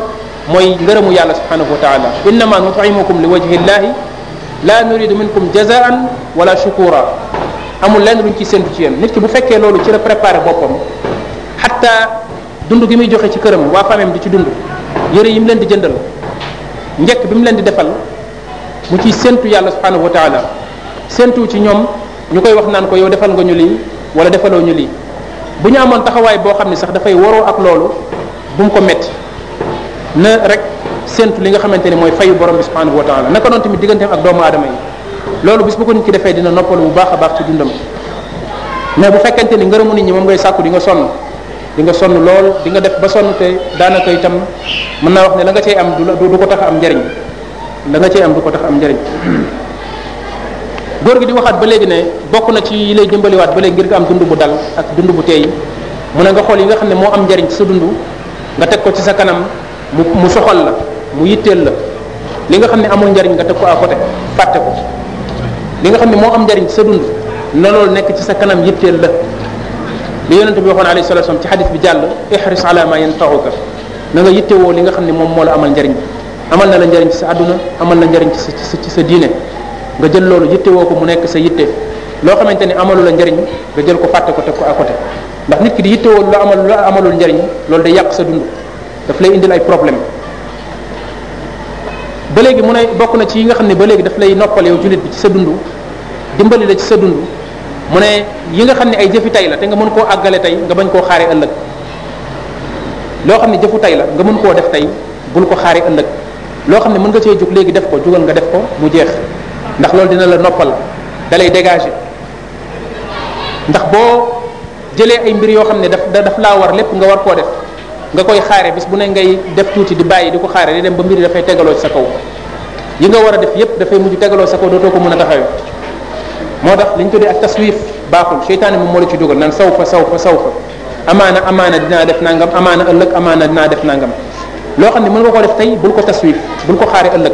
mooy ngërëmu yàlla subhanahu wa taala innama nutimukum li wajhi llahi la nuridu minkum jazaan wala shukura amul lenn luñ ci séentu ci yéen nit ki bu fekkee loolu ci la préparé boppam xatta dund gi muy joxe ci këram waa famem di ci dund yëre yi leen di jëndal njëkk bi mu leen di defal mu ci séentu yàlla subhanahu wa taala séentu ci ñoom ñu koy wax naan ko yow defal nga ñu lii wala defaloo ñu lii bu ñu amoon taxawaay boo xam ne sax dafay waroo ak loolu bu mu ko métti na rek séentu li nga xamante ne mooy fayu borom bi subhanahu wa taala naka noonu tamit digganteem ak doomu aadama yi loolu bis bu ko nit ki defee dina noppalu bu baax a baax ci dundam mais bu fekkente ni ngërëmu nit ñi moom ngay sàkku di nga sonn di nga sonn lool di nga def ba sonn te daanaka tam mën naa wax ne la nga cay am du du ko tax am njariñ la nga cay am du ko tax am njariñ góor gi di waxaat ba léegi ne bokk na ci lay jëmbaliwaat ba léegi ngir nga am dund bu dal ak dund bu teey mu ne nga xool yi nga xam ne moo am njariñ ci sa dund nga teg ko ci sa kanam mu mu soxal la mu yitteel la li nga xam ne amul njariñ nga teg ko à fàtte ko li nga xam ne moo am njariñ ci sa dund na loolu nekk ci sa kanam yitteel la li yonent bi waxoon alayhi salatu wasallam ci xadis bi jàll ihris ala ma yanfa'uka na nga yittewoo li nga xam ne moom moo la amal njariñ amal na la njariñ ci sa àdduna amal na njariñ ci sa ci sa diine nga jël loolu yittewoo ko mu nekk sa yitte loo xamante ne amalu la njariñ nga jël ko fàtte ko teg ko à côté ndax nit ki di yittewoo lu amalu la amalul njariñ loolu day yàq sa dund daf lay indil ay problème ba léegi mu ne bokk na ci yi nga xam ne ba léegi daf lay noppal yow jullit bi ci sa dund dimbali la ci sa dund mu ne yi nga xam ne ay jëfi tay la te nga mën koo àggale tey nga bañ koo xaare ëllëg loo xam ne jëfu tay la nga mën koo def tey bul ko xaare ëllëg loo xam ne mën nga see jug léegi def ko jugal nga def ko mu jeex ndax loolu dina la noppal da lay ndax boo jëlee ay mbir yoo xam ne daf daf laa war lépp nga war koo def nga koy xaare bis bu ne ngay def tuuti di bàyyi di ko xaare di dem ba mbir dafay tegaloo ci sa kaw yi nga war a def yépp dafay mujj tegaloo sa kaw dootoo ko mën a taxawee moo tax li ñu tuddee ak taswif baaxul seytaane moom moo la ci dugal naan saw fa saw fa saw fa amaana amaana dinaa def nangam amaana ëllëg amaana dinaa def nangam loo xam ne mën nga ko def tey bul ko taswif bul ko xaare ëllëg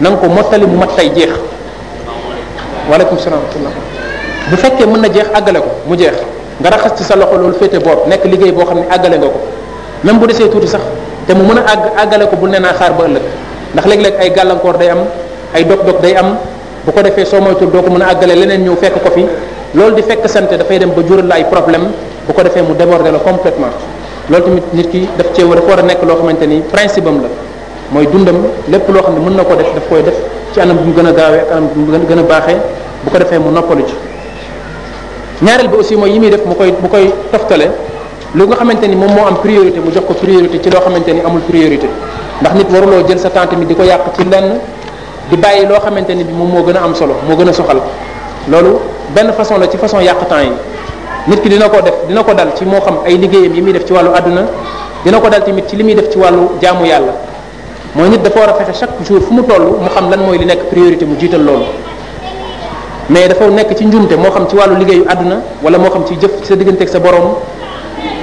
nanga nga ko mottali mu mat tey jeex waaleykum salaam bu fekkee mën na jeex àggale ko mu jeex nga raxas ci sa loxo loolu féete boobu nekk liggéey boo xam ne àggale nga ko même bu desee tuuti sax te mu mën a àgg àggale ko bul nee naa xaar ba ëllëg ndax léeg-léeg ay gàllankoor day am ay dog-dog day am bu ko defee soo moytul doo ko mën a àggale leneen ñëw fekk ko fi loolu di fekk sante dafay dem ba jural la ay problème bu ko defee mu déborder la complètement loolu tamit nit ki daf cee war a war a nekk loo xamante ni principe am la mooy dundam lépp loo xam ne mën na ko def daf koy def ci anam bu mu gën a gaawee ak anam bu mu gën a baaxee bu ko defee mu noppalu ci ñaareel bi aussi mooy yi muy def mu koy mu koy toftale lu nga xamante ni moom moo am priorité mu jox ko priorité ci loo xamante ni amul priorité ndax nit waruloo jël sa temps tamit di ko yàq ci lenn di bàyyi loo xamante ni bi moom moo gën a am solo moo gën a soxal loolu benn façon la ci façon yàq temps yi nit ki dina ko def dina ko dal ci moo xam ay liggéeyam yi muy def ci wàllu àdduna dina ko dal tamit ci li muy def ci wàllu jaamu yàlla mooy nit dafa war chaque jour fu mu toll mu xam lan mooy li nekk priorité mu jiital loolu mais dafa nekk ci njumte moo xam ci wàllu liggéeyu àdduna wala moo xam ci jëf sa digganteeg sa borom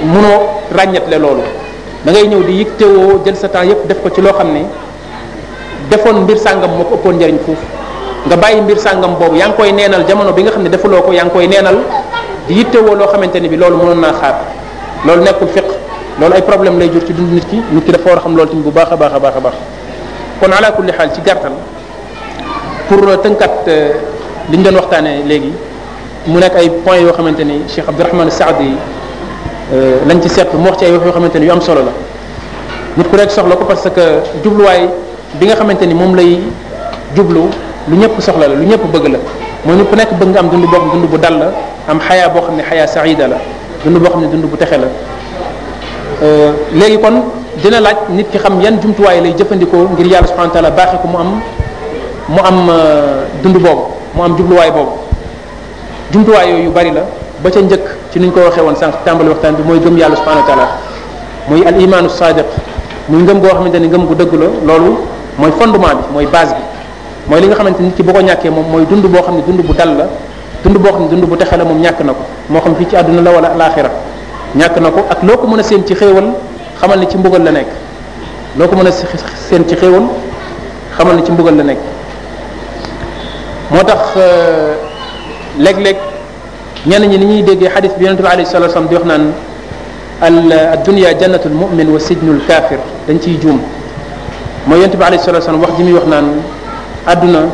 munoo ràññatle loolu da ngay ñëw di yittewoo jël sa temps yépp def ko ci loo xam ne defoon mbir sàngam moo ko ëppoon njariñ foofu nga bàyyi mbir sàngam boobu yaa ngi koy neenal jamono bi nga xam ne defuloo ko yaa ngi koy neenal di yittewoo loo xamante ne bi loolu mënoon naa xaar loolu nekkul fiq loolu ay problème lay jur ci dund nit ki nit ki dafa war a xam loolu tamit bu baax a baax a baax a baax kon ala kulli xaal ci gàttal pour tënkat euh, li ñu doon waxtaanee léegi mu nekk ay points yoo xamante ni Cheikh Abdourahmane Saadi euh, lañ ci seetlu mu wax ci ay wax yoo xamante ni yu solo la nit ku rek ko parce que jubluwaay bi nga xamante ni moom lay jublu lu ñëpp soxla la lu ñëpp bëgg la moo ñu ku nekk bëgg nga am dund boo xam dund bu dal la am xayaa boo xam ne xayaa saida la dund boo xam ne dund bu texe la euh, léegi kon dina laaj nit ki xam yan jumtuwaay lay jëfandikoo ngir yàlla subhanahu wa baaxe ko mu am mu am euh, dund boobu mu am jubluwaay boobu jumtuwaay yooyu yu bari la ba ca njëkk ci nuñ ko waxee woon sànq tàmbali waxtaan bi mooy gëm yàlla subhanahu wa taala muy al imaanu sadiq ngëm goo xamante ni ngëm gu dëgg la loolu mooy fondement bi mooy base bi mooy li nga xamante nit ki boo ko ñàkkee moom mooy dund boo xam ne dund bu dal la dund boo xam ne dund bu texe la moom ñàkk na ko moo xam fii ci àdduna la wala alaaxira ñàkk na ko ak loo ko mën a séen ci xéewal xamal ne ci mbugal la nekk loo ko mën a séen ci xéewal xamal ne ci mbugal la nekk moo tax euh, léeg-léeg ñenn ñi ni ñuy déggee xadis bi yonente bi alayhi salatu wasallam di wax naan al dunya jannatul mu'min wa sijnul kafir dañ ciy juum mooy yent bi alayhi salatu wax ji muy wax naan àdduna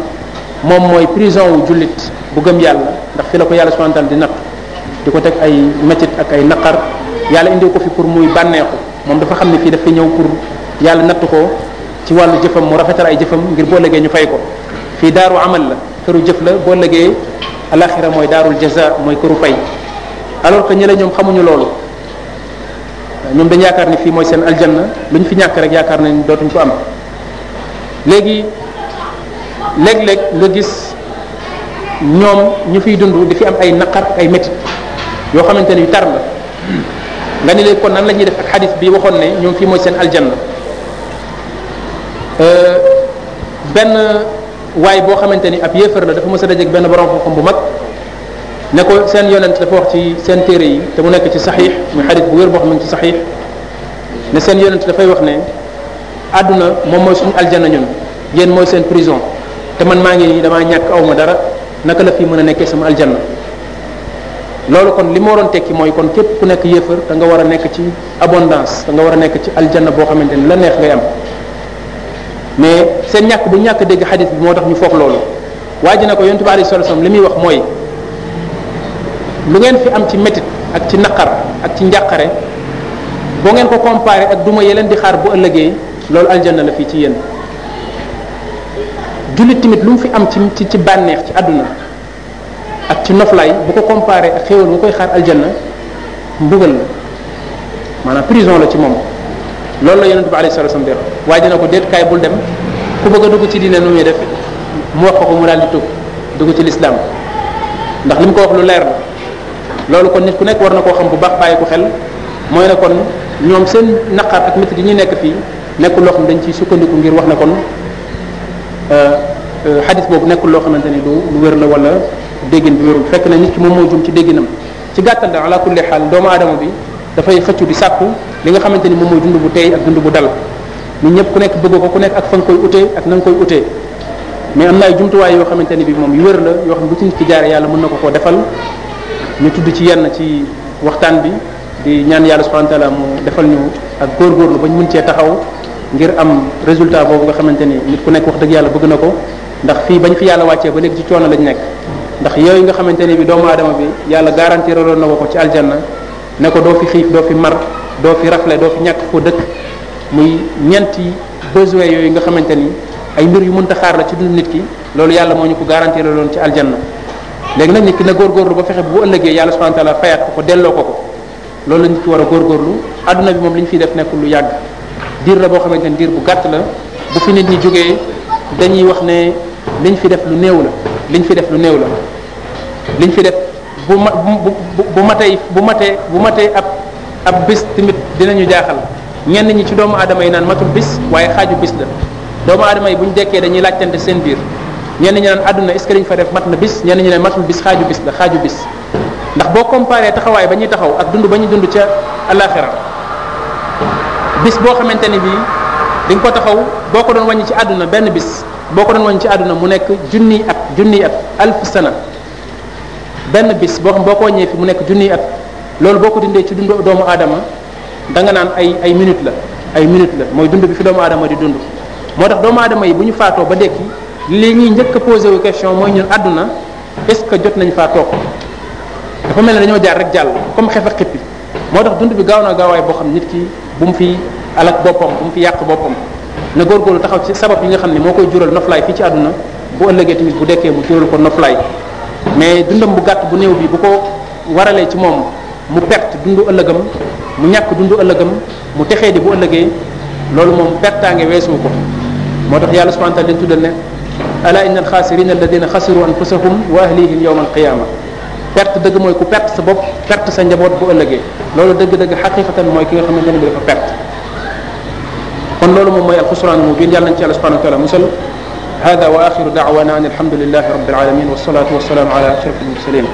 moom mooy prison wu jullit bu gëm yàlla ndax fi la ko yàlla subhanahu wa di natt di ko teg ay métit ak ay naqar yàlla indi ko fi pour muy bànneexu moom dafa xam ne fii dafa ñëw pour yàlla nattu ko ci wàllu jëfam mu rafetal ay jëfam ngir boo légee ñu fay ko fii daaru amal la këru jëf la boo légee alaxira mooy daarul jaza mooy këru fay alors que ñi ñoom xamuñu loolu ñoom dañ yaakaar ni fii mooy seen aljanna lu ñu fi ñàkk rek yaakaar nañ dootuñ ko am léegi léeg-léeg nga gis ñoom ñu fiy dund di fi am ay naqar ay métit yoo xamante ne yu tar la nga ni léegi kon nan la ñuy def ak xadis bi waxoon ne ñoom fi mooy seen aljanna euh, benn waaye boo xamante ni ab yéefar la dafa mës a dajeeg benn borom xam-xam bu mag ne ko seen yonent dafa wax ci seen téere yi te mu nekk ci saxiix muy xadis bu wér boo xam ci saxiix ne seen yonent dafay wax ne àdduna moom mooy suñu aljana ñun yéen mooy seen prison te man maa ngi nii damaa ñàkk aw ma dara naka la fii mën a nekkee sama aljanna loolu kon li ma waroon tekki mooy kon képp ku nekk yéefar da nga war a nekk ci abondance da nga war a nekk ci aljanna boo xamante ni la neex ngay am mais seen ñàkk bu ñàkk dégg xadis bi moo tax ñu foog loolu waa ji na ko yontu bi alayhi salaam li muy wax mooy lu ngeen fi am ci métit ak ci naqar ak ci njàqare boo ngeen ko comparé ak duma yeleen di xaar bu ëllëgee loolu aljanna la fii ci yéen jullit timit lu mu fi am ci ci bànneex ci àdduna ak ci noflaay bu ko comparé ak xéwal bu koy xaar aljanna mbugal la maanaam prison la ci moom loolu la yonente bi alayhi salatu wasallam waa ji na ko déet kaay bul dem ku bëgg a dugg ci diine nu muy def mu wax ko mu daal di tub dugg ci lislaam ndax li mu ko wax lu leer la loolu kon nit ku nekk war na koo xam bu baax bàyyi ko xel mooy ne kon ñoom seen naqar ak métti yi ñu nekk fii nekkul loo xam dañ ciy sukkandiku ngir wax ne kon euh, euh, xadis boobu nekkul loo xamante ni du lu wér la wala déggin bi wérul fekk na nit ki moom mooy jum ci dégginam ci gàttal da ala kulli xaal doomu aadama bi dafay xëccu di sàkku li nga xamante ni moom mooy dund bu tey ak bu dal ñëpp ku nekk bëgg ko ku nekk ak fa nga koy utee ak na koy utee mais am na ay jumtuwaay yoo xamante ni bi moom yu wér la yoo xam bu ci nit ki jaare yàlla mën na ko ko defal ñu tudd ci yenn ci waxtaan bi di ñaan yàlla subhanahu wa ta'ala mu defal ñu ak góorgóorlu ba ñu mun cee taxaw ngir am résultat boobu nga xamante ni nit ku nekk wax dëgg yàlla bëgg na ko ndax fii bañ fi yàlla wàccee ba léegi ci coono lañ nekk ndax yooyu nga xamante ni bi doomu aadama bi yàlla garantir loon na ko ci aljanna ne ko doo fi xiif doo fi mar doo fi rafle doo fi ñàkk foo dëkk muy ñeenti besoin yooyu nga xamante ni ay mbir yu mënta xaar la ci dund nit ki loolu yàlla moo ñu ko garantir loon ci aljanna léegi nag nit ki na góorgóorlu ba fexe bu ëllëgee yàlla subhanahu wa ta'ala fayaat ko delloo ko ko loolu lañ ci war a góorgóorlu adduna bi moom li ñu fiy def lu yàgg diir la boo xamante ne diir bu gàtt la bu fi nit ñi jógee dañuy wax ne liñ fi def lu néew la liñ fi def lu néew la liñ fi def bu ma bu bu matee bu matee bu matee ab ab bis tamit dinañu jaaxal ñenn ñi ci doomu aadama yi naan matul bis waaye xaaju bis la doomu aadama yi bu ñu dekkee dañuy laajtante seen biir ñenn ñi naan àdduna est-ce fa def mat na bis ñenn ñi ne matul bis xaaju bis la xaaju bis ndax boo comparé taxawaay ba ñuy taxaw ak dund ba ñuy dund ca àllaaxira bis boo xamante ni bii di nga ko taxaw boo ko doon wañ ci àdduna benn bis boo ko doon wàññi ci àdduna mu nekk junniy at junniy at alf sana benn bis boo xam boo ko wàññee fi mu nekk junniy at loolu boo ko dindee ci dundu doomu aadama da nga naan ay ay minute la ay minute la mooy dund bi fi doomu aadama di dund moo tax doomu aadama yi bu ñu faatoo ba dekki li ñuy njëkk a posé wu question mooy ñun àdduna est-ce que jot nañ faa toog dafa mel ne dañoo jaar rek jàll comme xef moo tax dund bi gaaw na gaawaay boo xam nit ki bu mu fi alak boppam bu mu fi yàq boppam na góorgóorlu taxaw ci sabab yi nga xam ne moo koy jural noflaay fii ci àdduna bu ëllëgee tamit bu dekkee mu jural ko noflaay mais dundam bu gàtt bu néew bi bu ko waralee ci moom mu perte dundu ëllëgam mu ñàkk dundu ëllëgam mu texee di bu ëllëgee loolu moom pertaange weesuwu ko moo tax yàlla subhanahu wa ta'ala leen tuddal ne ala inna alxaasirina alladina xasiru anfusahum wa ahlihim yawma alqiyama perte dëgg mooy ku perte sa bopp perte sa njaboot bu ëllëgee loolu dëgg-dëgg xaqiqatan mooy ki nga xamante ne bi dafa perte kon loolu moom mooy alxusraan mubiin yàlla nañ ci yàlla subhanahu wa hada wa axiru daawana an alhamdulilahi rabbil alamin wasalatu wasalaamu ala ashraf almursalin